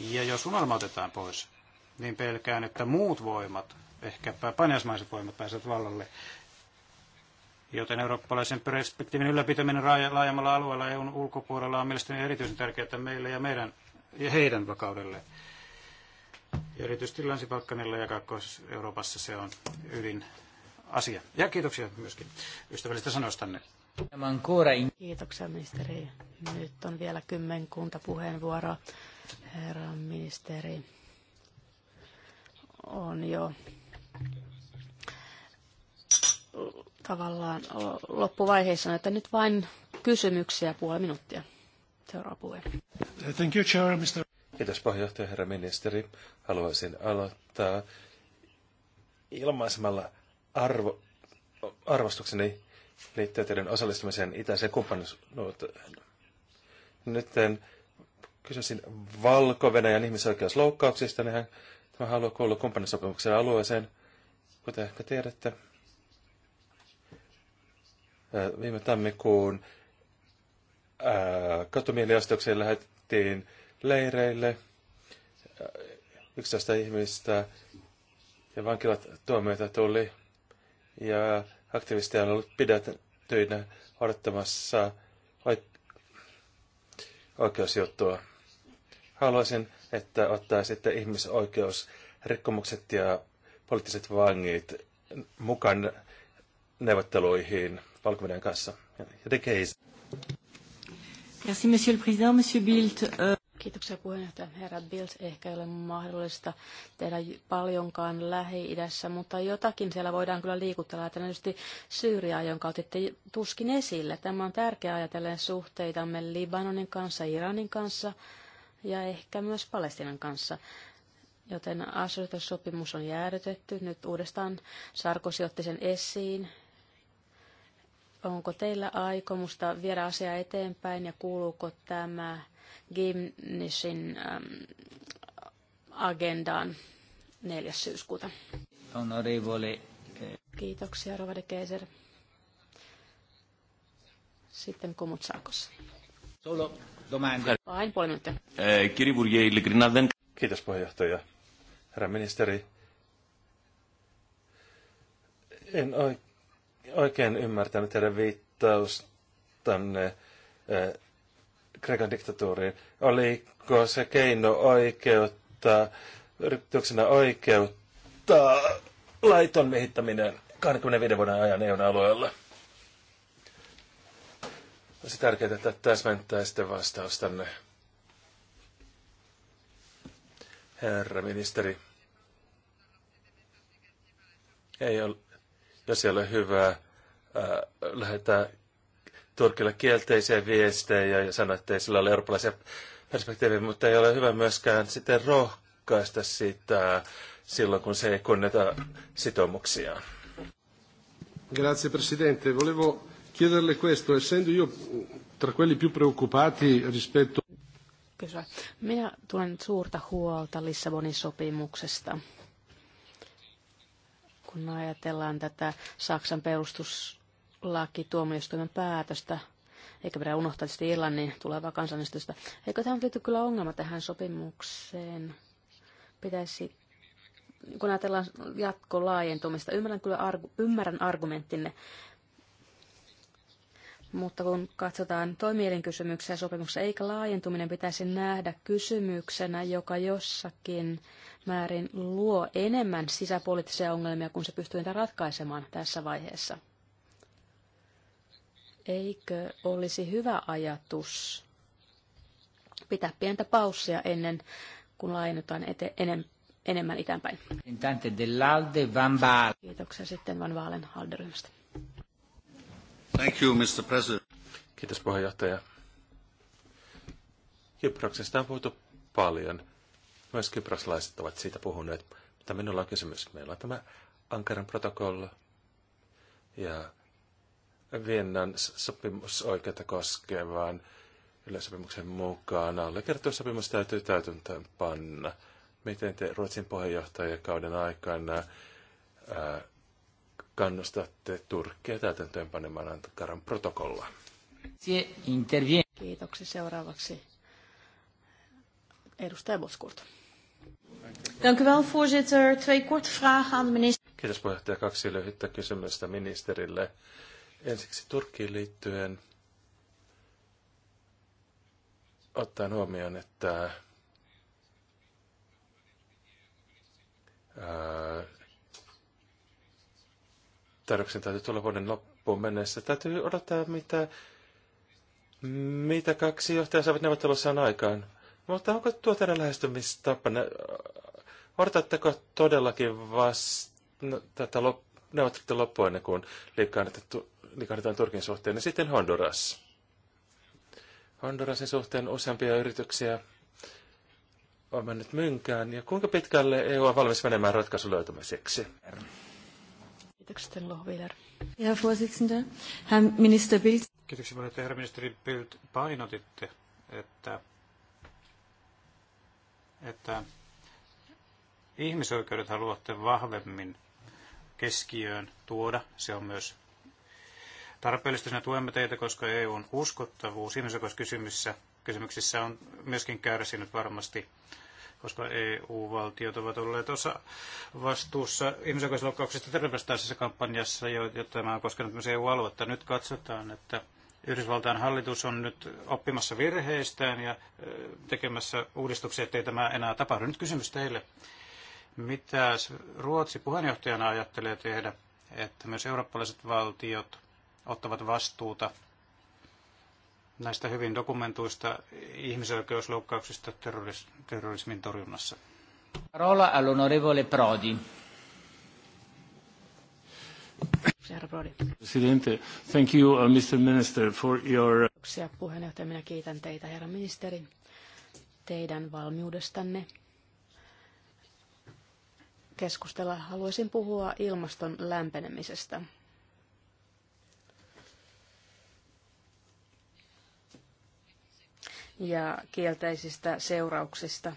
Ja jos unelma otetaan pois, niin pelkään, että muut voimat, ehkäpä panjasmaiset voimat pääsevät vallalle Joten eurooppalaisen perspektiivin ylläpitäminen laajemmalla alueella EUn ulkopuolella on mielestäni erityisen tärkeää meille ja, meidän, ja heidän vakaudelle. Ja erityisesti Länsi-Balkanilla ja Kaakkois-Euroopassa se on ydin asia. Ja kiitoksia myöskin ystävällistä sanoistanne. Kiitoksia ministeri. Nyt on vielä kymmenkunta puheenvuoroa. Herra ministeri on jo tavallaan loppuvaiheessa, että nyt vain kysymyksiä puoli minuuttia. Seuraava puhe. Thank you, Chair, Mr. Kiitos puheenjohtaja, herra ministeri. Haluaisin aloittaa ilmaisemalla arvo, arvostukseni liittyen teidän osallistumiseen itäiseen kumppanuuteen. Nyt kysyisin Valko-Venäjän ihmisoikeusloukkauksista, niin hän, tämä haluaa kuulua kumppanisopimuksen alueeseen. Kuten ehkä tiedätte, viime tammikuun katumieliastokseen lähdettiin leireille 11 ihmistä ja vankilat tuomioita tuli ja aktivisteja on ollut pidätettyinä odottamassa oikeusjuttua. Haluaisin, että ottaisitte ihmisoikeusrikkomukset ja poliittiset vangit mukaan neuvotteluihin valko kanssa ja tekee isä. monsieur le président, monsieur Bilt. Euh, Kiitoksia puheenjohtaja. Herra Bills, ehkä ei ole mahdollista tehdä paljonkaan Lähi-idässä, mutta jotakin siellä voidaan kyllä liikutella. Ajatellen tietysti Syyriaa, jonka otitte tuskin esille. Tämä on tärkeää ajatellen suhteitamme Libanonin kanssa, Iranin kanssa ja ehkä myös Palestinan kanssa. Joten asioitussopimus on jäädytetty. Nyt uudestaan Sarkosi otti sen esiin Onko teillä aikomusta viedä asiaa eteenpäin ja kuuluuko tämä Gimnisin ähm, agendaan 4. syyskuuta? Honorevole. Eh. Kiitoksia, Rovade Keiser. Sitten Kumut Saakos. Solo domanda. Vain puoli minuuttia. Eh, Kiitos puheenjohtaja. Herra ministeri, en oikein oikein ymmärtänyt teidän viittaustanne eh, Kreikan diktatuuriin. Oliko se keino oikeutta, yrityksenä oikeutta laiton mehittäminen? 25 vuoden ajan eu alueella? Olisi tärkeää, että täsmentäisitte vastaustanne. Herra ministeri, ei ole, jos ei ole hyvää, ää, äh, lähettää Turkille kielteisiä viestejä ja sanoa, että ei sillä ole eurooppalaisia perspektiiviä, mutta ei ole hyvä myöskään sitten rohkaista sitä silloin, kun se ei kunneta sitoumuksiaan. Grazie Presidente. Volevo chiederle questo, essendo io tra quelli più preoccupati rispetto... Kysyä. Minä tulen suurta huolta Lissabonin sopimuksesta kun ajatellaan tätä Saksan tuomioistuimen päätöstä, eikä pidä unohtaa tietysti Irlannin tulevaa kansanäänestystä. Eikö tämä liity kyllä ongelma tähän sopimukseen? Pitäisi, kun ajatellaan jatkolaajentumista, ymmärrän kyllä argu, ymmärrän argumenttinne, mutta kun katsotaan kysymyksiä sopimuksessa, eikä laajentuminen pitäisi nähdä kysymyksenä, joka jossakin määrin luo enemmän sisäpoliittisia ongelmia, kun se pystyy niitä ratkaisemaan tässä vaiheessa. Eikö olisi hyvä ajatus pitää pientä paussia ennen kuin laajennetaan ete- enemmän itäänpäin? Kiitoksia sitten Van Vaalen Halderyhmästä. Thank you, Mr. President. Kiitos puheenjohtaja. Kyproksesta on puhuttu paljon. Myös kyproslaiset ovat siitä puhuneet. Mutta minulla on kysymys. Meillä on tämä Ankaran protokolla ja Viennan sopimusoikeutta koskevaan yleissopimuksen mukaan sopimus täytyy täytäntöön panna. Miten te Ruotsin puheenjohtajakauden aikana ää, kannustatte Turkkia täytäntöönpanemaan Ankaran protokollaa. Kiitoksia. Seuraavaksi edustaja Boskurt. Dank u wel, voorzitter. Twee korte vragen aan de minister. Kiitos puheenjohtaja. Kaksi lyhyttä kysymystä ministerille. Ensiksi Turkkiin liittyen ottaen huomioon, että tarjouksen täytyy tulla vuoden loppuun mennessä. Täytyy odottaa, mitä, mitä kaksi johtajaa saavat neuvottelussaan aikaan. Mutta onko tuo teidän lähestymistapanne? Odotatteko todellakin vasta no, tätä lop- neuvottelutta loppuun ennen kuin liikahdetaan Turkin suhteen? Ja sitten Honduras. Hondurasin suhteen useampia yrityksiä on mennyt mynkään. Ja kuinka pitkälle EU on valmis menemään ratkaisun löytämiseksi? Kiitoksia paljon, että herra ministeri Bild painotitte, että, että ihmisoikeudet haluatte vahvemmin keskiöön tuoda. Se on myös tarpeellista, sinä tuemme teitä, koska EUn uskottavuus ihmisoikeuskysymyksissä kysymyksissä on myöskin kärsinyt varmasti koska EU-valtiot ovat olleet osa vastuussa ihmisoikeusloukkauksista terveysvastaisessa kampanjassa, jota tämä on koskenut myös EU-aluetta. Nyt katsotaan, että Yhdysvaltain hallitus on nyt oppimassa virheistään ja tekemässä uudistuksia, ettei tämä enää tapahdu. Nyt kysymys teille. Mitä Ruotsi puheenjohtajana ajattelee tehdä, että myös eurooppalaiset valtiot ottavat vastuuta näistä hyvin dokumentuista ihmisoikeusloukkauksista terrorismin torjunnassa. Parola all'onorevole Prodi. Presidente, thank you, uh, Mr. Minister, for your... Uh, Kiitoksia puheenjohtaja. Minä kiitän teitä, herra ministeri, teidän valmiudestanne keskustella. Haluaisin puhua ilmaston lämpenemisestä. ja kielteisistä seurauksista.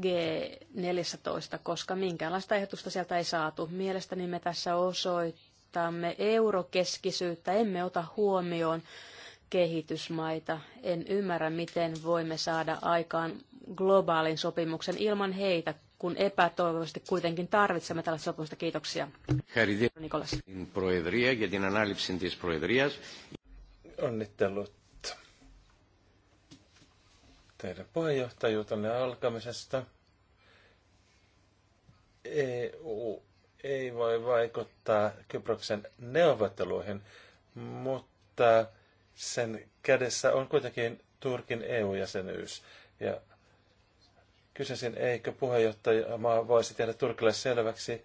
G14, koska minkäänlaista ehdotusta sieltä ei saatu. Mielestäni me tässä osoittamme eurokeskisyyttä, emme ota huomioon kehitysmaita. En ymmärrä, miten voimme saada aikaan globaalin sopimuksen ilman heitä, kun epätoivoisesti kuitenkin tarvitsemme tällaista sopimusta. Kiitoksia. Nikolas. Onnittelut teidän puheenjohtajuutanne alkamisesta. EU ei voi vaikuttaa Kyproksen neuvotteluihin, mutta sen kädessä on kuitenkin Turkin EU-jäsenyys. Ja kysyisin, eikö puheenjohtajamaa voisi tehdä Turkille selväksi,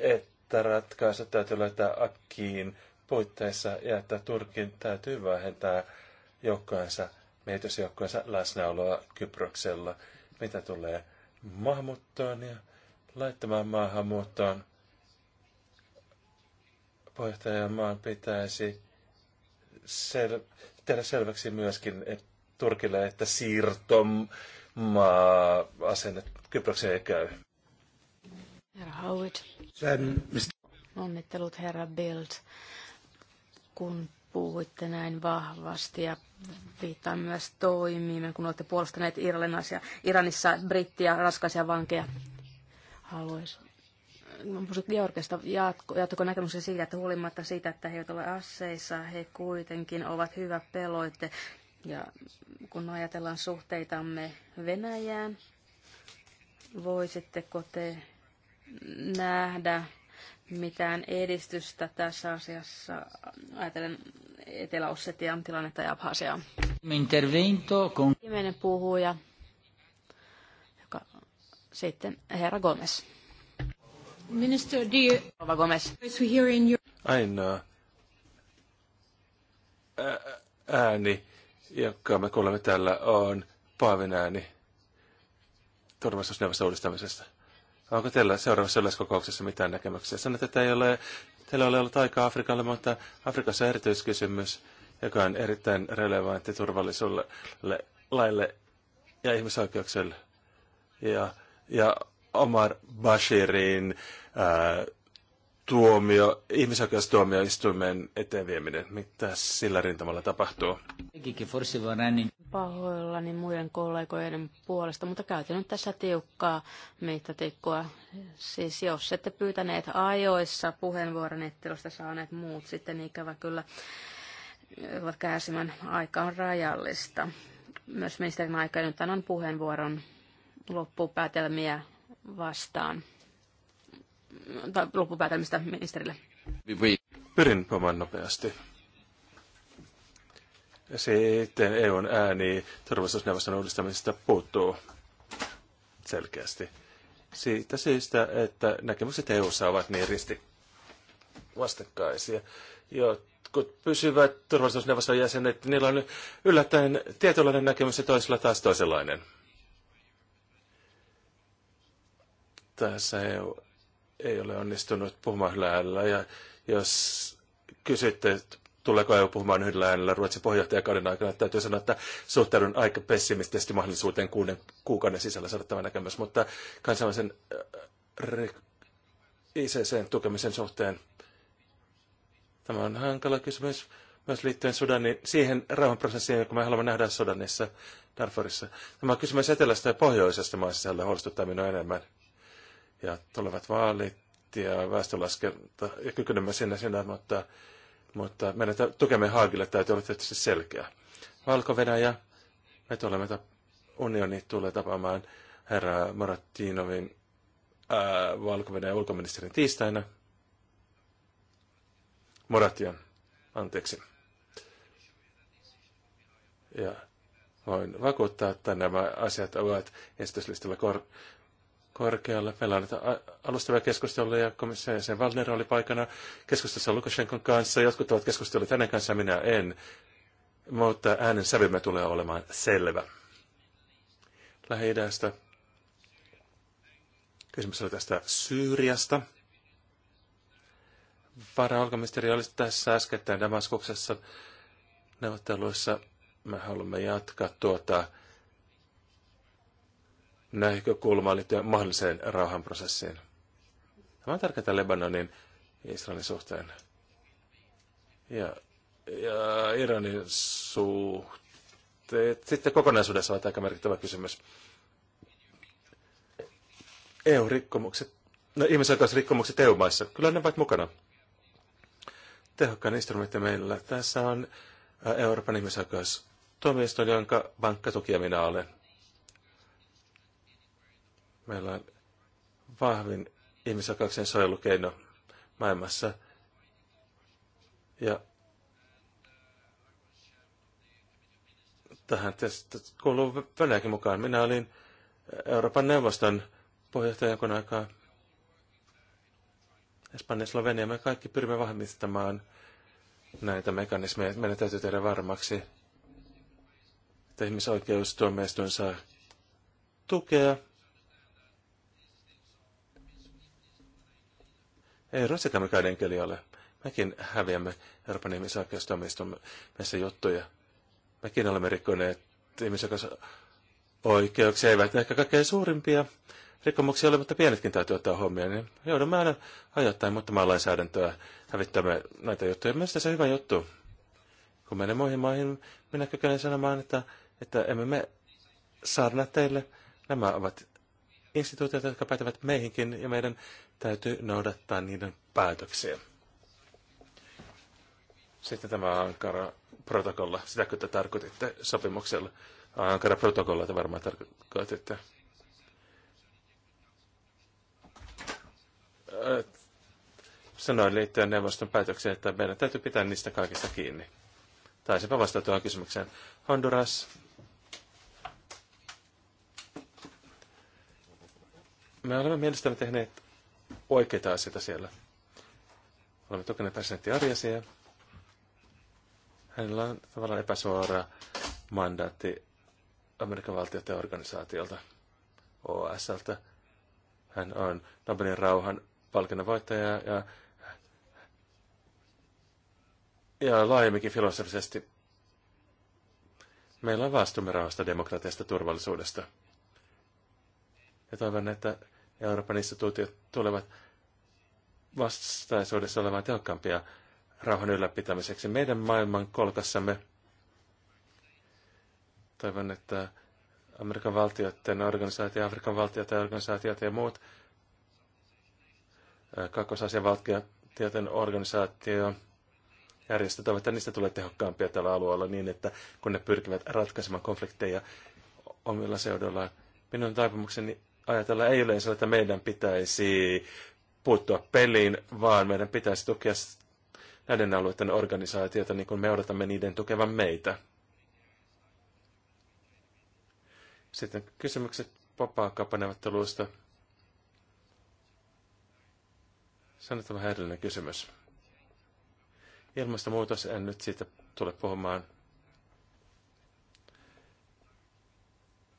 että ratkaisut täytyy löytää akkiin puitteissa ja että Turkin täytyy vähentää joukkojensa, miehitysjoukkojensa läsnäoloa Kyproksella, mitä tulee maahanmuuttoon ja laittamaan maahanmuuttoon. Puheenjohtajamaan pitäisi sel- tehdä selväksi myöskin että Turkille, että siirtomaa asenne Kyprokseen ei käy. Herra Howard. Onnittelut herra Bild kun puhuitte näin vahvasti ja viittaan myös toimiin, kun olette puolustaneet Irlannissa, Iranissa brittiä raskaisia vankeja. Haluaisin Georgiasta jatko, näkemyksen siitä, että huolimatta siitä, että he eivät ole asseissa, he kuitenkin ovat hyvä peloitte. Ja kun ajatellaan suhteitamme Venäjään, voisitteko te nähdä mitään edistystä tässä asiassa. Ajatellen Etelä-Ossetian tilannetta ja Abhasiaa. Intervento con... Viimeinen puhuja, joka sitten herra Gomez. Minister, do you... Rova Gomez. Ainoa ääni, joka me kuulemme täällä, on Paavin ääni turvallisuusneuvoston uudistamisesta. Onko teillä seuraavassa yleiskokouksessa mitään näkemyksiä? Sanoit, että ei ole, teillä ole ollut aikaa Afrikalle, mutta Afrikassa on erityiskysymys, joka on erittäin relevantti turvallisuudelle, laille ja ihmisoikeuksille. Ja, ja Omar Bashirin ää, tuomio, ihmisoikeustuomioistuimen vieminen. mitä sillä rintamalla tapahtuu? Pahoillani muiden kollegoiden puolesta, mutta käytin nyt tässä tiukkaa mittatikkoa. Siis jos ette pyytäneet ajoissa puheenvuoron, ette saaneet muut sitten ikävä kyllä ovat kärsimään aikaan rajallista. Myös ministerin aika nyt annan puheenvuoron loppupäätelmiä vastaan loppupäätelmistä ministerille. Pyrin pomaan nopeasti. Sitten EUn ääni turvallisuusneuvoston uudistamisesta puuttuu selkeästi. Siitä syystä, että näkemykset EUssa ovat niin risti vastakkaisia. Jotkut pysyvät turvallisuusneuvoston jäsenet, niillä on yllättäen tietynlainen näkemys ja toisella taas toisenlainen. Tässä EU ei ole onnistunut puhumaan yhdellä äänellä. Ja jos kysytte, tuleeko EU puhumaan yhdellä äänellä Ruotsin puheenjohtajakauden aikana, niin täytyy sanoa, että suhtaudun aika pessimistisesti mahdollisuuteen kuuden kuukauden sisällä saada tämä näkemys. Mutta kansainvälisen äh, icc tukemisen suhteen tämä on hankala kysymys myös liittyen Sudanin, siihen rauhanprosessiin, joka me haluamme nähdä Sudanissa, Darfurissa. Tämä kysymys etelästä ja pohjoisesta maassa sisällä huolestuttaa minua enemmän ja tulevat vaalit ja väestölaskenta ja kykenemme sinne sinä, mutta, mutta meidän tukemme Haagille täytyy olla tietysti selkeä. Valko-Venäjä, me tulemme, unioni tulee tapaamaan herra Moratinovin valko ulkoministerin tiistaina. Moratian, anteeksi. Ja voin vakuuttaa, että nämä asiat ovat esityslistalla kor- korkealla. Meillä oli alustavia keskusteluja ja komissio sen Waldner oli paikana keskustelussa Lukashenkon kanssa. Jotkut ovat keskustelleet hänen kanssaan, minä en. Mutta äänen sävymme tulee olemaan selvä. Lähi-idästä. Kysymys oli tästä Syyriasta. Varaolkoministeri oli tässä äskettäin Damaskuksessa neuvotteluissa. Me haluamme jatkaa tuota näkökulmaan liittyen mahdolliseen rauhanprosessiin. Tämä on tärkeää Lebanonin ja Israelin suhteen. Ja, ja Iranin suhteet. Sitten kokonaisuudessa on aika merkittävä kysymys. EU-rikkomukset, no ihmisoikeusrikkomukset EU-maissa, kyllä ne ovat mukana. Tehokkain instrumentti meillä tässä on Euroopan ihmisoikeustuomioistuin, jonka vankka tukia minä olen. Meillä on vahvin ihmisoikeuksien suojelukeino maailmassa. Ja tähän tietysti kuuluu Venäjäkin mukaan. Minä olin Euroopan neuvoston puheenjohtaja kun aikaa Espanja ja Slovenia. Me kaikki pyrimme vahvistamaan näitä mekanismeja. Meidän täytyy tehdä varmaksi, että ihmisoikeustuomioistuin saa tukea Ei Ruotsikamme kaidenkeli kelialle. Mekin häviämme Euroopan ihmisoikeustuomioistuimessa juttuja. Mekin olemme rikkoneet oikeuksia, eivät ne ehkä kaikkein suurimpia rikkomuksia ole, mutta pienetkin täytyy ottaa hommia, Niin joudumme aina ajoittain muuttamaan lainsäädäntöä, hävittämme näitä juttuja. Mielestäni se on hyvä juttu. Kun menen muihin maihin, minä kykenen sanomaan, että, että emme me saarna teille. Nämä ovat instituutioita, jotka päätävät meihinkin, ja meidän täytyy noudattaa niiden päätöksiä. Sitten tämä Ankara-protokolla, sitäkö te tarkoititte sopimuksella? Ankara-protokolla te varmaan tarkoititte. Sanoin liittyen neuvoston päätökseen, että meidän täytyy pitää niistä kaikista kiinni. Taisipa vastata tuohon kysymykseen. Honduras, me olemme mielestäni tehneet oikeita asioita siellä. Olemme tukeneet presidentti Arjasia. Hänellä on tavallaan epäsuora mandaatti Amerikan valtioiden organisaatiolta, OSLta. Hän on Nobelin rauhan palkinnon voittaja ja, ja laajemminkin filosofisesti meillä on vastuumme rauhasta, demokratiasta, turvallisuudesta. Ja toivon, että Euroopanissa Euroopan instituutiot tulevat vastaisuudessa olemaan tehokkaampia rauhan ylläpitämiseksi meidän maailman kolkassamme. Toivon, että Amerikan valtioiden organisaatio, Afrikan valtioiden organisaatiot ja muut kakkosasian valtioiden organisaatio järjestöt ovat, että niistä tulee tehokkaampia tällä alueella niin, että kun ne pyrkivät ratkaisemaan konflikteja omilla seudullaan. Minun taipumukseni ajatella ei yleensä, että meidän pitäisi puuttua peliin, vaan meidän pitäisi tukea näiden alueiden organisaatiota, niin kuin me odotamme niiden tukevan meitä. Sitten kysymykset vapaa-kapaneuvotteluista. Sanotaan vähän edellinen kysymys. Ilmastonmuutos, en nyt siitä tule puhumaan.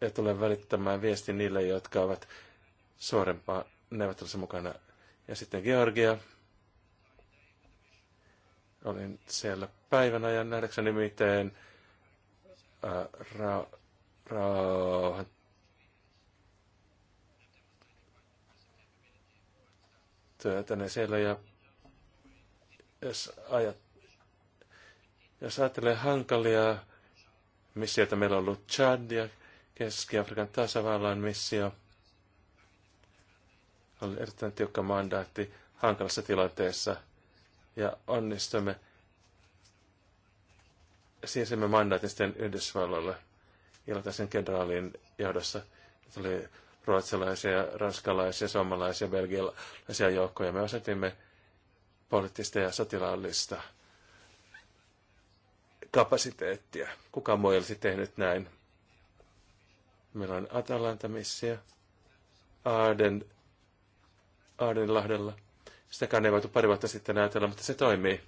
ja tulen välittämään viesti niille, jotka ovat suorempaa neuvottelussa mukana. Ja sitten Georgia. Olin siellä päivän ajan nähdäkseni, miten äh, ra- rauhan ne siellä ja jos, ajat, jos ajattelee hankalia missioita, meillä on ollut Chad ja Keski-Afrikan tasavallan missio oli erittäin tiukka mandaatti hankalassa tilanteessa ja onnistumme siirsimme mandaatin sitten Yhdysvalloille iltaisen kenraalin johdossa. Tuli ruotsalaisia, ranskalaisia, suomalaisia, belgialaisia joukkoja. Me osoitimme poliittista ja sotilaallista kapasiteettia. Kuka muu ei olisi tehnyt näin. Meillä on Atalanta-missio Aaden, Aadenlahdella. Sitäkään ei voitu pari vuotta sitten ajatella, mutta se toimii.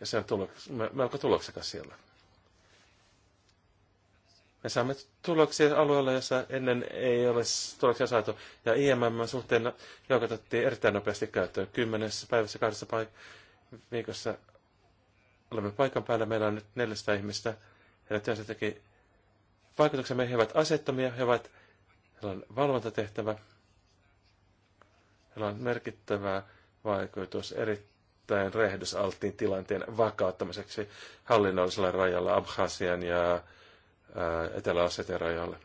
Ja se on tuloks, melko tuloksekas siellä. Me saamme tuloksia alueella, jossa ennen ei ole tuloksia saatu. Ja IMM suhteen joukot otettiin erittäin nopeasti käyttöön. Kymmenessä päivässä, kahdessa paik- viikossa olemme paikan päällä. Meillä on nyt 400 ihmistä. Heidän työnsä teki vaikutuksen meihin. He ovat asettomia. He ovat, heillä on valvontatehtävä. Heillä on merkittävä vaikutus erittäin räjähdysalttiin tilanteen vakauttamiseksi hallinnollisella rajalla Abhasian ja etelä asetien rajalle.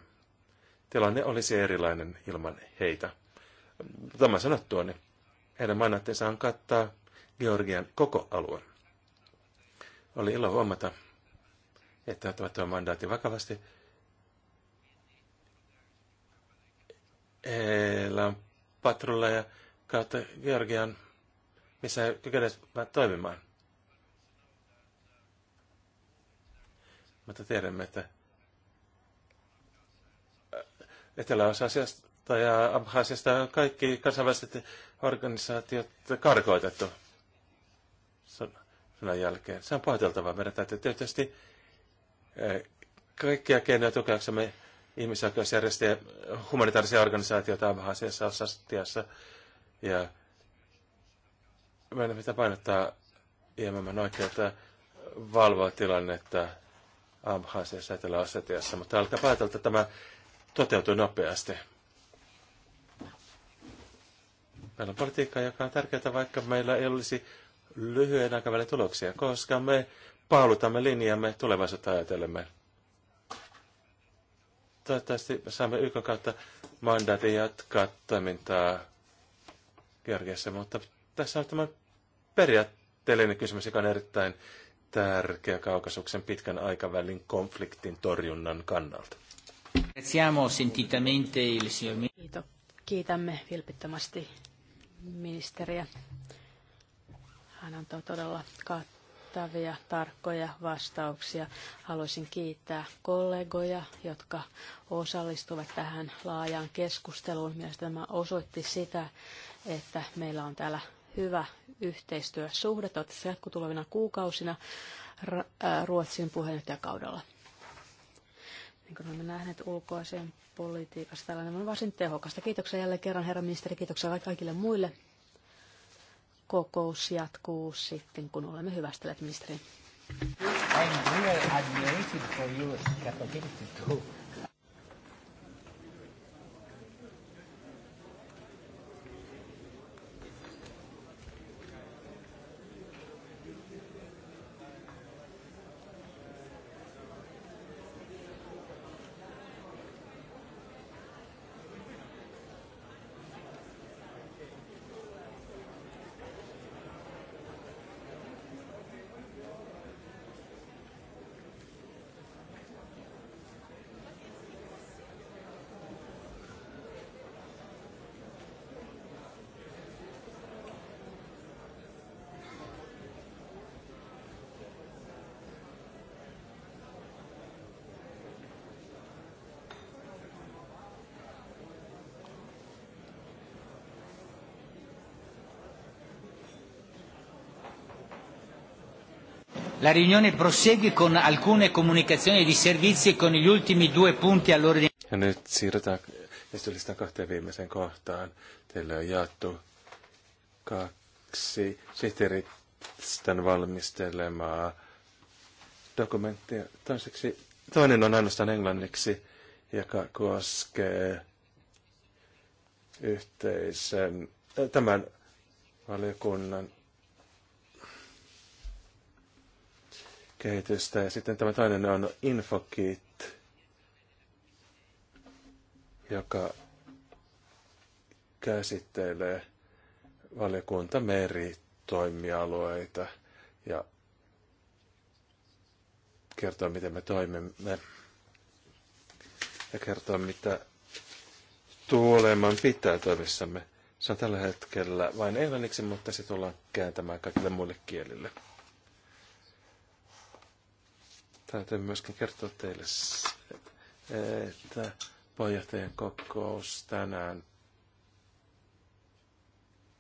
Tilanne olisi erilainen ilman heitä. Tämä sanottua, niin heidän mandaattinsa on kattaa Georgian koko alue. Oli ilo huomata, että ottavat tuon mandaatin vakavasti. Heillä on patrulleja kautta Georgian, missä he kykenevät toimimaan. Mutta tiedämme, että Etelä-Osasiasta ja Abhaasiasta kaikki kansainväliset organisaatiot karkoitettu sodan jälkeen. Se on pahoiteltavaa. Meidän täytyy tietysti eh, kaikkia keinoja tukeaksemme ihmisoikeusjärjestöjä, humanitaarisia organisaatioita asiassa osastiassa. Ja meidän pitää painottaa IMMn oikeutta valvoa tilannetta Abhaasiassa ja Etelä-Ossetiassa, mutta tältä päätöltä tämä toteutui nopeasti. Meillä on politiikkaa, joka on tärkeää, vaikka meillä ei olisi lyhyen aikavälin tuloksia, koska me paalutamme linjamme tulevaisuutta ajatellemme. Toivottavasti saamme YK kautta mandaatin jatkaa toimintaa Georgiassa, mutta tässä on tämä periaatteellinen kysymys, joka on erittäin tärkeä kaukasuksen pitkän aikavälin konfliktin torjunnan kannalta. Kiitos. Kiitämme vilpittömästi ministeriä hän antoi todella kattavia, tarkkoja vastauksia. Haluaisin kiittää kollegoja, jotka osallistuvat tähän laajaan keskusteluun. Mielestäni tämä osoitti sitä, että meillä on täällä hyvä yhteistyösuhde. Toivottavasti jatkuu tulevina kuukausina äh, Ruotsin puheenjohtajakaudella niin kuin olemme nähneet ulkoisen politiikassa, tällainen on varsin tehokasta. Kiitoksia jälleen kerran, herra ministeri, kiitoksia kaikille muille kokous jatkuu sitten, kun olemme hyvästelleet ministerin. I'm really admirated for to La riunione prosegue con alcune comunicazioni di servizi con gli ultimi due punti all'ordine. Ja nyt siirrytään esitellistään kahteen viimeiseen kohtaan. Teillä on jaettu kaksi sihteeristön valmistelemaa dokumenttia. Toiseksi, toinen on ainoastaan englanniksi, joka koskee yhteisen, tämän valiokunnan kehitystä. Ja sitten tämä toinen on InfoKit, joka käsittelee valiokunta meritoimialueita ja kertoo, miten me toimimme ja kertoo, mitä tuoleman pitää toimissamme. Se on tällä hetkellä vain englanniksi, mutta se tullaan kääntämään kaikille muille kielille. Täytyy myöskin kertoa teille, että puheenjohtajan kokous tänään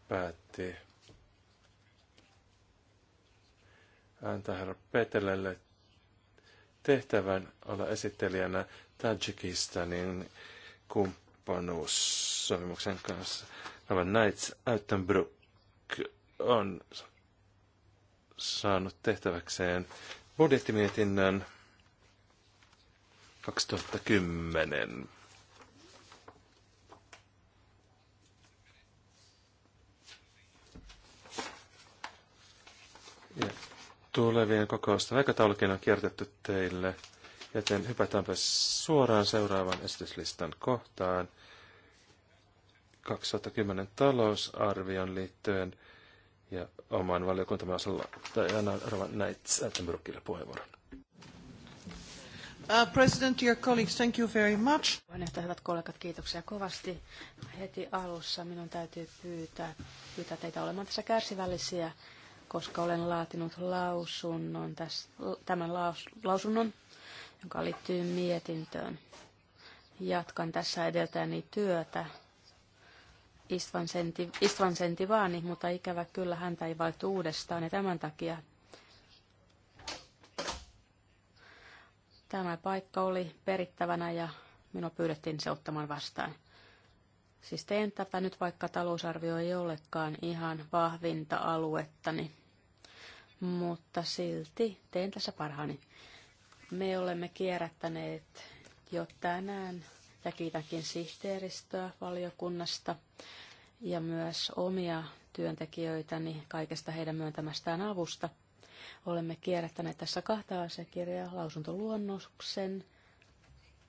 päätti antaa herra Petelelle tehtävän olla esittelijänä Tajikistanin kumppanuussopimuksen kanssa. Nämä Knights Autenbrook on saanut tehtäväkseen budjettimietinnön 2010. Ja tulevien kokousten aikataulukin on kiertetty teille, joten hypätäänpä suoraan seuraavan esityslistan kohtaan. 2010 talousarvion liittyen ja oman valiokuntamme osalla. Tai anna Rova Näitz-Attenbrokille puheenvuoron. Uh, president, dear colleagues, thank you very much. Puheenjohtaja, hyvät kollegat, kiitoksia kovasti. Heti alussa minun täytyy pyytää, pyytää teitä olemaan tässä kärsivällisiä, koska olen laatinut lausunnon tässä, tämän laus, lausunnon, joka liittyy mietintöön. Jatkan tässä edeltäni työtä Istvan, Senti, Istvan Sentivaani, mutta ikävä kyllä häntä ei valittu uudestaan ja tämän takia tämä paikka oli perittävänä ja minua pyydettiin se ottamaan vastaan. Siis teen tätä nyt, vaikka talousarvio ei olekaan ihan vahvinta aluettani, mutta silti teen tässä parhaani. Me olemme kierrättäneet jo tänään ja kiitänkin sihteeristöä valiokunnasta ja myös omia työntekijöitäni kaikesta heidän myöntämästään avusta. Olemme kierrättäneet tässä kahta asiakirjaa, lausuntoluonnoksen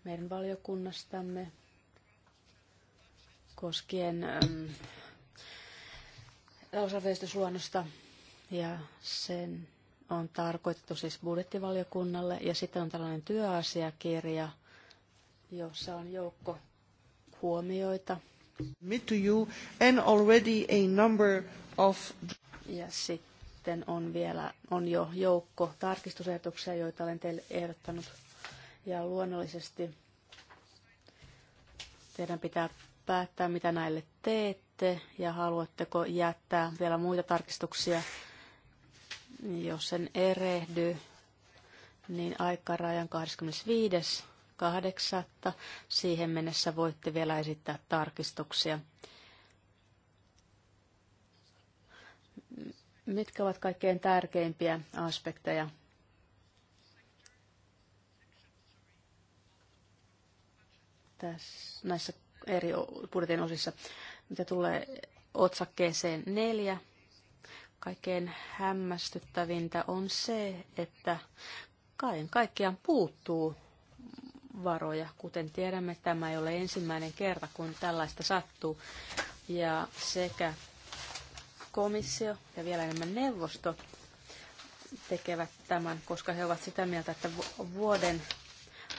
meidän valiokunnastamme koskien ähm, ja sen on tarkoitettu siis budjettivaliokunnalle ja sitten on tällainen työasiakirja jossa on joukko huomioita. Mit to you and already a number of... Ja sitten on vielä on jo joukko tarkistusehdotuksia, joita olen teille ehdottanut. Ja luonnollisesti teidän pitää päättää, mitä näille teette ja haluatteko jättää vielä muita tarkistuksia. Jos sen erehdy, niin aikarajan 25. 8. Siihen mennessä voitte vielä esittää tarkistuksia. Mitkä ovat kaikkein tärkeimpiä aspekteja tässä, näissä eri budjetin osissa, mitä tulee otsakkeeseen neljä. Kaikkein hämmästyttävintä on se, että kaiken kaikkiaan puuttuu varoja. Kuten tiedämme, tämä ei ole ensimmäinen kerta, kun tällaista sattuu. Ja sekä komissio ja vielä enemmän neuvosto tekevät tämän, koska he ovat sitä mieltä, että vuoden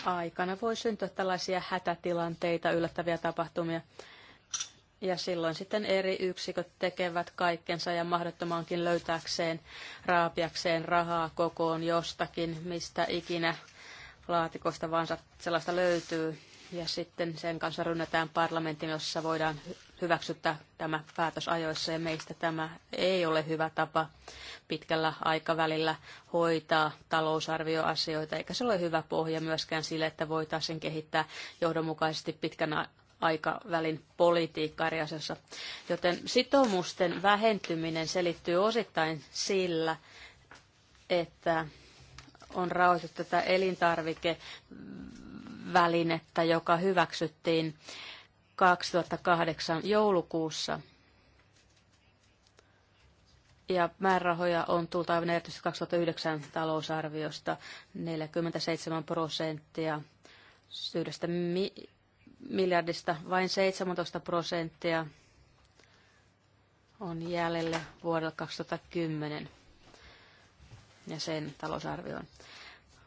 aikana voi syntyä tällaisia hätätilanteita, yllättäviä tapahtumia. Ja silloin sitten eri yksiköt tekevät kaikkensa ja mahdottomaankin löytääkseen, raapiakseen rahaa kokoon jostakin, mistä ikinä laatikosta, vaan sellaista löytyy. Ja sitten sen kanssa rynnätään parlamentin, jossa voidaan hyväksyttää tämä päätös ajoissa. Ja meistä tämä ei ole hyvä tapa pitkällä aikavälillä hoitaa talousarvioasioita, eikä se ole hyvä pohja myöskään sille, että voitaisiin kehittää johdonmukaisesti pitkän aikavälin politiikkaa Joten sitoumusten vähentyminen selittyy osittain sillä, että on rahoitettu tätä elintarvikevälinettä, joka hyväksyttiin 2008 joulukuussa. Ja määrärahoja on tullut aivan erityisesti 2009 talousarviosta 47 prosenttia yhdestä mi- miljardista vain 17 prosenttia on jäljellä vuodelle 2010 ja sen talousarvioon.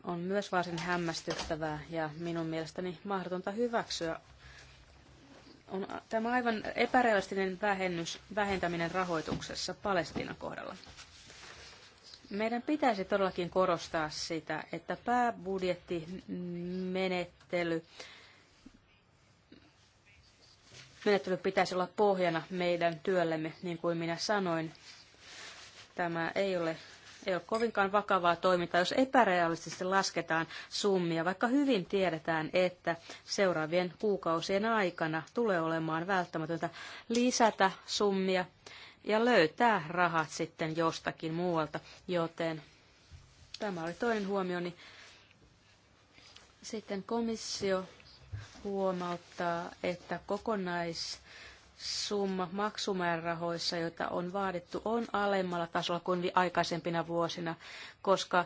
On myös varsin hämmästyttävää ja minun mielestäni mahdotonta hyväksyä. On tämä aivan epärealistinen vähennys, vähentäminen rahoituksessa Palestiinan kohdalla. Meidän pitäisi todellakin korostaa sitä, että pääbudjettimenettely menettely pitäisi olla pohjana meidän työllemme, niin kuin minä sanoin. Tämä ei ole ei ole kovinkaan vakavaa toimintaa, jos epärealistisesti lasketaan summia, vaikka hyvin tiedetään, että seuraavien kuukausien aikana tulee olemaan välttämätöntä lisätä summia ja löytää rahat sitten jostakin muualta. Joten tämä oli toinen huomioni. Sitten komissio huomauttaa, että kokonais summa maksumäärärahoissa, joita on vaadittu, on alemmalla tasolla kuin aikaisempina vuosina, koska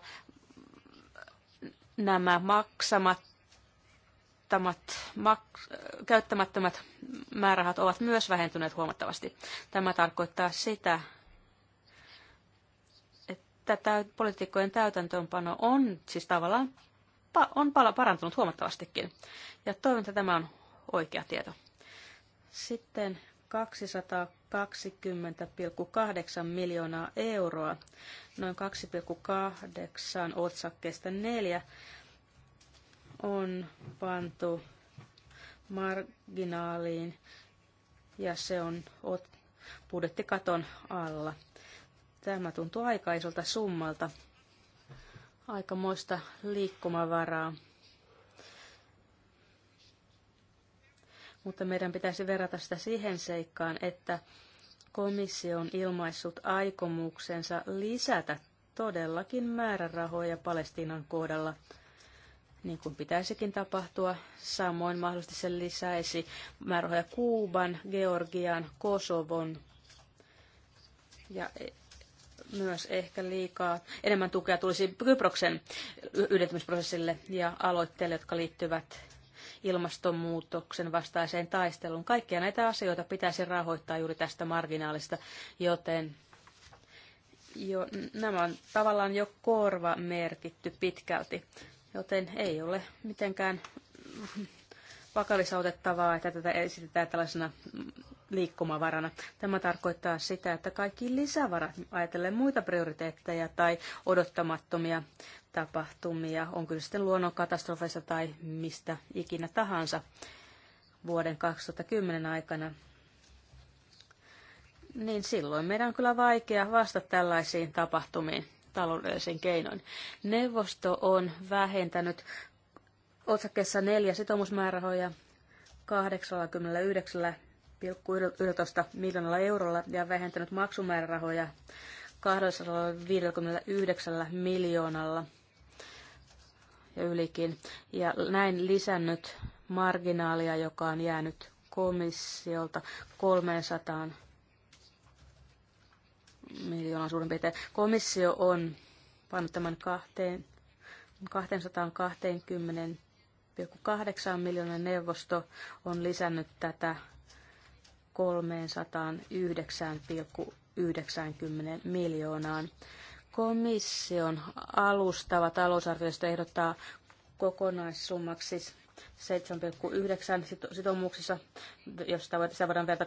nämä maksamat käyttämättömät määrärahat ovat myös vähentyneet huomattavasti. Tämä tarkoittaa sitä, että poliitikkojen täytäntöönpano on siis tavallaan on parantunut huomattavastikin. Ja toivon, että tämä on oikea tieto. Sitten 220,8 miljoonaa euroa, noin 2,8 otsakkeesta neljä on pantu marginaaliin ja se on budjettikaton alla. Tämä tuntuu isolta summalta, aikamoista liikkumavaraa mutta meidän pitäisi verrata sitä siihen seikkaan, että komissio on ilmaissut aikomuksensa lisätä todellakin määrärahoja Palestiinan kohdalla, niin kuin pitäisikin tapahtua. Samoin mahdollisesti se lisäisi määrärahoja Kuuban, Georgian, Kosovon ja e- myös ehkä liikaa. Enemmän tukea tulisi Kyproksen yhdentymisprosessille ja aloitteille, jotka liittyvät ilmastonmuutoksen vastaiseen taisteluun. Kaikkia näitä asioita pitäisi rahoittaa juuri tästä marginaalista, joten jo, nämä on tavallaan jo korva merkitty pitkälti, joten ei ole mitenkään vakalisautettavaa, että tätä esitetään tällaisena liikkumavarana. Tämä tarkoittaa sitä, että kaikki lisävarat ajatellen muita prioriteetteja tai odottamattomia tapahtumia, on kyllä sitten luonnonkatastrofeissa tai mistä ikinä tahansa vuoden 2010 aikana, niin silloin meidän on kyllä vaikea vastata tällaisiin tapahtumiin taloudellisen keinoin. Neuvosto on vähentänyt otsakkeessa neljä sitoumusmäärärahoja 89,11 miljoonalla eurolla ja vähentänyt maksumäärärahoja 259 miljoonalla – ja ylikin, ja näin lisännyt marginaalia, joka on jäänyt komissiolta 300 miljoonaa suurin piirtein. Komissio on pannut tämän 220,8 miljoonan neuvosto on lisännyt tätä 309,90 miljoonaan. Komission alustava talousarviosta ehdottaa kokonaissummaksi 7,9 sitoumuksissa, josta sitä voidaan verta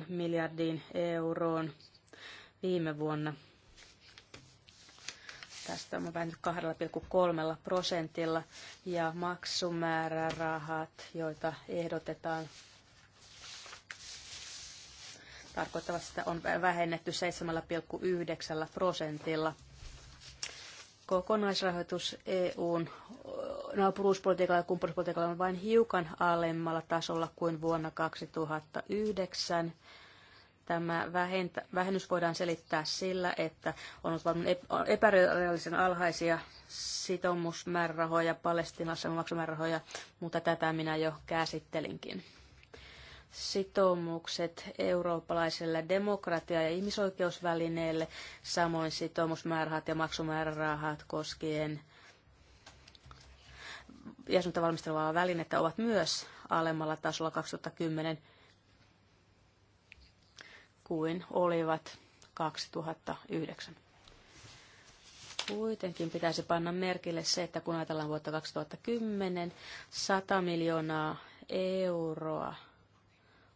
8,9 miljardiin euroon viime vuonna. Tästä on vähän 2,3 prosentilla ja maksumäärärahat, joita ehdotetaan tarkoittavat sitä on vähennetty 7,9 prosentilla. Kokonaisrahoitus EUn naapuruuspolitiikalla ja kumppanuuspolitiikalla on vain hiukan alemmalla tasolla kuin vuonna 2009. Tämä vähentä, vähennys voidaan selittää sillä, että on ollut varmaan epärealistisen alhaisia sitoumusmäärärahoja, Palestinassa maksumäärärahoja, mutta tätä minä jo käsittelinkin sitoumukset eurooppalaiselle demokratia- ja ihmisoikeusvälineelle, samoin sitoumusmäärärahat ja maksumäärärahat koskien jäsenyyttä valmistelevaa välinettä ovat myös alemmalla tasolla 2010 kuin olivat 2009. Kuitenkin pitäisi panna merkille se, että kun ajatellaan vuotta 2010, 100 miljoonaa euroa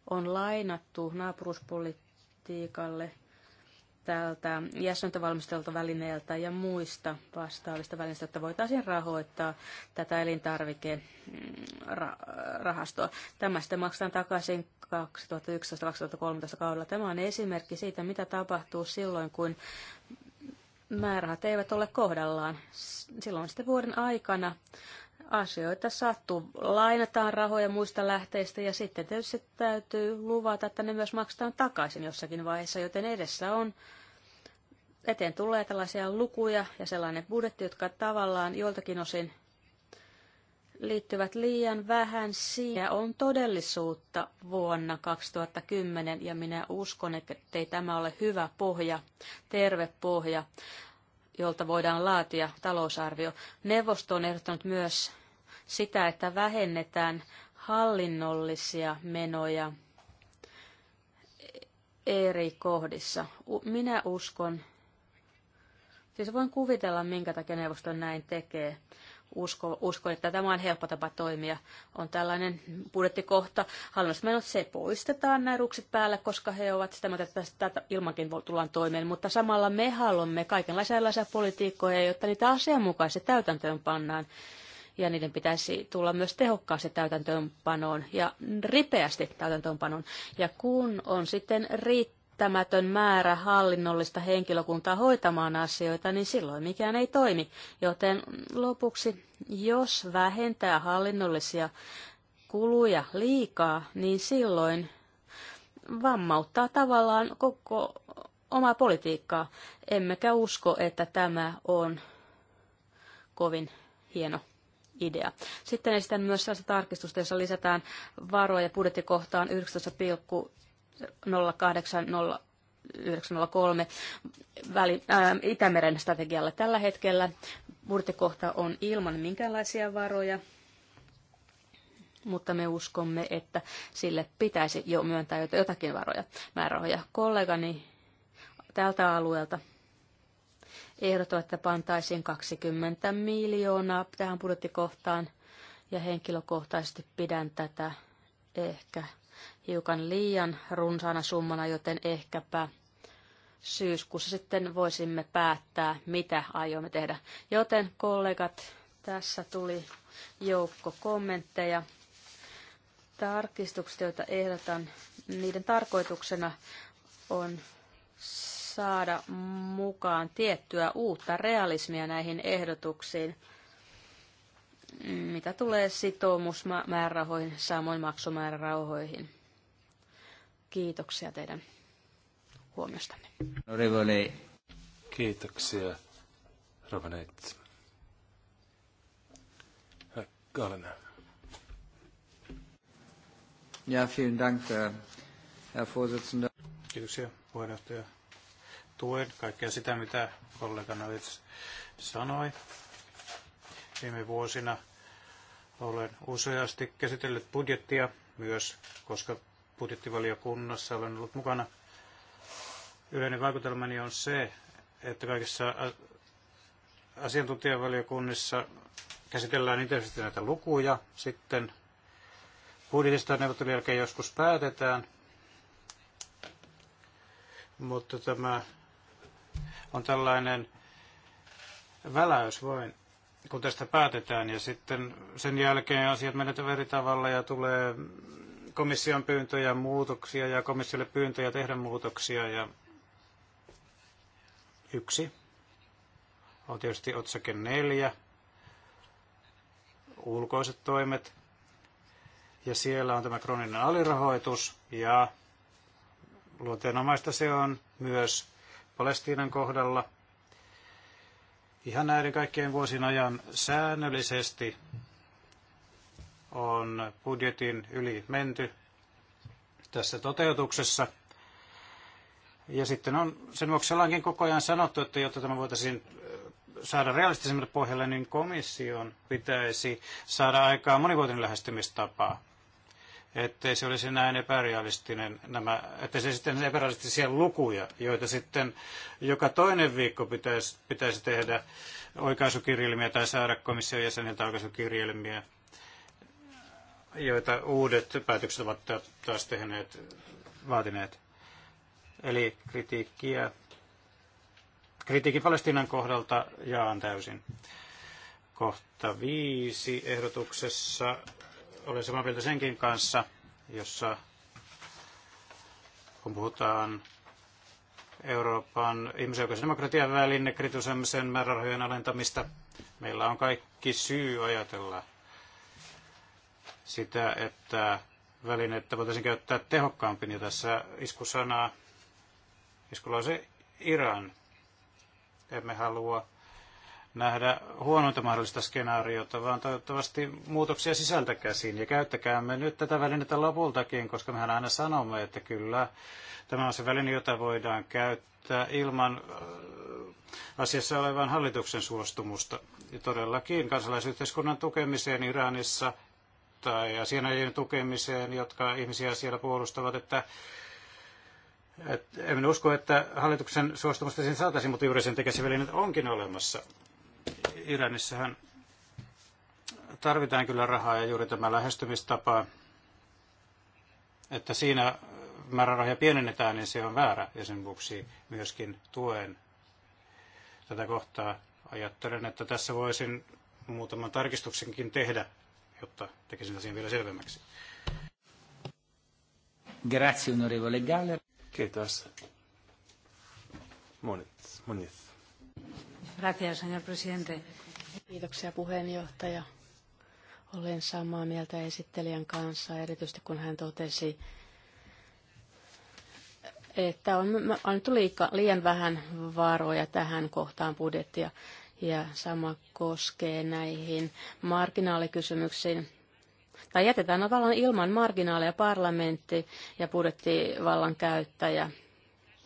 on lainattu naapuruspolitiikalle tältä jäsentä valmistelta välineeltä ja muista vastaavista välineistä, että voitaisiin rahoittaa tätä elintarvikerahastoa. Mm, Tämä sitten maksetaan takaisin 2011-2013 kaudella. Tämä on esimerkki siitä, mitä tapahtuu silloin, kun määrärahat eivät ole kohdallaan. Silloin sitten vuoden aikana asioita sattuu. Lainataan rahoja muista lähteistä ja sitten tietysti täytyy luvata, että ne myös maksetaan takaisin jossakin vaiheessa, joten edessä on eteen tulee tällaisia lukuja ja sellainen budjetti, jotka tavallaan joiltakin osin liittyvät liian vähän siihen. on todellisuutta vuonna 2010 ja minä uskon, että ei tämä ole hyvä pohja, terve pohja jolta voidaan laatia talousarvio. Neuvosto on ehdottanut myös sitä, että vähennetään hallinnollisia menoja eri kohdissa. Minä uskon, siis voin kuvitella, minkä takia neuvosto näin tekee uskon, usko, että tämä on helppo tapa toimia. On tällainen budjettikohta. Hallinnolliset menot, se poistetaan nämä rukset päälle, koska he ovat sitä mieltä, että tästä ilmankin tullaan toimeen. Mutta samalla me haluamme kaikenlaisia erilaisia politiikkoja, jotta niitä asianmukaisesti täytäntöön pannaan. Ja niiden pitäisi tulla myös tehokkaasti täytäntöönpanoon ja ripeästi täytäntöönpanoon. Ja kun on sitten riittävä riittämätön määrä hallinnollista henkilökuntaa hoitamaan asioita, niin silloin mikään ei toimi. Joten lopuksi, jos vähentää hallinnollisia kuluja liikaa, niin silloin vammauttaa tavallaan koko omaa politiikkaa. Emmekä usko, että tämä on kovin hieno idea. Sitten esitän myös sellaista tarkistusta, jossa lisätään varoja budjettikohtaan 0,803 äh, Itämeren strategialla tällä hetkellä. Murtekohta on ilman minkäänlaisia varoja, mutta me uskomme, että sille pitäisi jo myöntää jotakin varoja, määrärahoja. Kollegani tältä alueelta ehdottavat, että pantaisiin 20 miljoonaa tähän budjettikohtaan, ja henkilökohtaisesti pidän tätä ehkä hiukan liian runsaana summana, joten ehkäpä syyskuussa sitten voisimme päättää, mitä aiomme tehdä. Joten kollegat, tässä tuli joukko kommentteja. Tarkistukset, joita ehdotan, niiden tarkoituksena on saada mukaan tiettyä uutta realismia näihin ehdotuksiin – mitä tulee sitoumusmäärärahoihin, samoin maksumäärärahoihin. Kiitoksia teidän huomiostanne. Kiitoksia, Rovanet. Galena. Ja, vielen Dank, äh, Herr Vorsitzender. Kiitoksia, puheenjohtaja. Tuen kaikkea sitä, mitä kollega Navits sanoi. Viime vuosina olen useasti käsitellyt budjettia myös, koska budjettivaliokunnassa olen ollut mukana. Yleinen vaikutelmani on se, että kaikissa asiantuntijavaliokunnissa käsitellään intensiivisesti näitä lukuja. Sitten budjetista neuvottelun jälkeen joskus päätetään, mutta tämä on tällainen väläys vain kun tästä päätetään ja sitten sen jälkeen asiat menetään eri tavalla ja tulee komission pyyntöjä muutoksia ja komissiolle pyyntöjä tehdä muutoksia ja yksi on tietysti otsake neljä, ulkoiset toimet ja siellä on tämä kroninen alirahoitus ja luonteenomaista se on myös Palestiinan kohdalla – Ihan näiden kaikkien vuosien ajan säännöllisesti on budjetin yli menty tässä toteutuksessa. Ja sitten on, sen vuoksi ollaankin koko ajan sanottu, että jotta tämä voitaisiin saada realistisemmalle pohjalle, niin komission pitäisi saada aikaan monivuotinen lähestymistapa ettei se olisi näin epärealistinen, nämä, ettei se sitten epärealistisia lukuja, joita sitten joka toinen viikko pitäisi, pitäisi tehdä oikaisukirjelmiä tai saada komission jäseniltä oikaisukirjelmiä, joita uudet päätökset ovat taas tehneet, vaatineet. Eli kritiikkiä, kritiikin Palestiinan kohdalta jaan täysin kohta viisi ehdotuksessa olen samaa mieltä senkin kanssa, jossa kun puhutaan Euroopan ihmisoikeus- ja demokratian väline sen määrärahojen alentamista. Meillä on kaikki syy ajatella sitä, että välinettä voitaisiin käyttää tehokkaampi, Ja tässä iskusanaa, iskulla on se Iran. Emme halua nähdä huonointa mahdollista skenaariota, vaan toivottavasti muutoksia sisältä käsin. Ja käyttäkäämme nyt tätä välinettä lopultakin, koska mehän aina sanomme, että kyllä tämä on se väline, jota voidaan käyttää ilman äh, asiassa olevan hallituksen suostumusta. Ja todellakin kansalaisyhteiskunnan tukemiseen Iranissa tai asianajien tukemiseen, jotka ihmisiä siellä puolustavat, että et, en usko, että hallituksen suostumusta siihen saataisiin, mutta juuri sen takia se väline onkin olemassa. Iranissahan tarvitaan kyllä rahaa ja juuri tämä lähestymistapa, että siinä määrärahoja pienennetään, niin se on väärä ja sen vuoksi myöskin tuen tätä kohtaa. Ajattelen, että tässä voisin muutaman tarkistuksenkin tehdä, jotta tekisin asian vielä selvemmäksi. Grazie, onorevole Galler. Kiitos. Monet, monet. Gracias, señor presidente. Kiitoksia puheenjohtaja. Olen samaa mieltä esittelijän kanssa, erityisesti kun hän totesi, että on annettu liian vähän varoja tähän kohtaan budjettia. Ja sama koskee näihin marginaalikysymyksiin. Tai jätetään tavallaan ilman marginaaleja parlamentti ja budjettivallan käyttäjä,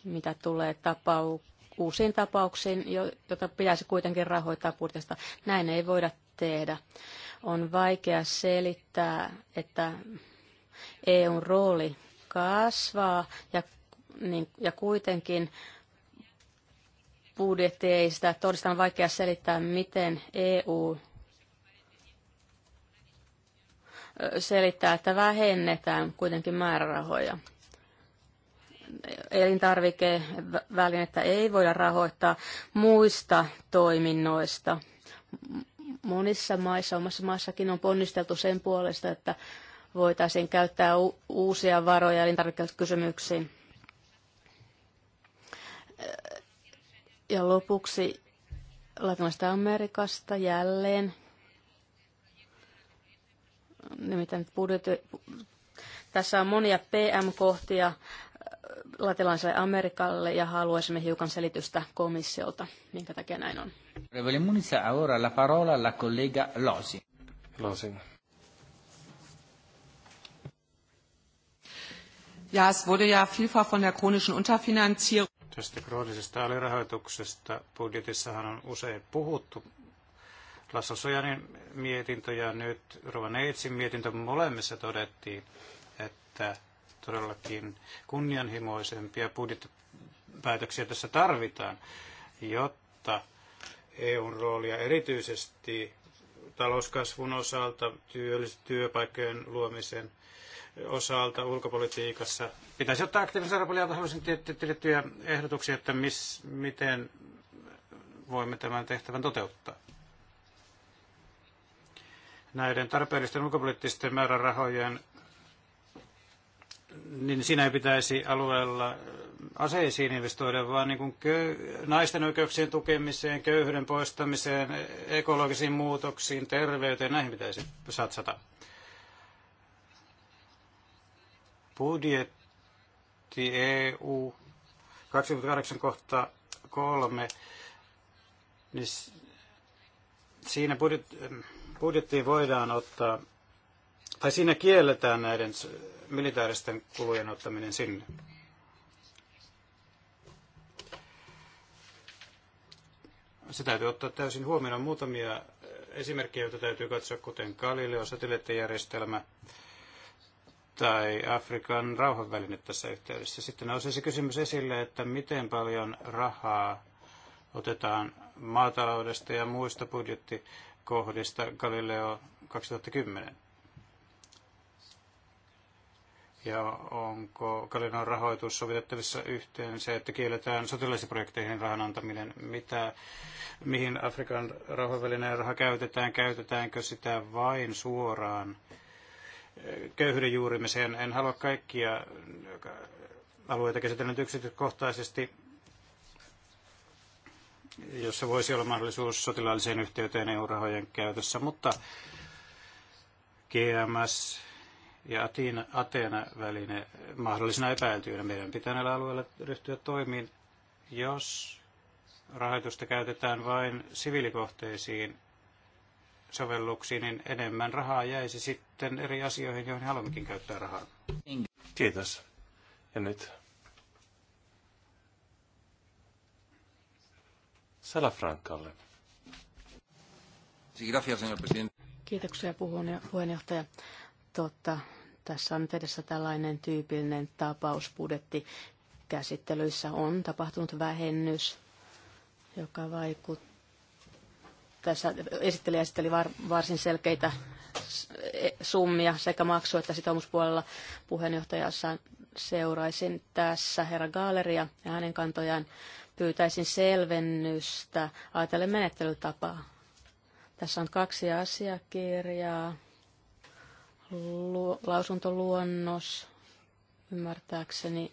mitä tulee tapauksiin uusiin tapauksiin, joita pitäisi kuitenkin rahoittaa budjetista. Näin ei voida tehdä. On vaikea selittää, että EUn rooli kasvaa ja, niin, ja kuitenkin budjetti ei sitä todista. On vaikea selittää, miten EU selittää, että vähennetään kuitenkin määrärahoja elintarvikevälinettä ei voida rahoittaa muista toiminnoista. Monissa maissa, omassa maassakin on ponnisteltu sen puolesta, että voitaisiin käyttää uusia varoja elintarvikekysymyksiin. Ja lopuksi Latinalaisesta Amerikasta jälleen. Nimittäin budjeti... Tässä on monia PM-kohtia latinalaiselle Amerikalle ja haluaisimme hiukan selitystä komissiolta, minkä takia näin on. ora la parola la collega Losi. Losin. Ja, es wurde ja vielfach von der chronischen Unterfinanzierung. Tästä kroonisesta alirahoituksesta budjetissahan on usein puhuttu. Lasso Sojanin mietintö ja nyt Ruvaneitsin mietintö molemmissa todettiin, että todellakin kunnianhimoisempia budjettipäätöksiä tässä tarvitaan, jotta EUn roolia erityisesti talouskasvun osalta, työpaikkojen luomisen osalta ulkopolitiikassa. Pitäisi ottaa aktiivisen raportilta, haluaisin tiettyjä ehdotuksia, että miss miten voimme tämän tehtävän toteuttaa. Näiden tarpeellisten ulkopoliittisten määrärahojen niin siinä ei pitäisi alueella aseisiin investoida, vaan niin kuin köy- naisten oikeuksien tukemiseen, köyhyyden poistamiseen, ekologisiin muutoksiin, terveyteen, näihin pitäisi satsata. Budjetti EU 28 kohta 3, niin siinä budjet- budjettiin voidaan ottaa, tai siinä kielletään näiden militaaristen kulujen ottaminen sinne. Se täytyy ottaa täysin huomioon. On muutamia esimerkkejä, joita täytyy katsoa, kuten Galileo, satelliittijärjestelmä tai Afrikan rauhanväline tässä yhteydessä. Sitten nousee se kysymys esille, että miten paljon rahaa otetaan maataloudesta ja muista budjettikohdista Galileo 2010 ja onko Kalinan rahoitus sovitettavissa yhteen se, että kielletään sotilaisiin projekteihin rahan antaminen, mitä, mihin Afrikan rahoivälineen raha käytetään, käytetäänkö sitä vain suoraan köyhyyden juurimiseen. En halua kaikkia alueita käsitellä nyt yksityiskohtaisesti, jossa voisi olla mahdollisuus sotilaalliseen yhteyteen EU-rahojen käytössä, mutta GMS ja Ateena väline mahdollisena epäiltyinä. Meidän pitää näillä alueilla ryhtyä toimiin, jos rahoitusta käytetään vain siviilikohteisiin sovelluksiin, niin enemmän rahaa jäisi sitten eri asioihin, joihin haluammekin käyttää rahaa. Kiitos. Ja nyt Salafrankalle. Kiitoksia puheenjohtaja totta, tässä on edessä tällainen tyypillinen tapaus budjettikäsittelyissä. On tapahtunut vähennys, joka vaikuttaa. Tässä esittelijä esitteli var, varsin selkeitä e- summia sekä maksu- että sitoumuspuolella puheenjohtajassa seuraisin tässä herra Galeria ja hänen kantojaan pyytäisin selvennystä ajatellen menettelytapaa. Tässä on kaksi asiakirjaa lausuntoluonnos, ymmärtääkseni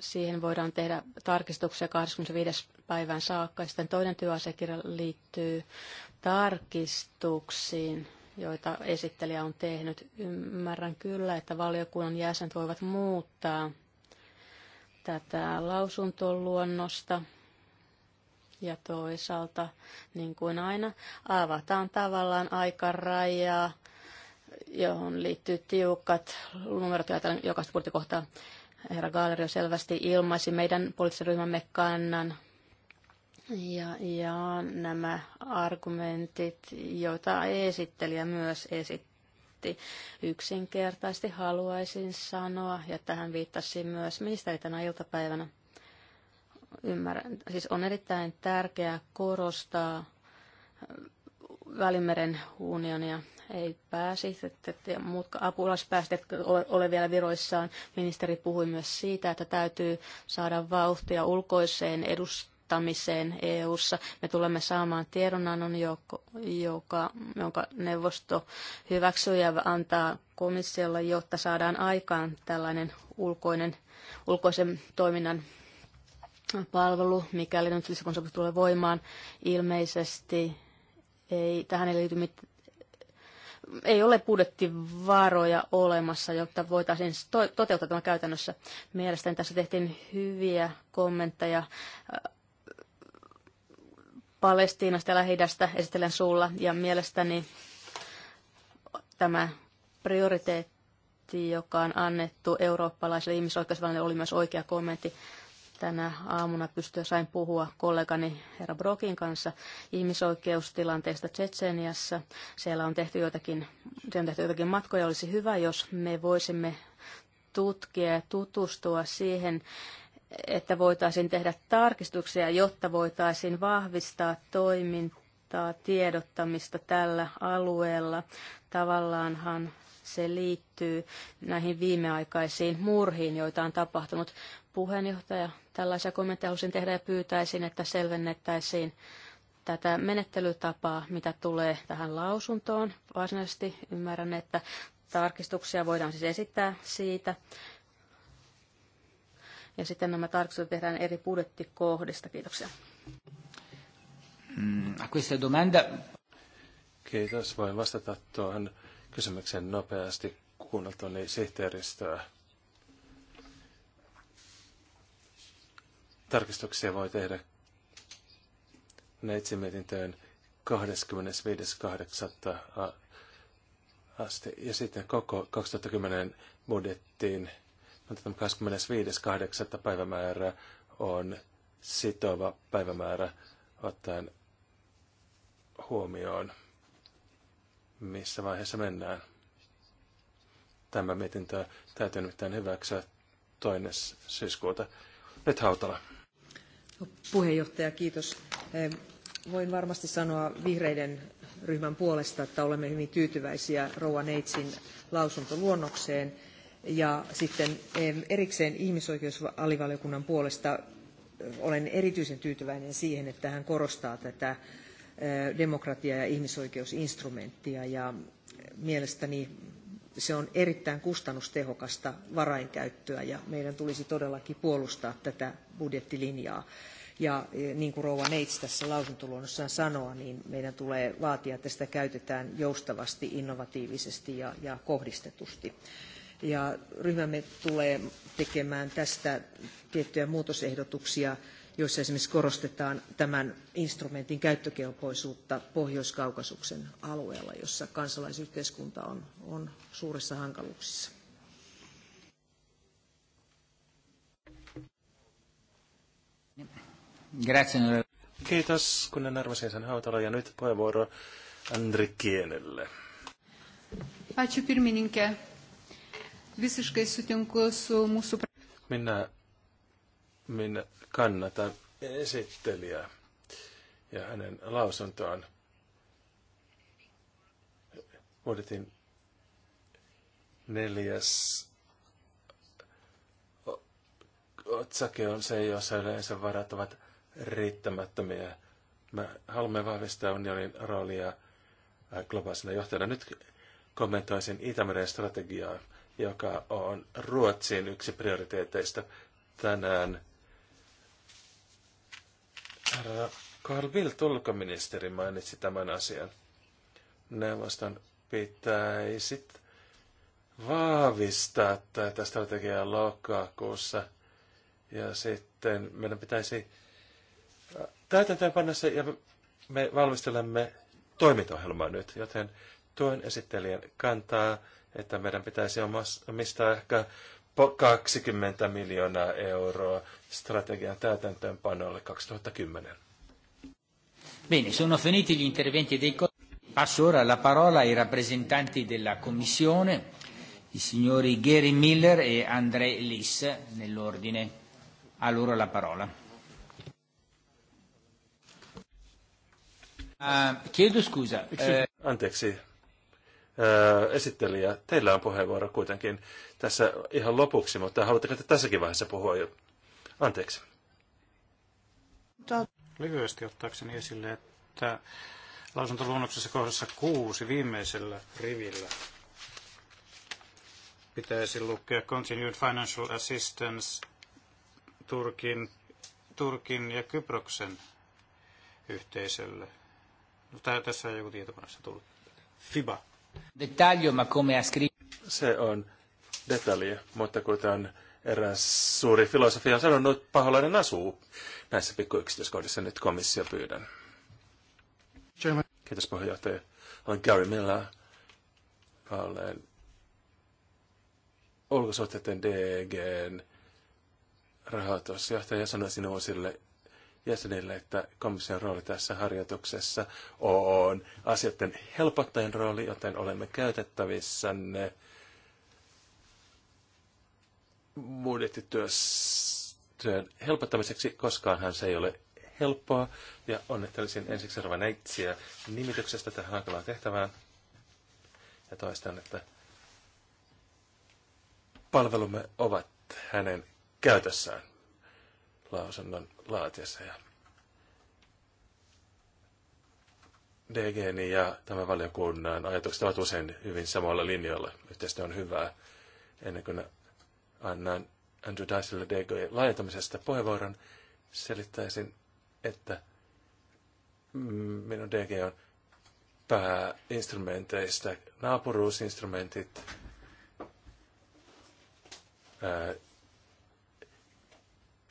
siihen voidaan tehdä tarkistuksia 25. päivän saakka. Sitten toinen työasiakirja liittyy tarkistuksiin, joita esittelijä on tehnyt. Ymmärrän kyllä, että valiokunnan jäsenet voivat muuttaa tätä lausuntoluonnosta. Ja toisaalta, niin kuin aina, avataan tavallaan aikarajaa johon liittyy tiukat numerot jotain jokaista budjettikohtaa. Herra Galerio selvästi ilmaisi meidän poliittisen ryhmämme kannan ja, ja nämä argumentit, joita esittelijä myös esitti. Yksinkertaisesti haluaisin sanoa, ja tähän viittasi myös ministeri tänä iltapäivänä, ymmärrän, siis on erittäin tärkeää korostaa Välimeren unionia ei pääsi, ja muut apulaispäästöt ole, ole vielä viroissaan. Ministeri puhui myös siitä, että täytyy saada vauhtia ulkoiseen edustamiseen EU-ssa. Me tulemme saamaan tiedonannon, joka, joka, jonka neuvosto hyväksyy ja antaa komissiolle, jotta saadaan aikaan tällainen ulkoinen, ulkoisen toiminnan palvelu, mikäli nyt Lissabon sopimus tulee voimaan, ilmeisesti ei, tähän ei liity mit, ei ole budjettivaroja olemassa, jotta voitaisiin to- toteuttaa tämä käytännössä. Mielestäni tässä tehtiin hyviä kommentteja äh, Palestiinasta ja lähi esittelen sulla, ja mielestäni tämä prioriteetti, joka on annettu eurooppalaiselle ihmisoikeusvälineelle, oli myös oikea kommentti tänä aamuna pystyä sain puhua kollegani herra Brokin kanssa ihmisoikeustilanteesta Tsetseniassa. Siellä on tehty joitakin, siellä on tehty joitakin matkoja. Olisi hyvä, jos me voisimme tutkia ja tutustua siihen, että voitaisiin tehdä tarkistuksia, jotta voitaisiin vahvistaa toimintaa, tiedottamista tällä alueella. Tavallaanhan se liittyy näihin viimeaikaisiin murhiin, joita on tapahtunut puheenjohtaja. Tällaisia kommentteja haluaisin tehdä ja pyytäisin, että selvennettäisiin tätä menettelytapaa, mitä tulee tähän lausuntoon. Varsinaisesti ymmärrän, että tarkistuksia voidaan siis esittää siitä. Ja sitten nämä tarkistukset tehdään eri budjettikohdista. Kiitoksia. Mm, a Kiitos. Voin vastata tuohon kysymykseen nopeasti kuunneltuani sihteeristöä Tarkistuksia voi tehdä neitsimietintöön 25.8. asti ja sitten koko 2010 budjettiin. Mutta 25.8. päivämäärä on sitova päivämäärä ottaen huomioon, missä vaiheessa mennään. Tämä mietintö täytyy nimittäin hyväksyä toinen syyskuuta. Nyt Hautala. Puheenjohtaja, kiitos. Eh, voin varmasti sanoa vihreiden ryhmän puolesta, että olemme hyvin tyytyväisiä Rouva Neitsin lausuntoluonnokseen. Ja sitten erikseen ihmisoikeusalivaliokunnan puolesta eh, olen erityisen tyytyväinen siihen, että hän korostaa tätä eh, demokratia- ja ihmisoikeusinstrumenttia. Ja mielestäni se on erittäin kustannustehokasta varainkäyttöä ja meidän tulisi todellakin puolustaa tätä budjettilinjaa. Ja e, niin kuin Rouva Neits tässä lausuntoluonnossaan sanoo, niin meidän tulee vaatia, että sitä käytetään joustavasti, innovatiivisesti ja, ja kohdistetusti. Ja ryhmämme tulee tekemään tästä tiettyjä muutosehdotuksia joissa esimerkiksi korostetaan tämän instrumentin käyttökelpoisuutta Pohjois-Kaukasuksen alueella, jossa kansalaisyhteiskunta on, on suurissa hankaluuksissa. Kiitos, kunnen arvasin sen hautala. Ja nyt puheenvuoro Andri Kienelle. Ačiū pirmininkė. Visiškai sutinku Minä minä kannatan esittelijää ja hänen lausuntoaan budjetin neljäs otsake on se, jossa yleensä varat ovat riittämättömiä. Me haluamme vahvistaa unionin roolia globaalisena johtajana. Nyt kommentoisin Itämeren strategiaa, joka on Ruotsin yksi prioriteeteista tänään – Herra Carl Bildt, ulkoministeri, mainitsi tämän asian. Neuvoston pitäisi vahvistaa tätä strategiaa lokakuussa. Ja sitten meidän pitäisi äh, täytäntöönpanna se, ja me valmistelemme toimintaohjelmaa nyt, joten tuen esittelijän kantaa, että meidän pitäisi omistaa ehkä 20 miljoonaa euroa strategian täytäntöönpanolle 2010. Bene, sono finiti gli interventi dei Passo ora la parola ai rappresentanti della Commissione, i signori Gary Miller e André Liss, nell'ordine. A loro la parola. Uh, chiedo scusa. Uh... Anteeksi, eh, esittelijä, teillä on puheenvuoro kuitenkin tässä ihan lopuksi, mutta haluatteko te tässäkin vaiheessa puhua jo? Anteeksi. Lyhyesti ottaakseni esille, että lausuntoluonnoksessa kohdassa kuusi viimeisellä rivillä pitäisi lukea Continued Financial Assistance Turkin, Turkin ja Kyproksen yhteisölle. No, tässä on joku tietokoneessa tullut. FIBA. Dettaglio, ma come Se on detalje, mutta kuten eräs suuri filosofia on sanonut, paholainen asuu. Näissä pikku yksityiskohdissa nyt komissio pyydän. Kiitos puheenjohtaja. Olen Gary Miller. Mä olen ulkosuhteiden DGn rahoitusjohtaja ja sanoisin uusille jäsenille, että komission rooli tässä harjoituksessa on asioiden helpottajan rooli, joten olemme käytettävissänne budjettityön helpottamiseksi. Koskaanhan se ei ole helppoa. Ja onnettelisin ensiksi Rova Neitsiä nimityksestä tähän hankalaan tehtävään. Ja toistan, että palvelumme ovat hänen käytössään lausunnon laatiessa. Ja DG:n ja tämän valiokunnan ajatukset ovat usein hyvin samalla linjoilla. Yhteistyö on hyvää. Ennen kuin annan Andrew Dicelle DG laajentamisesta puheenvuoron, selittäisin, että minun DG on pääinstrumenteista naapuruusinstrumentit,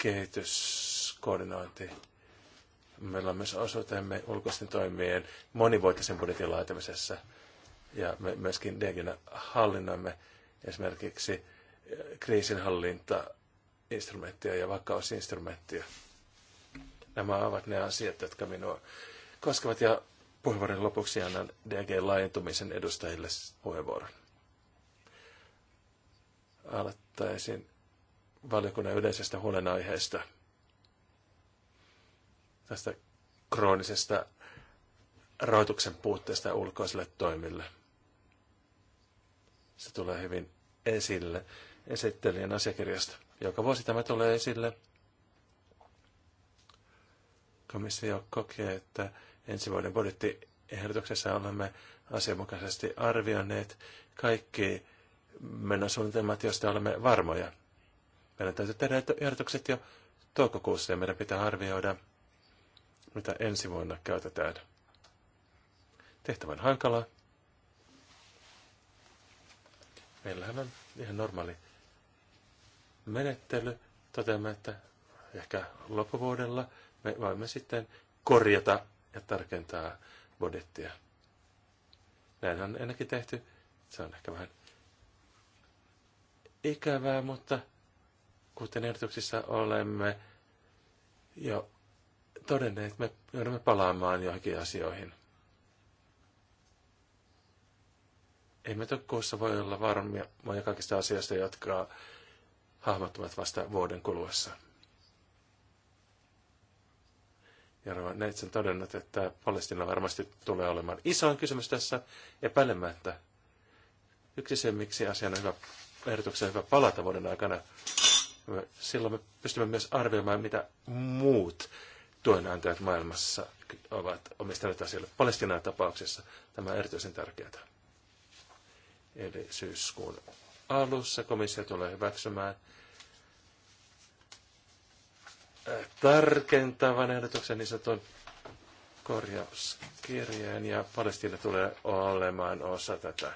kehityskoordinointi. Meillä on myös osoitemme ulkoisten toimien monivuotisen budjetin laatimisessa. Ja me myöskin DGnä hallinnoimme esimerkiksi kriisinhallintainstrumenttia ja vakausinstrumenttia. Nämä ovat ne asiat, jotka minua koskevat ja puheenvuoron lopuksi annan DG laajentumisen edustajille puheenvuoron. Aloittaisin valiokunnan yleisestä huolenaiheesta, tästä kroonisesta rahoituksen puutteesta ulkoisille toimille. Se tulee hyvin esille esittelijän asiakirjasta. Joka vuosi tämä tulee esille. Komissio kokee, että ensi vuoden budjettiehdotuksessa olemme asianmukaisesti arvioineet kaikki menosuunnitelmat, joista olemme varmoja – meidän täytyy tehdä ehdotukset jo toukokuussa ja meidän pitää arvioida, mitä ensi vuonna käytetään. Tehtävän hankala. Meillähän on ihan normaali menettely. Toteamme, että ehkä loppuvuodella me voimme sitten korjata ja tarkentaa budjettia. Näin on ennenkin tehty. Se on ehkä vähän ikävää, mutta Kuten ehdotuksissa olemme jo todenneet, me joudumme palaamaan johonkin asioihin. Emme tokkoossa voi olla varmia monia kaikista asioista, jotka hahmottuvat vasta vuoden kuluessa. Jarva Neits on todennut, että Palestina varmasti tulee olemaan isoin kysymys tässä epäilemättä. Yksi se, miksi asian on hyvä, ehdotuksen hyvä palata vuoden aikana, silloin me pystymme myös arvioimaan, mitä muut tuenantajat maailmassa ovat omistaneet asioille. Palestinaan tapauksessa tämä on erityisen tärkeää. Eli syyskuun alussa komissio tulee hyväksymään tarkentavan ehdotuksen niin sanotun korjauskirjeen ja Palestina tulee olemaan osa tätä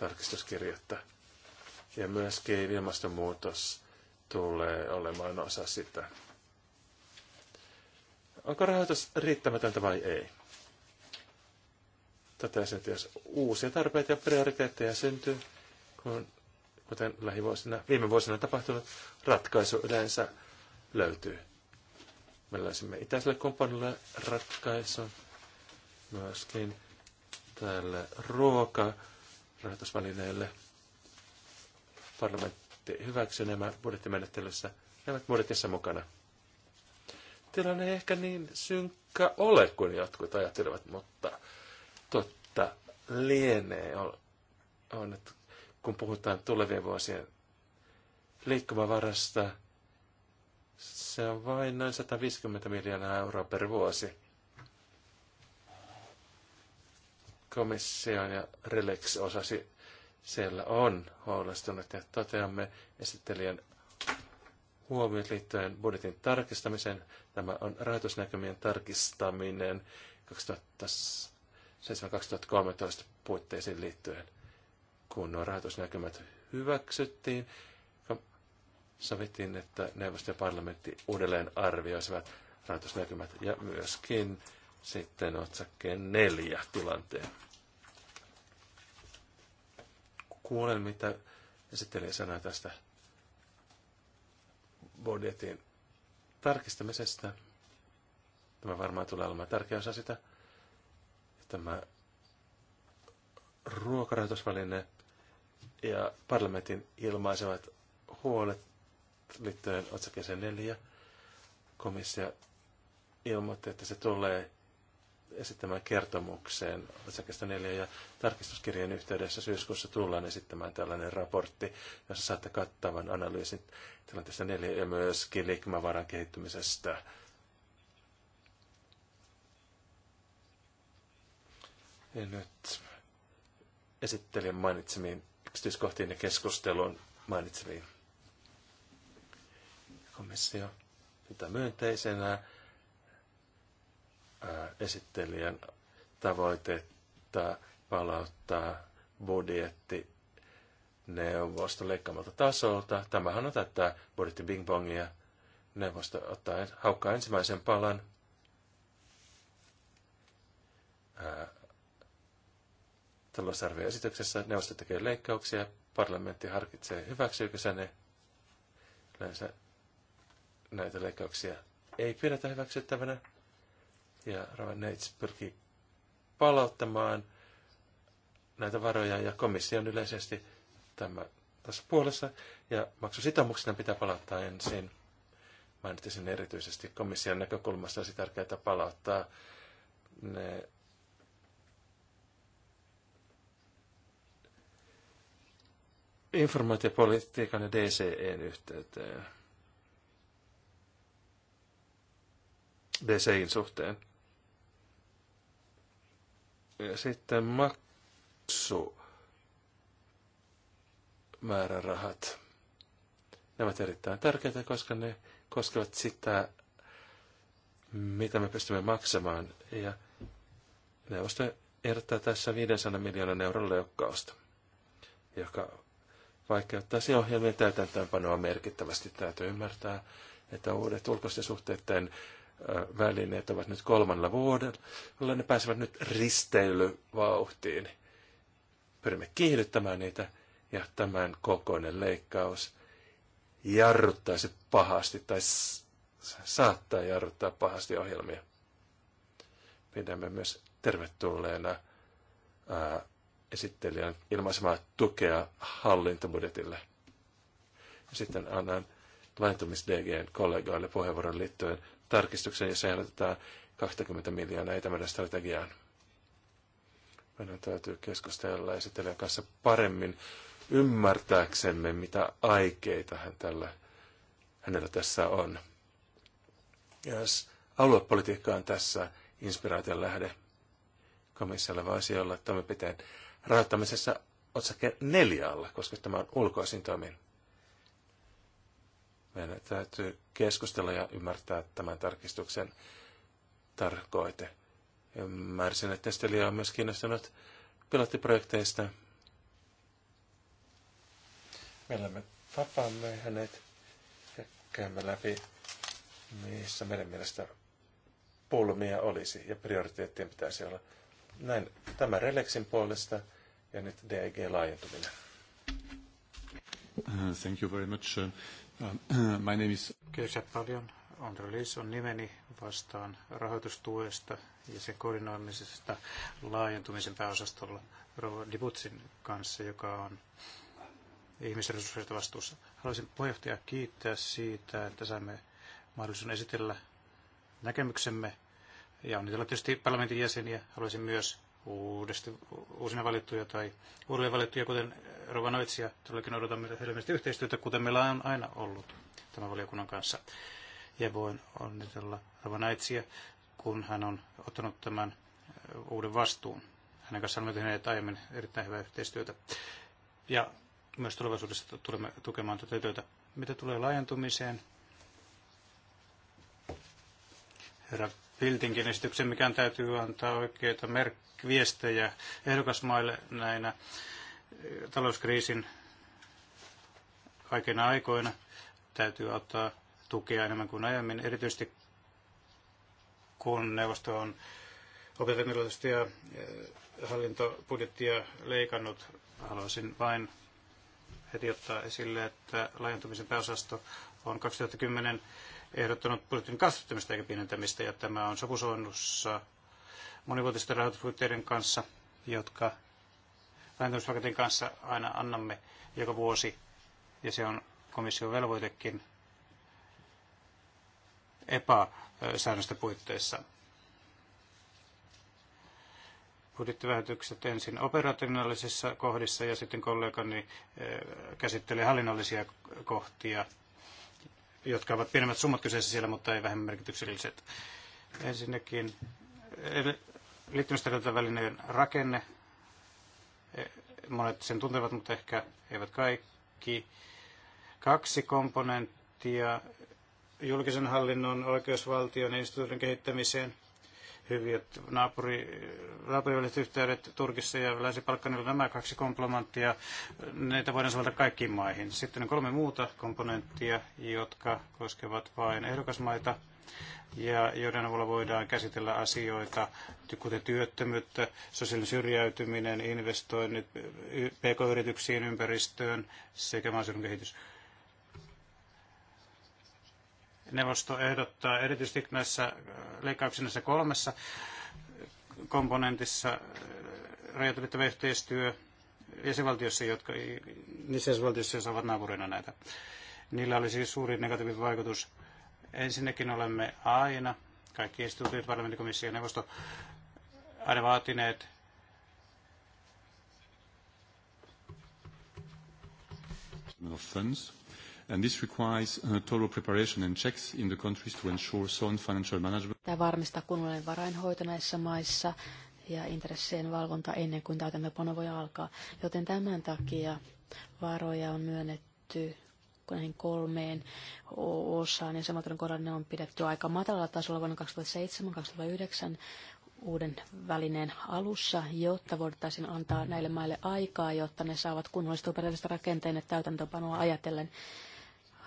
tarkistuskirjettä. Ja myöskin ilmastonmuutos tulee olemaan osa sitä. Onko rahoitus riittämätöntä vai ei? Totesin, että jos uusia tarpeita ja prioriteetteja syntyy, kun, kuten lähivuosina, viime vuosina tapahtunut, ratkaisu yleensä löytyy. Me löysimme itäiselle kumppanille ratkaisun myöskin tälle ruoka- rahoitusvälineelle. Parlamentti hyväksyi nämä budjettimenettelyssä, nämä budjetissa mukana. Tilanne ei ehkä niin synkkä ole kuin jotkut ajattelevat, mutta totta lienee on, että kun puhutaan tulevien vuosien liikkumavarasta, se on vain noin 150 miljoonaa euroa per vuosi. komission ja Relex osasi siellä on huolestunut ja toteamme esittelijän huomiot liittyen budjetin tarkistamiseen. Tämä on rahoitusnäkymien tarkistaminen 2007-2013 puitteisiin liittyen, kun nuo rahoitusnäkymät hyväksyttiin. Sovittiin, että neuvosto ja parlamentti uudelleen arvioisivat rahoitusnäkymät ja myöskin sitten otsakkeen neljä tilanteen. Kuulen, mitä esittelijä sanoi tästä budjetin tarkistamisesta. Tämä varmaan tulee olemaan tärkeä osa sitä. Tämä ruokarahoitusväline ja parlamentin ilmaisevat huolet liittyen otsakkeeseen neljä. Komissio ilmoitti, että se tulee esittämään kertomukseen osakesta 4 ja tarkistuskirjan yhteydessä syyskuussa tullaan esittämään tällainen raportti, jossa saatte kattavan analyysin tilanteesta 4 ja myöskin liikkumavaran kehittymisestä. Ja nyt esittelijän mainitsemiin yksityiskohtiin ja keskusteluun mainitsemiin. Komissio pitää myönteisenä Äh, esittelijän tavoitetta palauttaa budjetti neuvosto leikkaamalta tasolta. Tämähän on tätä budjetti Bing Bongia. Neuvosto ottaa, haukkaa ensimmäisen palan. Äh, talousarvioesityksessä neuvosto tekee leikkauksia. Parlamentti harkitsee, hyväksyykö se ne. Yleensä näitä leikkauksia ei pidetä hyväksyttävänä. Ja Rava Neitz pyrkii palauttamaan näitä varoja ja komission yleisesti tämä tässä puolessa. Ja maksusitoumuksena pitää palauttaa ensin. Mainitsin erityisesti komission näkökulmasta olisi tärkeää palauttaa ne informaatiopolitiikan ja DCEn yhteyteen. DCIn suhteen. Sitten maksu määrärahat. Ne ovat erittäin tärkeitä, koska ne koskevat sitä, mitä me pystymme maksamaan. Ja neuvosto ehdottaa tässä 500 miljoonan euron leukkausta, joka vaikeuttaisi ohjelmien täytäntöönpanoa merkittävästi. Täytyy ymmärtää, että uudet ulkoisten suhteiden välineet ovat nyt kolmannella vuodella. Ne pääsevät nyt risteilyvauhtiin. Pyrimme kiihdyttämään niitä ja tämän kokoinen leikkaus jarruttaisi pahasti tai saattaa jarruttaa pahasti ohjelmia. Pidämme myös tervetulleena ää, esittelijän ilmaisemaa tukea hallintobudjetille. Ja sitten annan laajentumis DGn kollegoille puheenvuoron liittyen tarkistuksen, jossa ehdotetaan 20 miljoonaa Itämeren strategiaan. Meidän täytyy keskustella esittelijän kanssa paremmin ymmärtääksemme, mitä aikeita hän tällä, hänellä tässä on. Jos aluepolitiikka on tässä inspiraation lähde komissiolla, voisi olla toimenpiteen rahoittamisessa otsake neljä alla, koska tämä on ulkoisin toiminta. Meidän täytyy keskustella ja ymmärtää tämän tarkistuksen tarkoite. Ymmärsin, että Estelia on myös kiinnostunut pilottiprojekteista. Meillä me tapaamme hänet ja käymme läpi, missä meidän mielestä pulmia olisi ja prioriteettien pitäisi olla. Näin tämä Relexin puolesta ja nyt DG laajentuminen. thank you very much. Uh, Uh, my name is... Kiitoksia paljon. on nimeni vastaan rahoitustuesta ja sen koordinoimisesta laajentumisen pääosastolla Rova Dibutsin kanssa, joka on ihmisresursseista vastuussa. Haluaisin puheenjohtaja kiittää siitä, että saimme mahdollisuuden esitellä näkemyksemme ja onnitella tietysti parlamentin jäseniä. Haluaisin myös uudesti, uusina valittuja tai uudelleen valittuja, kuten Rovanoitsia. Todellakin odotamme helmesti yhteistyötä, kuten meillä on aina ollut tämän valiokunnan kanssa. Ja voin onnitella Rovanoitsia, kun hän on ottanut tämän äh, uuden vastuun. Hänen kanssaan olemme tehneet aiemmin erittäin hyvää yhteistyötä. Ja myös tulevaisuudessa tulemme tukemaan tätä työtä. Mitä tulee laajentumiseen, herra Piltinkin esityksen, mikään täytyy antaa oikeita merkviestejä viestejä ehdokasmaille näinä eh, talouskriisin aikana aikoina. Täytyy ottaa tukea enemmän kuin aiemmin, erityisesti kun neuvosto on opetusmielitoista ja eh, hallintobudjettia leikannut. Haluaisin vain heti ottaa esille, että laajentumisen pääosasto on 2010 ehdottanut budjetin kasvattamista eikä pienentämistä, ja tämä on sopusoinnussa monivuotisten rahoituspuitteiden kanssa, jotka vähentämispaketin kanssa aina annamme joka vuosi, ja se on komission velvoitekin epäsäännösten puitteissa. Budjettivähetykset ensin operationaalisissa kohdissa ja sitten kollegani eh, käsittelee hallinnollisia kohtia jotka ovat pienemmät summat kyseessä siellä, mutta ei vähemmän merkitykselliset. Ensinnäkin eh, liittymistä välineen rakenne. Eh, monet sen tuntevat, mutta ehkä eivät kaikki. Kaksi komponenttia julkisen hallinnon, oikeusvaltion ja instituutin kehittämiseen – hyviä naapuri, naapuriväliset yhteydet Turkissa ja länsi palkkanilla nämä kaksi komplementtia, näitä voidaan soveltaa kaikkiin maihin. Sitten on kolme muuta komponenttia, jotka koskevat vain ehdokasmaita ja joiden avulla voidaan käsitellä asioita, kuten työttömyyttä, sosiaalinen syrjäytyminen, investoinnit pk-yrityksiin, ympäristöön sekä maaseudun kehitys neuvosto ehdottaa erityisesti näissä äh, leikkauksissa näissä kolmessa komponentissa äh, rajat ylittävä yhteistyö jäsenvaltiossa, jotka, niissä jäsenvaltioissa, saavat ovat naapurina näitä. Niillä oli siis suuri negatiivinen vaikutus. Ensinnäkin olemme aina, kaikki instituutiot, parlamentikomissio ja neuvosto, aina vaatineet no offense this requires uh, preparation and checks in the countries to ensure sound financial management. Tämä varmistaa kunnollinen varainhoito näissä maissa ja intressien valvonta ennen kuin täytäntöpano voi alkaa. Joten tämän takia varoja on myönnetty näihin kolmeen osaan ja samatun kohdalla ne on pidetty aika matalalla tasolla vuonna 2007-2009 uuden välineen alussa, jotta voitaisiin antaa näille maille aikaa, jotta ne saavat kunnollista operatiivista rakenteen täytäntöpanoa ajatellen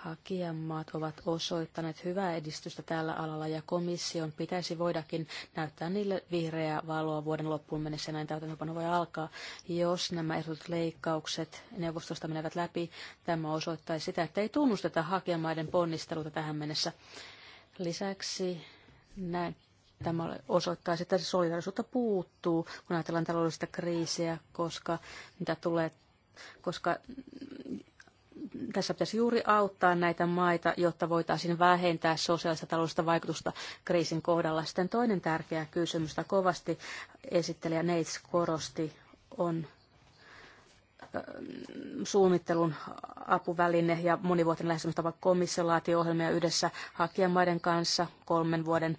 hakijamaat ovat osoittaneet hyvää edistystä tällä alalla ja komission pitäisi voidakin näyttää niille vihreää valoa vuoden loppuun mennessä ja näin täytäntöpano voi alkaa. Jos nämä ehdotut leikkaukset neuvostosta menevät läpi, tämä osoittaisi sitä, että ei tunnusteta hakijamaiden ponnisteluita tähän mennessä. Lisäksi näin tämä osoittaa sitä, että solidarisuutta puuttuu, kun ajatellaan taloudellista kriisiä, koska mitä tulee koska tässä pitäisi juuri auttaa näitä maita, jotta voitaisiin vähentää sosiaalista taloudellista vaikutusta kriisin kohdalla. Sitten toinen tärkeä kysymys, jota kovasti esittelijä Neits korosti, on suunnittelun apuväline ja monivuotinen lähestymistapa komissiolaatio-ohjelmia yhdessä hakijamaiden kanssa kolmen vuoden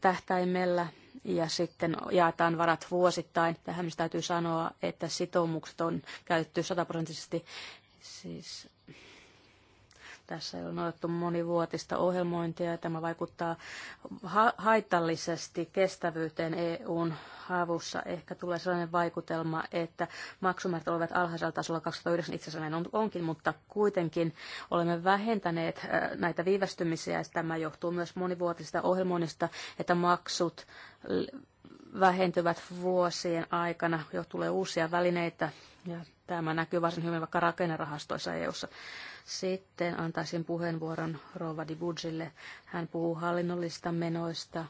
tähtäimellä ja sitten jaetaan varat vuosittain. Tähän täytyy sanoa, että sitoumukset on käytetty sataprosenttisesti Siis tässä on otettu monivuotista ohjelmointia ja tämä vaikuttaa ha- haitallisesti kestävyyteen EUn havussa. Ehkä tulee sellainen vaikutelma, että maksumäärät olivat alhaisella tasolla 2009, itse asiassa näin on, onkin, mutta kuitenkin olemme vähentäneet äh, näitä viivästymisiä ja tämä johtuu myös monivuotista ohjelmoinnista, että maksut vähentyvät vuosien aikana, jo tulee uusia välineitä ja tämä näkyy varsin hyvin vaikka rakennerahastoissa EU-ssa. Sitten antaisin puheenvuoron Rova Dibudzille. Hän puhuu hallinnollista menoista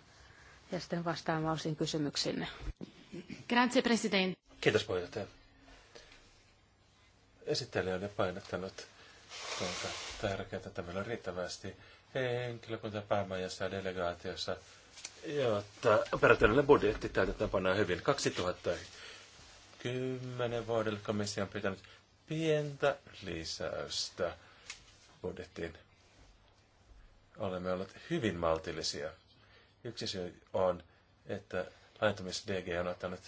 ja sitten vastaan osin kysymyksiin. Grazie, president. Kiitos puheenjohtaja. Esittelijä on painottanut tuota tärkeää, että meillä on riittävästi henkilökunta päämajassa ja delegaatiossa, jotta operatiivinen budjetti täytetään pannaan hyvin. 2000 kymmenen vuodelle komissio on pitänyt pientä lisäystä budjettiin. Olemme olleet hyvin maltillisia. Yksi syy on, että laitumis dg on ottanut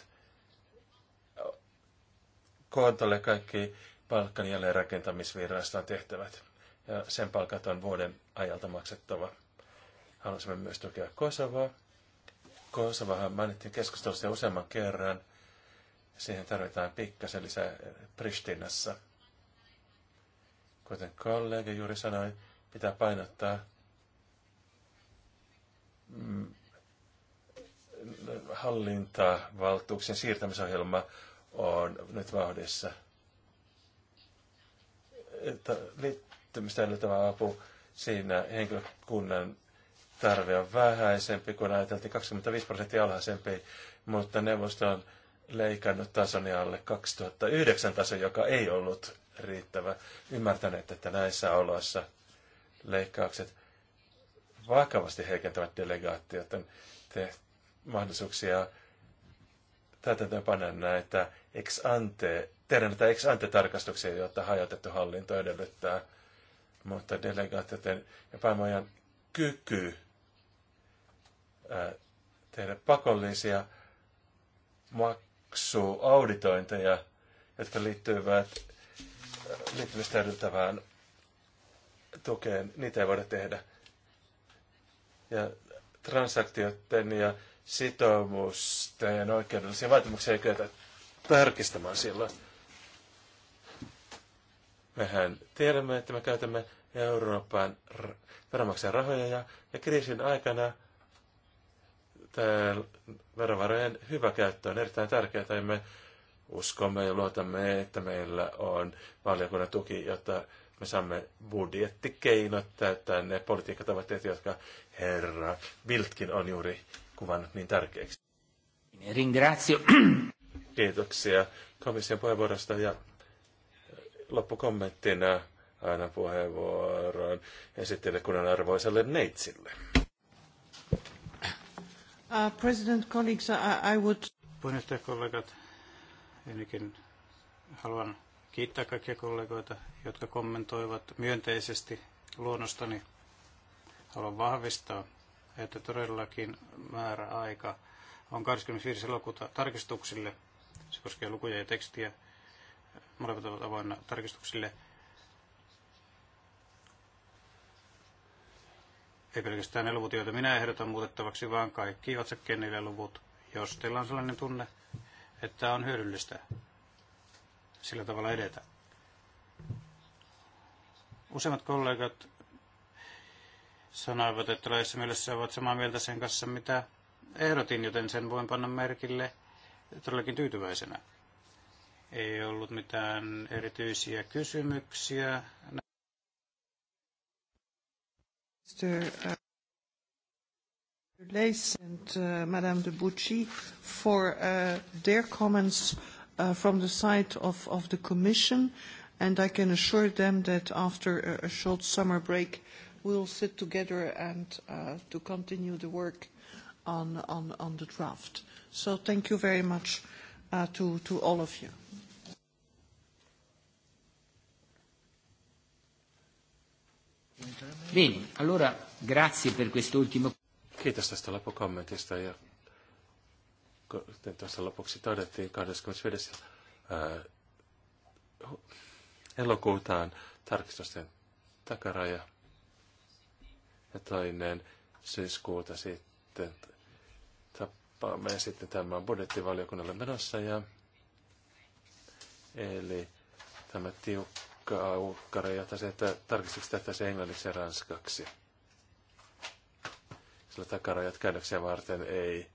kontolle kaikki palkkan jälleenrakentamisviraston tehtävät. Ja sen palkat on vuoden ajalta maksettava. Haluaisimme myös tukea Kosovaa. Kosovahan mainittiin keskustelussa useamman kerran – Siihen tarvitaan pikkasen lisää Pristinassa. Kuten kollega juuri sanoi, pitää painottaa mm, hallintaa, valtuuksien siirtämisohjelma on nyt vauhdissa. liittymistä edeltävä apu, siinä henkilökunnan tarve on vähäisempi kuin ajateltiin, 25 prosenttia alhaisempi, mutta neuvosto on leikannut tasoni alle 2009 tason, joka ei ollut riittävä. Ymmärtäneet, että näissä oloissa leikkaukset vakavasti heikentävät delegaatioiden te- mahdollisuuksia täytäntöönpanna näitä ex ante, tehdä näitä ex ante tarkastuksia, joita hajautettu hallinto edellyttää, mutta delegaatioiden ja päämajan kyky ää, tehdä pakollisia mak- omaksuu auditointeja, jotka liittyvät äh, liittymistä edeltävään tukeen, niitä ei voida tehdä. Ja transaktioiden ja sitoumusten oikeudellisia vaatimuksia ei kyetä tarkistamaan silloin. Mehän tiedämme, että me käytämme Euroopan veronmaksajan rahoja ja, ja kriisin aikana täällä verovarojen hyvä käyttö on erittäin tärkeää, ja me uskomme ja luotamme, että meillä on valiokunnan tuki, jotta me saamme budjettikeinot täyttää ne politiikkatavoitteet, jotka herra Viltkin on juuri kuvannut niin tärkeiksi. Ringrazio. Kiitoksia komission puheenvuorosta ja loppukommenttina aina puheenvuoron esittelykunnan arvoisalle neitsille. Uh, president, colleagues, I, I would... Puheenjohtajakollegat, ennenkin haluan kiittää kaikkia kollegoita, jotka kommentoivat myönteisesti luonnostani. Haluan vahvistaa, että todellakin määräaika on 25. elokuuta tarkistuksille. Se koskee lukuja ja tekstiä. Molemmat ovat avoinna tarkistuksille. ei pelkästään ne luvut, joita minä ehdotan muutettavaksi, vaan kaikki otsakkeen niille luvut, jos teillä on sellainen tunne, että on hyödyllistä sillä tavalla edetä. Useimmat kollegat sanoivat, että laissa mielessä ovat samaa mieltä sen kanssa, mitä ehdotin, joten sen voin panna merkille todellakin tyytyväisenä. Ei ollut mitään erityisiä kysymyksiä. Mr. Leys and uh, Madame de Bucci for uh, their comments uh, from the side of, of the Commission, and I can assure them that after a, a short summer break, we'll sit together and uh, to continue the work on, on, on the draft. So thank you very much uh, to, to all of you. Bene, allora grazie per quest'ultimo. Kiitos tästä loppukommentista ja kuten tuossa lopuksi todettiin 25. Ää, äh, elokuutaan tarkistusten takaraja ja toinen syyskuuta sitten tapaamme sitten tämän budjettivaliokunnalle menossa ja eli tämä tiukka kaukareja, tai jota se, että tarkistukset englanniksi ja ranskaksi. Sillä takarajat käännöksiä varten ei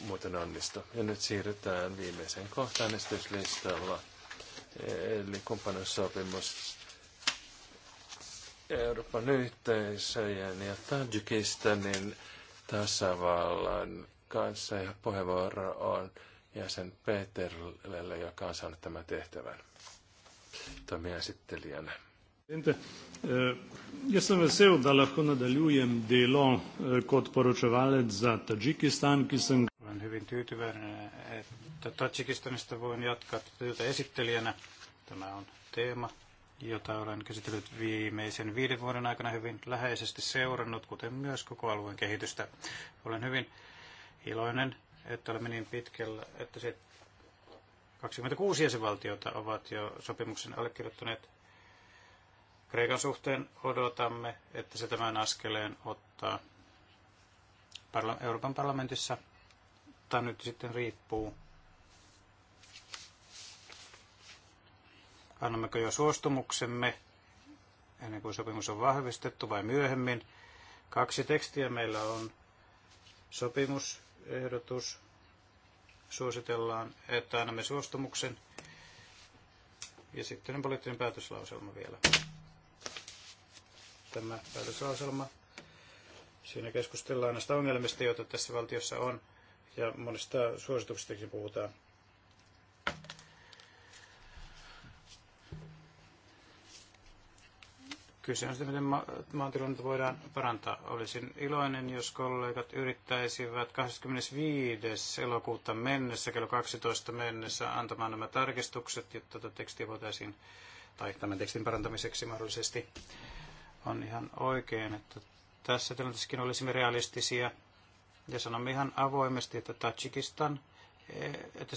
muuten onnistu. Ja nyt siirrytään viimeiseen kohtaan esityslistalla, eli kumppanuussopimus Euroopan yhteisöjen ja Tajikistanin tasavallan kanssa. Ja puheenvuoro on ja sen Peterille, joka on saanut tämän tehtävän toimijan esittelijänä. Presidente, eh, jaz sem vesel, da lahko nadaljujem delo eh, kot poročevalec za Tadžikistan, ki sem... Olen hyvin tyytyväinen, että Tadžikistanista voin jatkaa työtä esittelijänä. Tämä on teema, jota olen käsitellyt viimeisen viiden vuoden aikana hyvin läheisesti seurannut, kuten myös koko alueen kehitystä. Olen hyvin iloinen että olemme niin pitkällä, että se 26 jäsenvaltiota ovat jo sopimuksen allekirjoittaneet. Kreikan suhteen odotamme, että se tämän askeleen ottaa Euroopan parlamentissa. Tämä nyt sitten riippuu. Annammeko jo suostumuksemme ennen kuin sopimus on vahvistettu vai myöhemmin. Kaksi tekstiä meillä on. Sopimus ehdotus. Suositellaan, että annamme suostumuksen. Ja sitten poliittinen päätöslauselma vielä. Tämä päätöslauselma. Siinä keskustellaan näistä ongelmista, joita tässä valtiossa on, ja monista suosituksistakin puhutaan. Kyse on siitä, miten ma- maantilannetta voidaan parantaa. Olisin iloinen, jos kollegat yrittäisivät 25. elokuuta mennessä, kello 12 mennessä, antamaan nämä tarkistukset, jotta tätä tekstiä voitaisiin, tai tämän tekstin parantamiseksi mahdollisesti. On ihan oikein, että tässä tilanteessakin olisimme realistisia ja sanomme ihan avoimesti, että Tajikistan e, että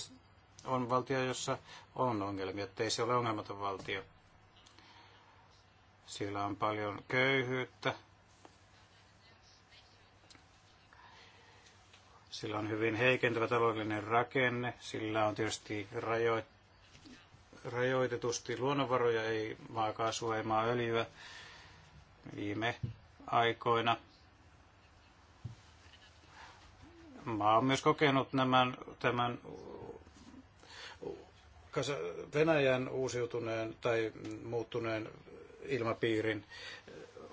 on valtio, jossa on ongelmia, ettei se ole ongelmaton valtio. Siellä on paljon köyhyyttä. Sillä on hyvin heikentävä taloudellinen rakenne. Sillä on tietysti rajoit, rajoitetusti luonnonvaroja, ei maakaasua, ei maaöljyä viime aikoina. Maa on myös kokenut nämän, tämän Venäjän uusiutuneen tai muuttuneen ilmapiirin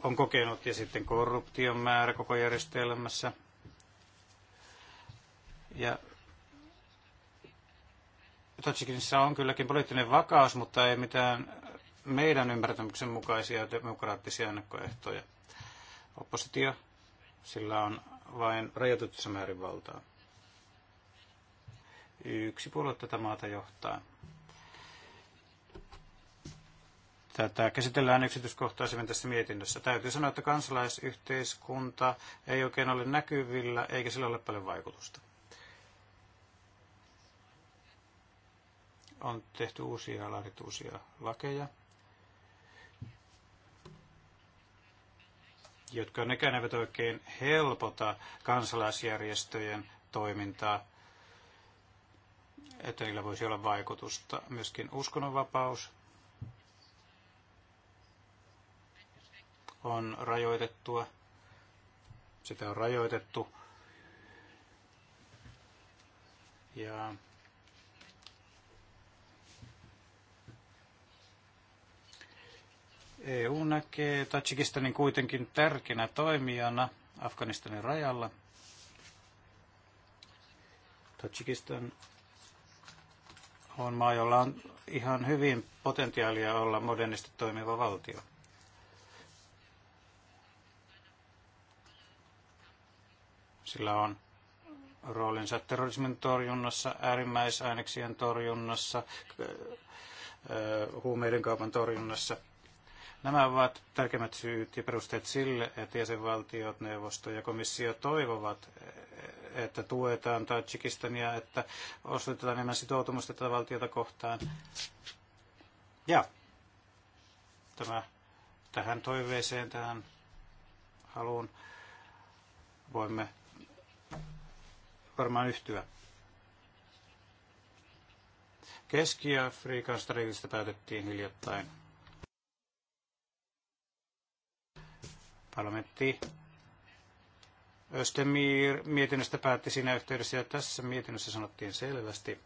on kokenut ja sitten korruption määrä koko järjestelmässä. Ja Totsikinissa on kylläkin poliittinen vakaus, mutta ei mitään meidän ymmärtämyksen mukaisia demokraattisia ennakkoehtoja. Oppositio, sillä on vain rajoitetussa määrin valtaa. Yksi puolue tätä maata johtaa. Tätä käsitellään yksityiskohtaisemmin tässä mietinnössä. Täytyy sanoa, että kansalaisyhteiskunta ei oikein ole näkyvillä, eikä sillä ole paljon vaikutusta. On tehty uusia, laadittu uusia lakeja, jotka nekään eivät oikein helpota kansalaisjärjestöjen toimintaa, että niillä voisi olla vaikutusta. Myöskin uskonnonvapaus on rajoitettua. Sitä on rajoitettu. Ja EU näkee Tajikistanin kuitenkin tärkeänä toimijana Afganistanin rajalla. Tajikistan on maa, jolla on ihan hyvin potentiaalia olla modernisti toimiva valtio. Sillä on roolinsa terrorismin torjunnassa, äärimmäisaineksien torjunnassa, huumeiden kaupan torjunnassa. Nämä ovat tärkeimmät syyt ja perusteet sille, että jäsenvaltiot, neuvosto ja komissio toivovat, että tuetaan Tajikistania, että osoitetaan enemmän sitoutumusta tätä valtiota kohtaan. Ja tämä, tähän toiveeseen, tähän haluun voimme varmaan yhtyä. Keski-Afrikan strategista päätettiin hiljattain. Parlamentti Östemir mietinnöstä päätti siinä yhteydessä ja tässä mietinnössä sanottiin selvästi,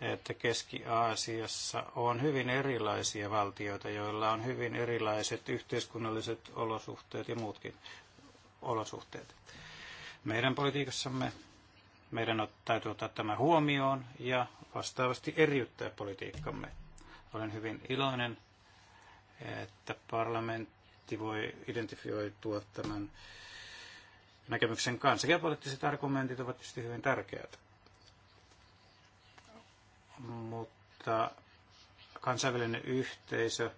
että Keski-Aasiassa on hyvin erilaisia valtioita, joilla on hyvin erilaiset yhteiskunnalliset olosuhteet ja muutkin olosuhteet. Meidän politiikassamme meidän on, täytyy ottaa tämä huomioon ja vastaavasti eriyttää politiikkamme. Olen hyvin iloinen, että parlamentti voi identifioitua tämän näkemyksen kanssa. Geopoliittiset argumentit ovat tietysti hyvin tärkeät, mutta kansainvälinen yhteisö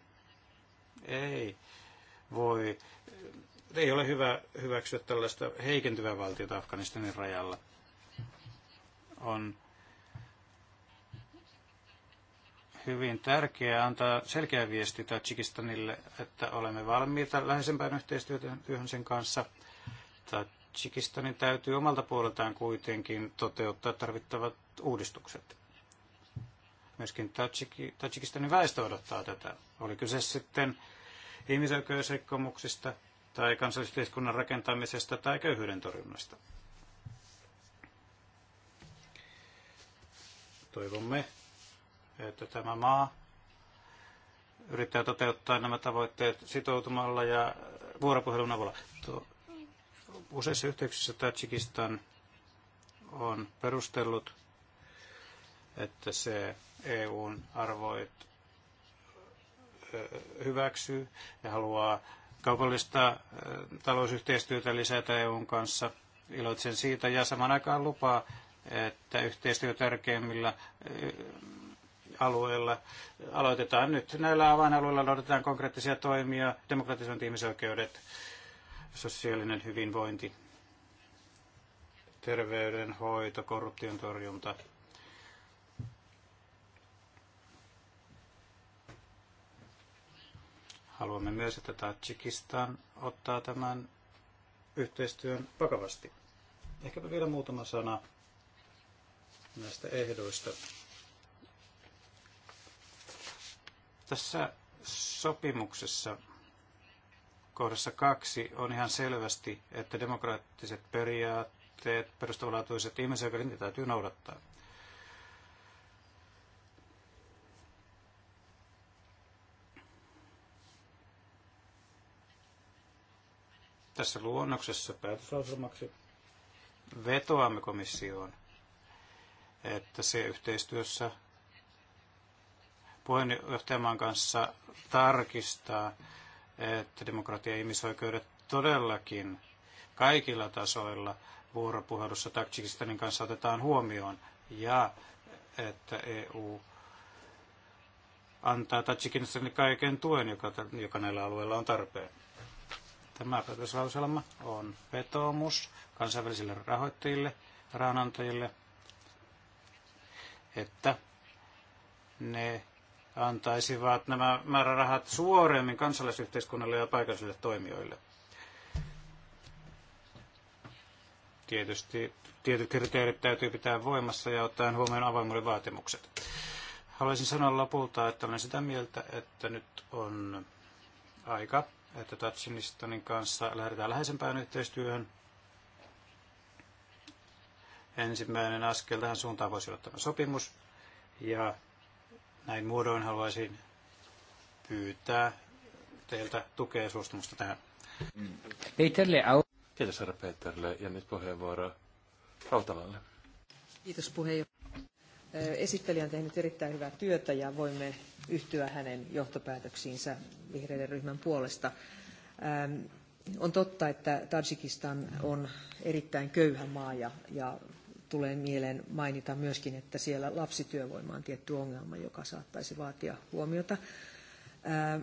ei voi ei ole hyvä hyväksyä tällaista heikentyvää valtiota Afganistanin rajalla. On hyvin tärkeää antaa selkeä viesti Tajikistanille, että olemme valmiita läheisempään yhteistyöhön sen kanssa. Tajikistanin täytyy omalta puoleltaan kuitenkin toteuttaa tarvittavat uudistukset. Myöskin Tajikistanin väestö odottaa tätä. Oli kyse sitten ihmisoikeusrikkomuksista tai kansallisyhteiskunnan rakentamisesta tai köyhyyden torjunnasta. Toivomme, että tämä maa yrittää toteuttaa nämä tavoitteet sitoutumalla ja vuoropuhelun avulla. Useissa yhteyksissä Tajikistan on perustellut, että se EUn arvoit hyväksyy ja haluaa Kaupallista talousyhteistyötä lisätä EUn kanssa. Iloitsen siitä ja saman aikaan lupaa, että yhteistyö tärkeimmillä alueilla aloitetaan nyt. Näillä avainalueilla noudatetaan konkreettisia toimia, demokratisointi, ihmisoikeudet, sosiaalinen hyvinvointi, terveydenhoito, korruption torjunta, Haluamme myös, että Tajikistan ottaa tämän yhteistyön vakavasti. Ehkäpä vielä muutama sana näistä ehdoista. Tässä sopimuksessa kohdassa kaksi on ihan selvästi, että demokraattiset periaatteet, perustavanlaatuiset ihmisoikeudet, niitä täytyy noudattaa. tässä luonnoksessa päätöslauselmaksi vetoamme komissioon, että se yhteistyössä puheenjohtajamaan kanssa tarkistaa, että demokratia ja ihmisoikeudet todellakin kaikilla tasoilla vuoropuhelussa Tajikistanin kanssa otetaan huomioon ja että EU antaa Tajikistanille kaiken tuen, joka, joka näillä alueilla on tarpeen. Tämä päätöslauselma on vetoomus kansainvälisille rahoittajille, rahanantajille, että ne antaisivat nämä määrärahat suoremmin kansalaisyhteiskunnalle ja paikallisille toimijoille. Tietysti tietyt kriteerit täytyy pitää voimassa ja ottaen huomioon avoimuuden vaatimukset. Haluaisin sanoa lopulta, että olen sitä mieltä, että nyt on aika että Tatsinistonin kanssa lähdetään läheisempään yhteistyöhön. Ensimmäinen askel tähän suuntaan voisi olla tämä sopimus. Ja näin muodoin haluaisin pyytää teiltä tukea ja suostumusta tähän. Peterle au. Kiitos herra Peterle ja nyt puheenvuoro Rautalalle. Kiitos puheenjohtaja. Esittelijä on tehnyt erittäin hyvää työtä ja voimme yhtyä hänen johtopäätöksiinsä vihreiden ryhmän puolesta. On totta, että Tajikistan on erittäin köyhä maa ja, ja tulee mieleen mainita myöskin, että siellä lapsityövoima on tietty ongelma, joka saattaisi vaatia huomiota.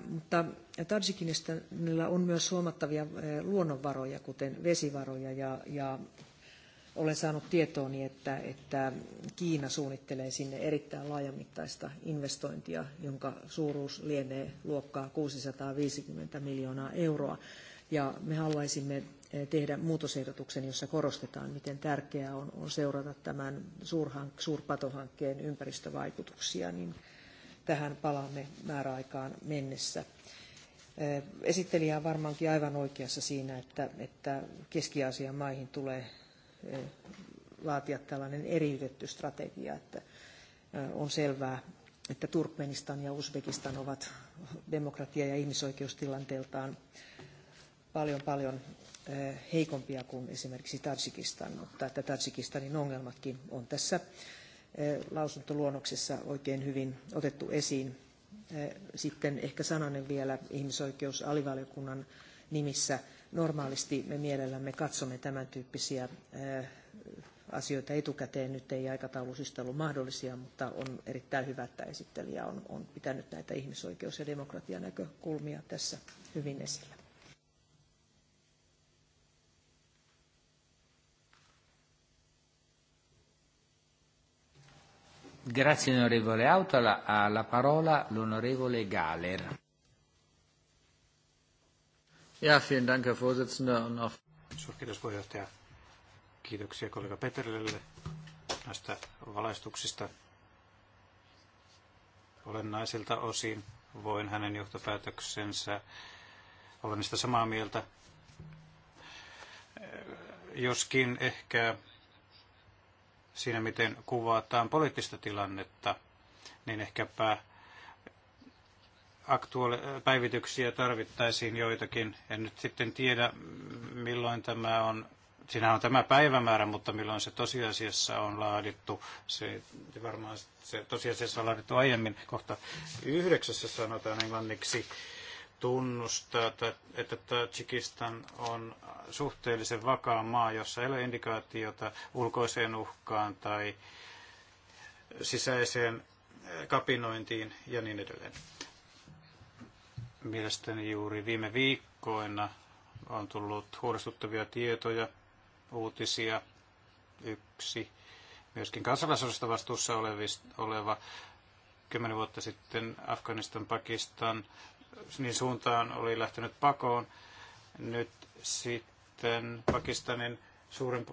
Mutta Tajikistanilla on myös huomattavia luonnonvaroja, kuten vesivaroja, ja, ja olen saanut tietooni, että, että Kiina suunnittelee sinne erittäin laajamittaista investointia, jonka suuruus lienee luokkaa 650 miljoonaa euroa. Ja me haluaisimme eh, tehdä muutosehdotuksen, jossa korostetaan, miten tärkeää on, on seurata tämän suurhank- suurpatohankkeen ympäristövaikutuksia, niin tähän palaamme määräaikaan mennessä. Eh, esittelijä on varmaankin aivan oikeassa siinä, että, että Keski-Aasian maihin tulee laatia tällainen eriytetty strategia, että on selvää, että Turkmenistan ja Uzbekistan ovat demokratia- ja ihmisoikeustilanteeltaan paljon paljon heikompia kuin esimerkiksi Tadsikistan, mutta että Tadsikistanin ongelmatkin on tässä lausuntoluonnoksessa oikein hyvin otettu esiin. Sitten ehkä sananen vielä ihmisoikeusalivaliokunnan nimissä Normaalisti me mielellämme katsomme tämän tyyppisiä asioita etukäteen. Nyt ei aikataulusystä ollut mahdollisia, mutta on erittäin hyvä, että esittelijä on, on pitänyt näitä ihmisoikeus- ja demokratianäkökulmia tässä hyvin esillä. Grazie onorevole Autola. Ha la parola l'onorevole Galer. Ja, vielen Dank, Herr Vorsitzender. Und puheenjohtaja. Kiitoksia kollega Peterille näistä valaistuksista. Olennaisilta osin voin hänen johtopäätöksensä olla niistä samaa mieltä. Joskin ehkä siinä, miten kuvataan poliittista tilannetta, niin ehkäpä aktuaali- päivityksiä tarvittaisiin joitakin. En nyt sitten tiedä, milloin tämä on. Siinä on tämä päivämäärä, mutta milloin se tosiasiassa on laadittu. Se varmaan se tosiasiassa on laadittu aiemmin. Kohta yhdeksässä sanotaan englanniksi tunnustaa, että Tajikistan on suhteellisen vakaa maa, jossa ei ole indikaatiota ulkoiseen uhkaan tai sisäiseen kapinointiin ja niin edelleen. Mielestäni juuri viime viikkoina on tullut huolestuttavia tietoja, uutisia. Yksi myöskin kansalaisuudesta vastuussa oleva kymmenen vuotta sitten Afganistan, Pakistan, niin suuntaan oli lähtenyt pakoon. Nyt sitten Pakistanin suuren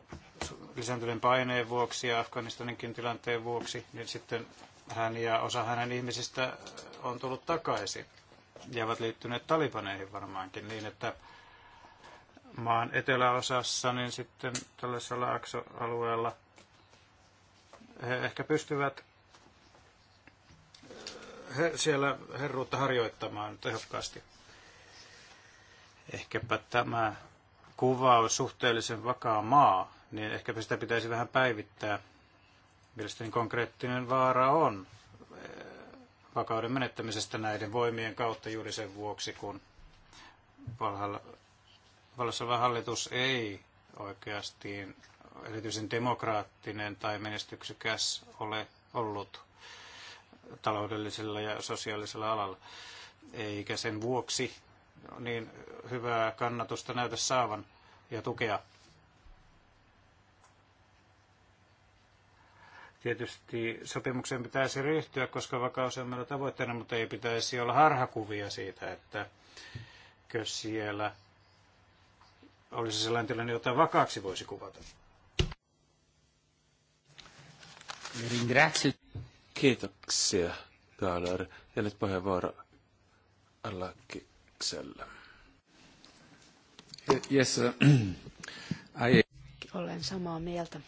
lisääntyneen paineen vuoksi ja Afganistaninkin tilanteen vuoksi, niin sitten hän ja osa hänen ihmisistä on tullut takaisin ja ovat liittyneet talibaneihin varmaankin niin, että maan eteläosassa, niin sitten tällaisella Akso-alueella he ehkä pystyvät he siellä herruutta harjoittamaan tehokkaasti. Ehkäpä tämä kuvaus suhteellisen vakaa maa, niin ehkäpä sitä pitäisi vähän päivittää. Mielestäni konkreettinen vaara on vakauden menettämisestä näiden voimien kautta juuri sen vuoksi, kun vallassa hallitus ei oikeasti erityisen demokraattinen tai menestyksekäs ole ollut taloudellisella ja sosiaalisella alalla. Eikä sen vuoksi niin hyvää kannatusta näytä saavan ja tukea Tietysti sopimukseen pitäisi ryhtyä, koska vakaus on meillä tavoitteena, mutta ei pitäisi olla harhakuvia siitä, että siellä olisi sellainen tilanne, jota vakaaksi voisi kuvata. Kiitoksia, Kaalar. Ja nyt puheenvuoro Allakiksellä. Yes, I... Olen samaa mieltä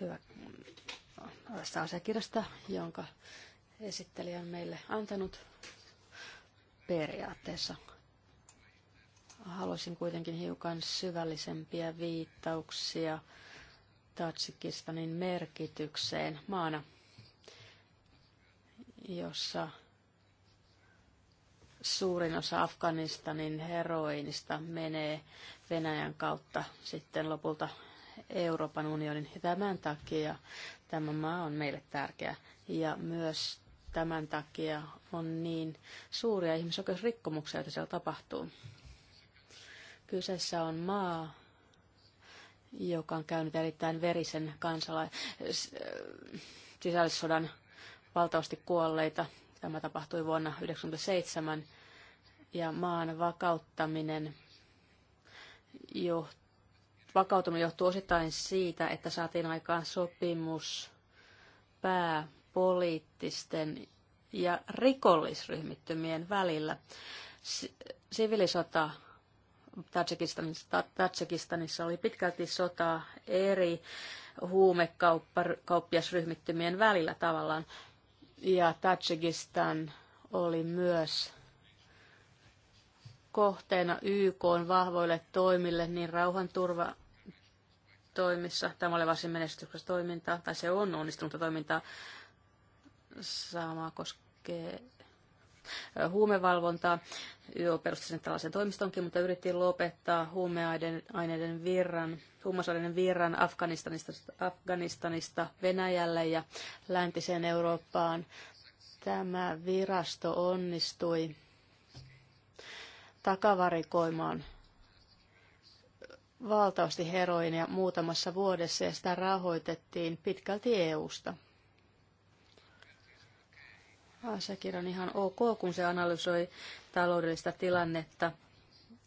hyvä tästä asiakirjasta, jonka esittelijä on meille antanut periaatteessa. Haluaisin kuitenkin hiukan syvällisempiä viittauksia Tatsikistanin merkitykseen maana, jossa suurin osa Afganistanin heroinista menee Venäjän kautta sitten lopulta Euroopan unionin. Ja tämän takia tämä maa on meille tärkeä. Ja myös tämän takia on niin suuria ihmisoikeusrikkomuksia, joita siellä tapahtuu. Kyseessä on maa, joka on käynyt erittäin verisen kansala- sisällissodan valtavasti kuolleita. Tämä tapahtui vuonna 1997 ja maan vakauttaminen johtuu Vakautuminen johtuu osittain siitä, että saatiin aikaan sopimus pääpoliittisten ja rikollisryhmittymien välillä. Sivilisota Tatsikistanissa, Tatsikistanissa oli pitkälti sota eri huumekauppiasryhmittymien välillä tavallaan. Ja Tatsikistan oli myös kohteena YK vahvoille toimille niin rauhanturva toimissa. Tämä oli varsin menestyksessä toimintaa, tai se on onnistunutta toimintaa. Sama koskee huumevalvontaa. jo perusti sen tällaisen toimistonkin, mutta yritti lopettaa huumeaineiden virran, huumausaineiden virran Afganistanista, Afganistanista Venäjälle ja läntiseen Eurooppaan. Tämä virasto onnistui takavarikoimaan valtavasti heroinia muutamassa vuodessa ja sitä rahoitettiin pitkälti EU-sta. Asiakirja on ihan ok, kun se analysoi taloudellista tilannetta.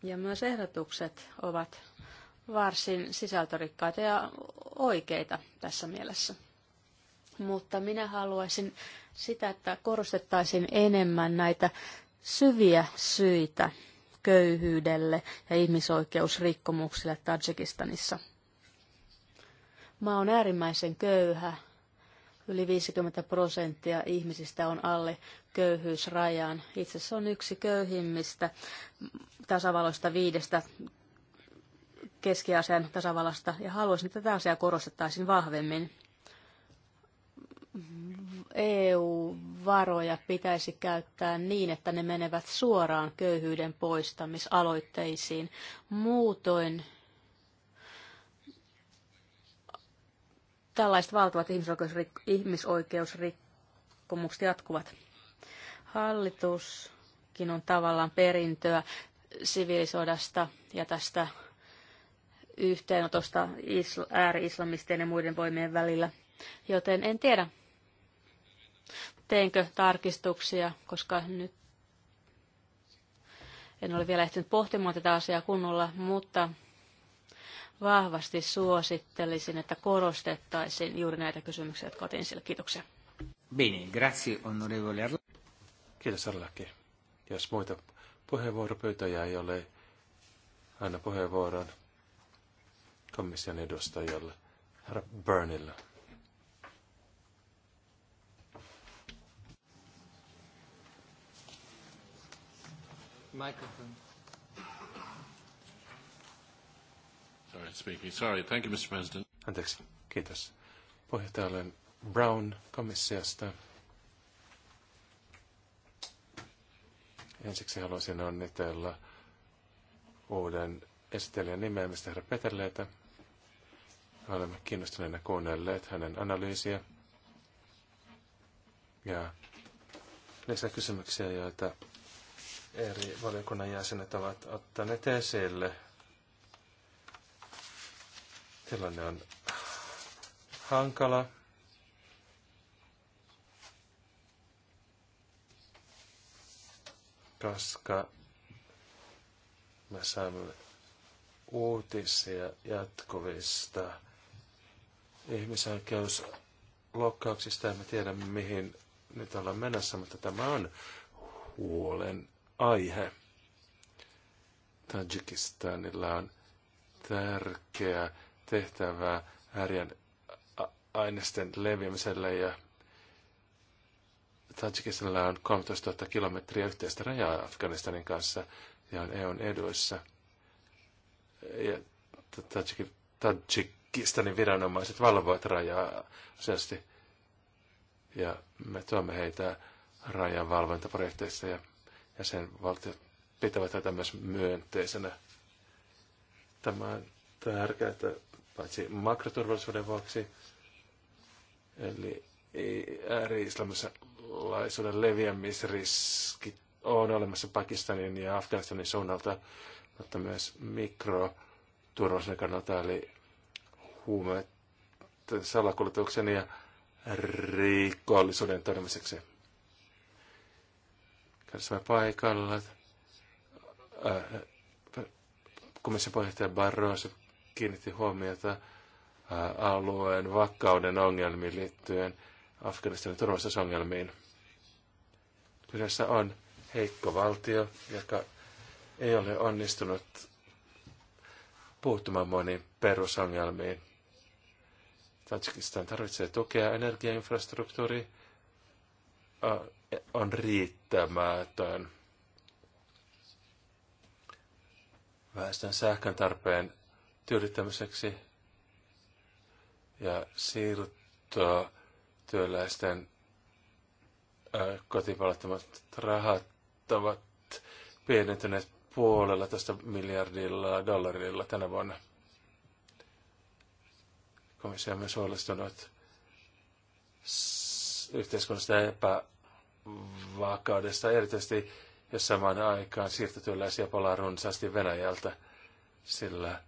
Ja myös ehdotukset ovat varsin sisältörikkaita ja oikeita tässä mielessä. Mutta minä haluaisin sitä, että korostettaisiin enemmän näitä syviä syitä köyhyydelle ja ihmisoikeusrikkomuksille Tajikistanissa. Maa on äärimmäisen köyhä. Yli 50 prosenttia ihmisistä on alle köyhyysrajan. Itse asiassa on yksi köyhimmistä tasavaloista viidestä keskiasian tasavallasta ja haluaisin, että tätä asiaa korostettaisiin vahvemmin. EU varoja pitäisi käyttää niin, että ne menevät suoraan köyhyyden poistamisaloitteisiin. Muutoin tällaiset valtavat ihmisoikeusrikkomukset jatkuvat. Hallituskin on tavallaan perintöä siviilisodasta ja tästä yhteenotosta ääri-islamistien ja muiden voimien välillä, joten en tiedä teenkö tarkistuksia, koska nyt en ole vielä ehtinyt pohtimaan tätä asiaa kunnolla, mutta vahvasti suosittelisin, että korostettaisiin juuri näitä kysymyksiä, jotka otin sille. Kiitoksia. Bene, grazie onorevole Arla. Kiitos Arlaki. Jos muita puheenvuoropyytäjä ei ole, anna puheenvuoron komission edustajalle, herra Burnilla. Microphone. Sorry, speaking. Sorry, thank you, Mr. President. Anteeksi, kiitos. Puheenjohtaja olen Brown komissiosta. Ensiksi haluaisin onnitella uuden esittelijän nimeämistä herra Peterleitä. Olemme kiinnostuneena kuunnelleet hänen analyysiä ja lisäkysymyksiä, joita eri valiokunnan jäsenet ovat ottaneet esille. Tilanne on hankala. Koska me saamme uutisia jatkuvista ihmisoikeusloukkauksista. Emme tiedä, mihin nyt ollaan menossa, mutta tämä on huolen aihe. Tajikistanilla on tärkeä tehtävä äärien aineisten leviämiselle ja Tajikistanilla on 13 000 kilometriä yhteistä rajaa Afganistanin kanssa ja on EUn eduissa. Ja Tajikistanin viranomaiset valvoivat rajaa asiallisesti ja me tuomme heitä rajan valvontaprojekteissa ja ja sen pitävät tätä myös myönteisenä. Tämä on tärkeää paitsi makroturvallisuuden vuoksi, eli ääri-islamilaisuuden leviämisriski on olemassa Pakistanin ja Afganistanin suunnalta, mutta myös mikroturvallisuuden kannalta, eli huumeiden salakuljetuksen ja rikollisuuden torjumiseksi kärsivät paikalla. Äh, komission puheenjohtaja Barroso kiinnitti huomiota äh, alueen vakauden ongelmiin liittyen Afganistanin turvallisuusongelmiin. Kyseessä on heikko valtio, joka ei ole onnistunut puuttumaan moniin perusongelmiin. Tajikistan tarvitsee tukea energiainfrastruktuuri, äh, on riittämätön. Väestön sähkön tarpeen tyydyttämiseksi ja siirtoa työläisten kotipalattomat rahat ovat pienentyneet puolella tästä miljardilla dollarilla tänä vuonna. Komissio on myös huolestunut yhteiskunnasta epä vakaudesta, erityisesti jos samaan aikaan siirtotyöläisiä palaa runsaasti Venäjältä, sillä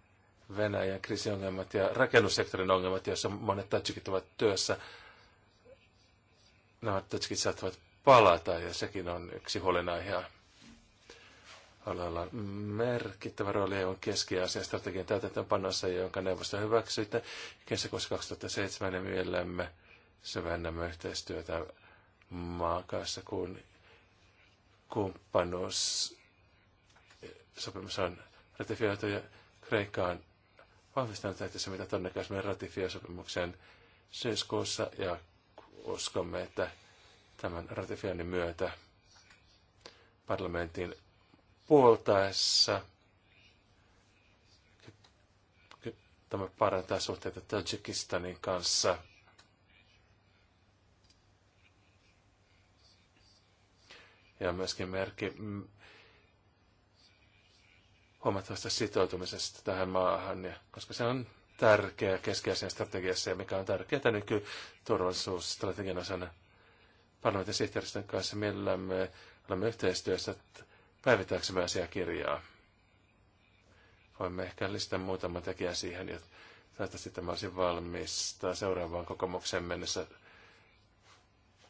Venäjän kriisiongelmat ja rakennussektorin ongelmat, joissa monet tatsikit ovat työssä, nämä tatsikit saattavat palata ja sekin on yksi huolenaihe. Alalla merkittävä rooli on keski-Aasian strategian täytäntöönpanossa, jonka neuvosto hyväksyi kesäkuussa 2007 ja syvennämme yhteistyötä kanssa, kun sopimus on ratifioitu ja Kreikka on vahvistanut että mitä meidän ratifiosopimuksen syyskuussa ja uskomme, että tämän ratifioinnin myötä parlamentin puoltaessa tämä parantaa suhteita Tajikistanin kanssa – ja myöskin merkki huomattavasta sitoutumisesta tähän maahan, ja, koska se on tärkeä keskeisen strategiassa ja mikä on tärkeää turvallisuusstrategian osana. Parlamentin sihteeristön kanssa me olemme yhteistyössä päivittääksemme asiakirjaa. Voimme ehkä lisätä muutama tekijä siihen, ja toivottavasti tämä olisi valmista seuraavaan kokoukseen mennessä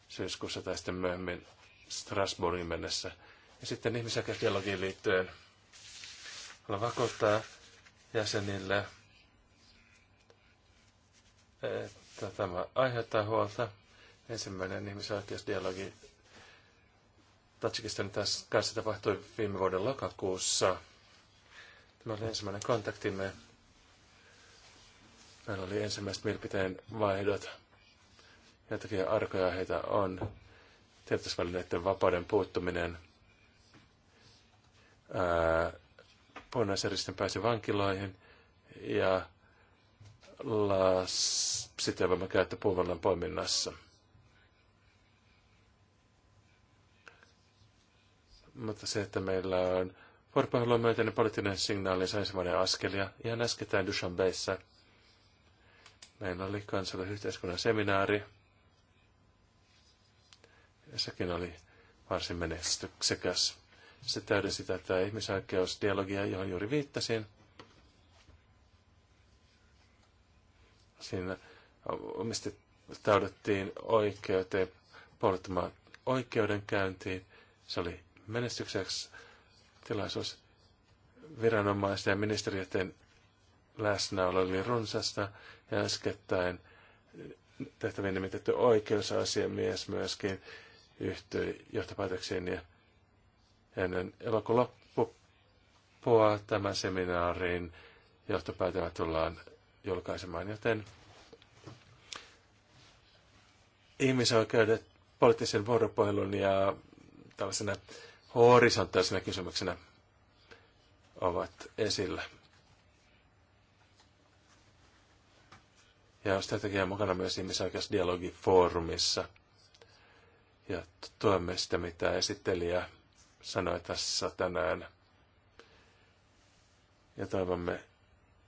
syyskuussa tai sitten myöhemmin Strasbourgin mennessä. Ja sitten ihmisoikeusdialogiin liittyen haluan vakuuttaa jäsenille, että tämä aiheuttaa huolta. Ensimmäinen ihmisoikeusdialogi Tajikistanin kanssa tapahtui viime vuoden lokakuussa. Tämä oli ensimmäinen kontaktimme. Meillä oli ensimmäiset mielipiteen vaihdot. Jotakin arkoja heitä on tiedotusvälineiden vapauden puuttuminen. Punaisjärjestön pääsi vankiloihin ja sitä voimme käyttää puuvallan poiminnassa. Mutta se, että meillä on vuoropuhelun myönteinen poliittinen signaali, se on ensimmäinen askel. Ja ihan äskettäin Dushanbeissa meillä oli kansalaisyhteiskunnan seminaari – sekin oli varsin menestyksekäs. Se täydensi tätä ihmisoikeusdialogia, johon juuri viittasin. Siinä omistauduttiin oikeuteen, puolustamaan oikeudenkäyntiin. Se oli menestykseksi tilaisuus viranomaisten ja ministeriöiden läsnäolo oli runsasta ja äskettäin tehtäviin nimitetty oikeusasiamies myöskin yhtyi johtopäätökseen Ja ennen elokuun loppua tämän seminaarin johtopäätelmät tullaan julkaisemaan, joten ihmisoikeudet poliittisen vuoropuhelun ja tällaisena horisontaalisena kysymyksenä ovat esillä. Ja strategia on mukana myös ihmisoikeusdialogifoorumissa – ja tuemme sitä, mitä esittelijä sanoi tässä tänään. Ja toivomme,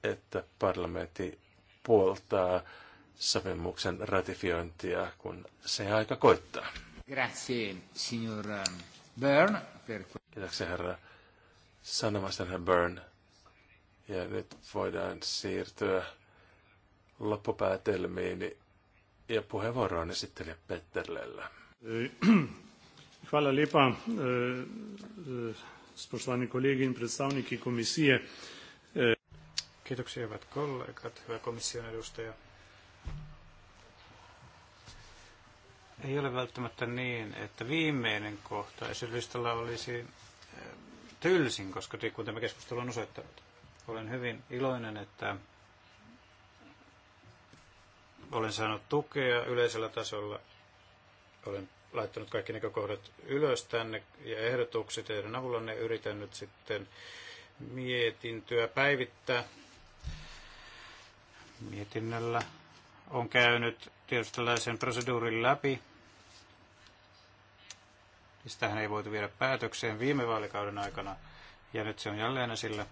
että parlamentti puoltaa sopimuksen ratifiointia, kun se aika koittaa. Grazie, signor Byrne. Per... Kiitoksia, herra sanomasta, herra Byrne. Ja nyt voidaan siirtyä loppupäätelmiin ja puheenvuoroon esittelijä Petterlellä. Äh, hvala lepa, äh, äh, spoštovani kolegi in predstavniki komisije. Kiitoksia hyvät kollegat, hyvä komission edustaja. Ei ole välttämättä niin, että viimeinen kohta esilistalla olisi tylsin, koska kun tämä keskustelu on osoittanut. Olen hyvin iloinen, että olen saanut tukea yleisellä tasolla olen laittanut kaikki näkökohdat ylös tänne ja ehdotukset, joiden avulla ne yritän nyt sitten mietintöä päivittää. Mietinnällä on käynyt tietysti tällaisen proseduurin läpi. Sitähän ei voitu viedä päätökseen viime vaalikauden aikana, ja nyt se on jälleen esillä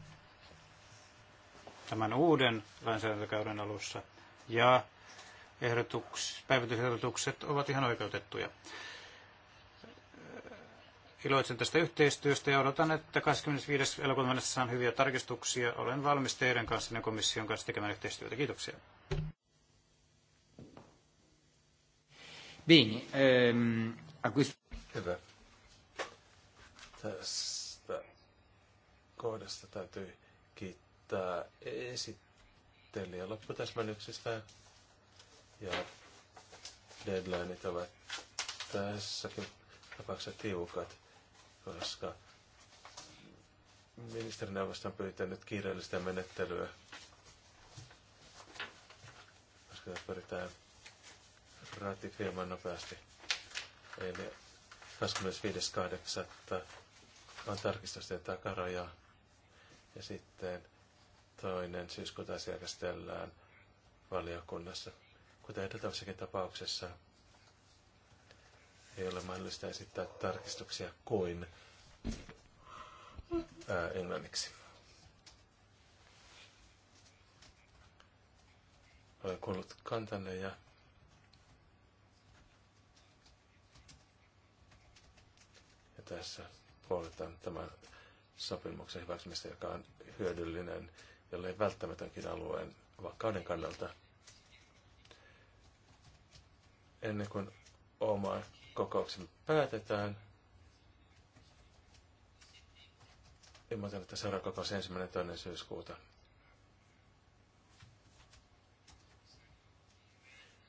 tämän uuden lainsäädäntökauden alussa. Ja ehdotuks, päivitysehdotukset ovat ihan oikeutettuja. Iloitsen tästä yhteistyöstä ja odotan, että 25. elokuuta mennessä saan hyviä tarkistuksia. Olen valmis teidän kanssa ja komission kanssa tekemään yhteistyötä. Kiitoksia. Bene, ehm, a questo... Hyvä. Tästä kohdasta täytyy kiittää esittelijä lopputäsmännyksistä ja deadlineit ovat tässäkin tapauksessa tiukat, koska ministerineuvosto on pyytänyt kiireellistä menettelyä, koska pyritään ratifioimaan nopeasti. Eli 25.8. on tarkistusten takaraja. Ja sitten toinen syyskuuta asiakastellaan valiokunnassa. Kuten edeltävässäkin tapauksessa, ei ole mahdollista esittää tarkistuksia kuin ää, englanniksi. Olen kuullut kantanne ja ja tässä puoletaan tämän sopimuksen hyväksymistä, joka on hyödyllinen, jollei välttämätönkin alueen vakauden kannalta – ennen kuin omaan kokouksen päätetään. Ilmoitan, että seuraava kokous ensimmäinen toinen syyskuuta.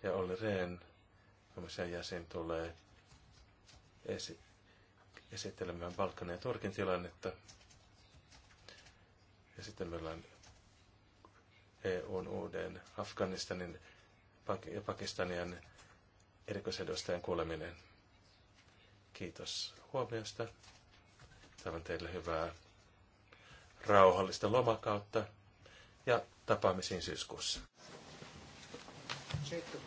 Ja Olli Rehn, komission jäsen, tulee esi- esittelemään Balkanin ja Turkin tilannetta. Ja sitten meillä on EUn uuden Afganistanin ja Pakistanin erikoisedustajan kuuleminen. Kiitos huomiosta. Toivon teille hyvää rauhallista lomakautta ja tapaamisiin syyskuussa. Certo,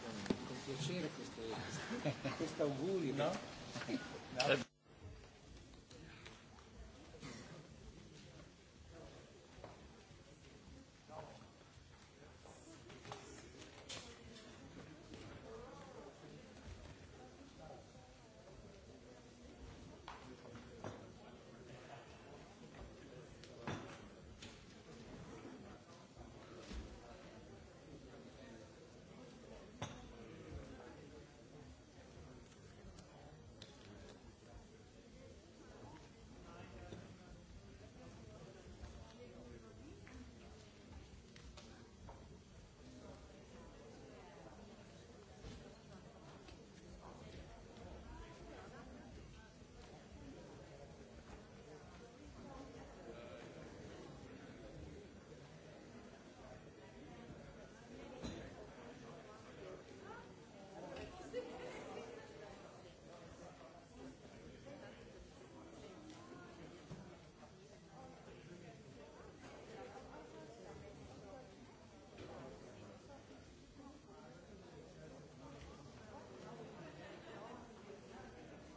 on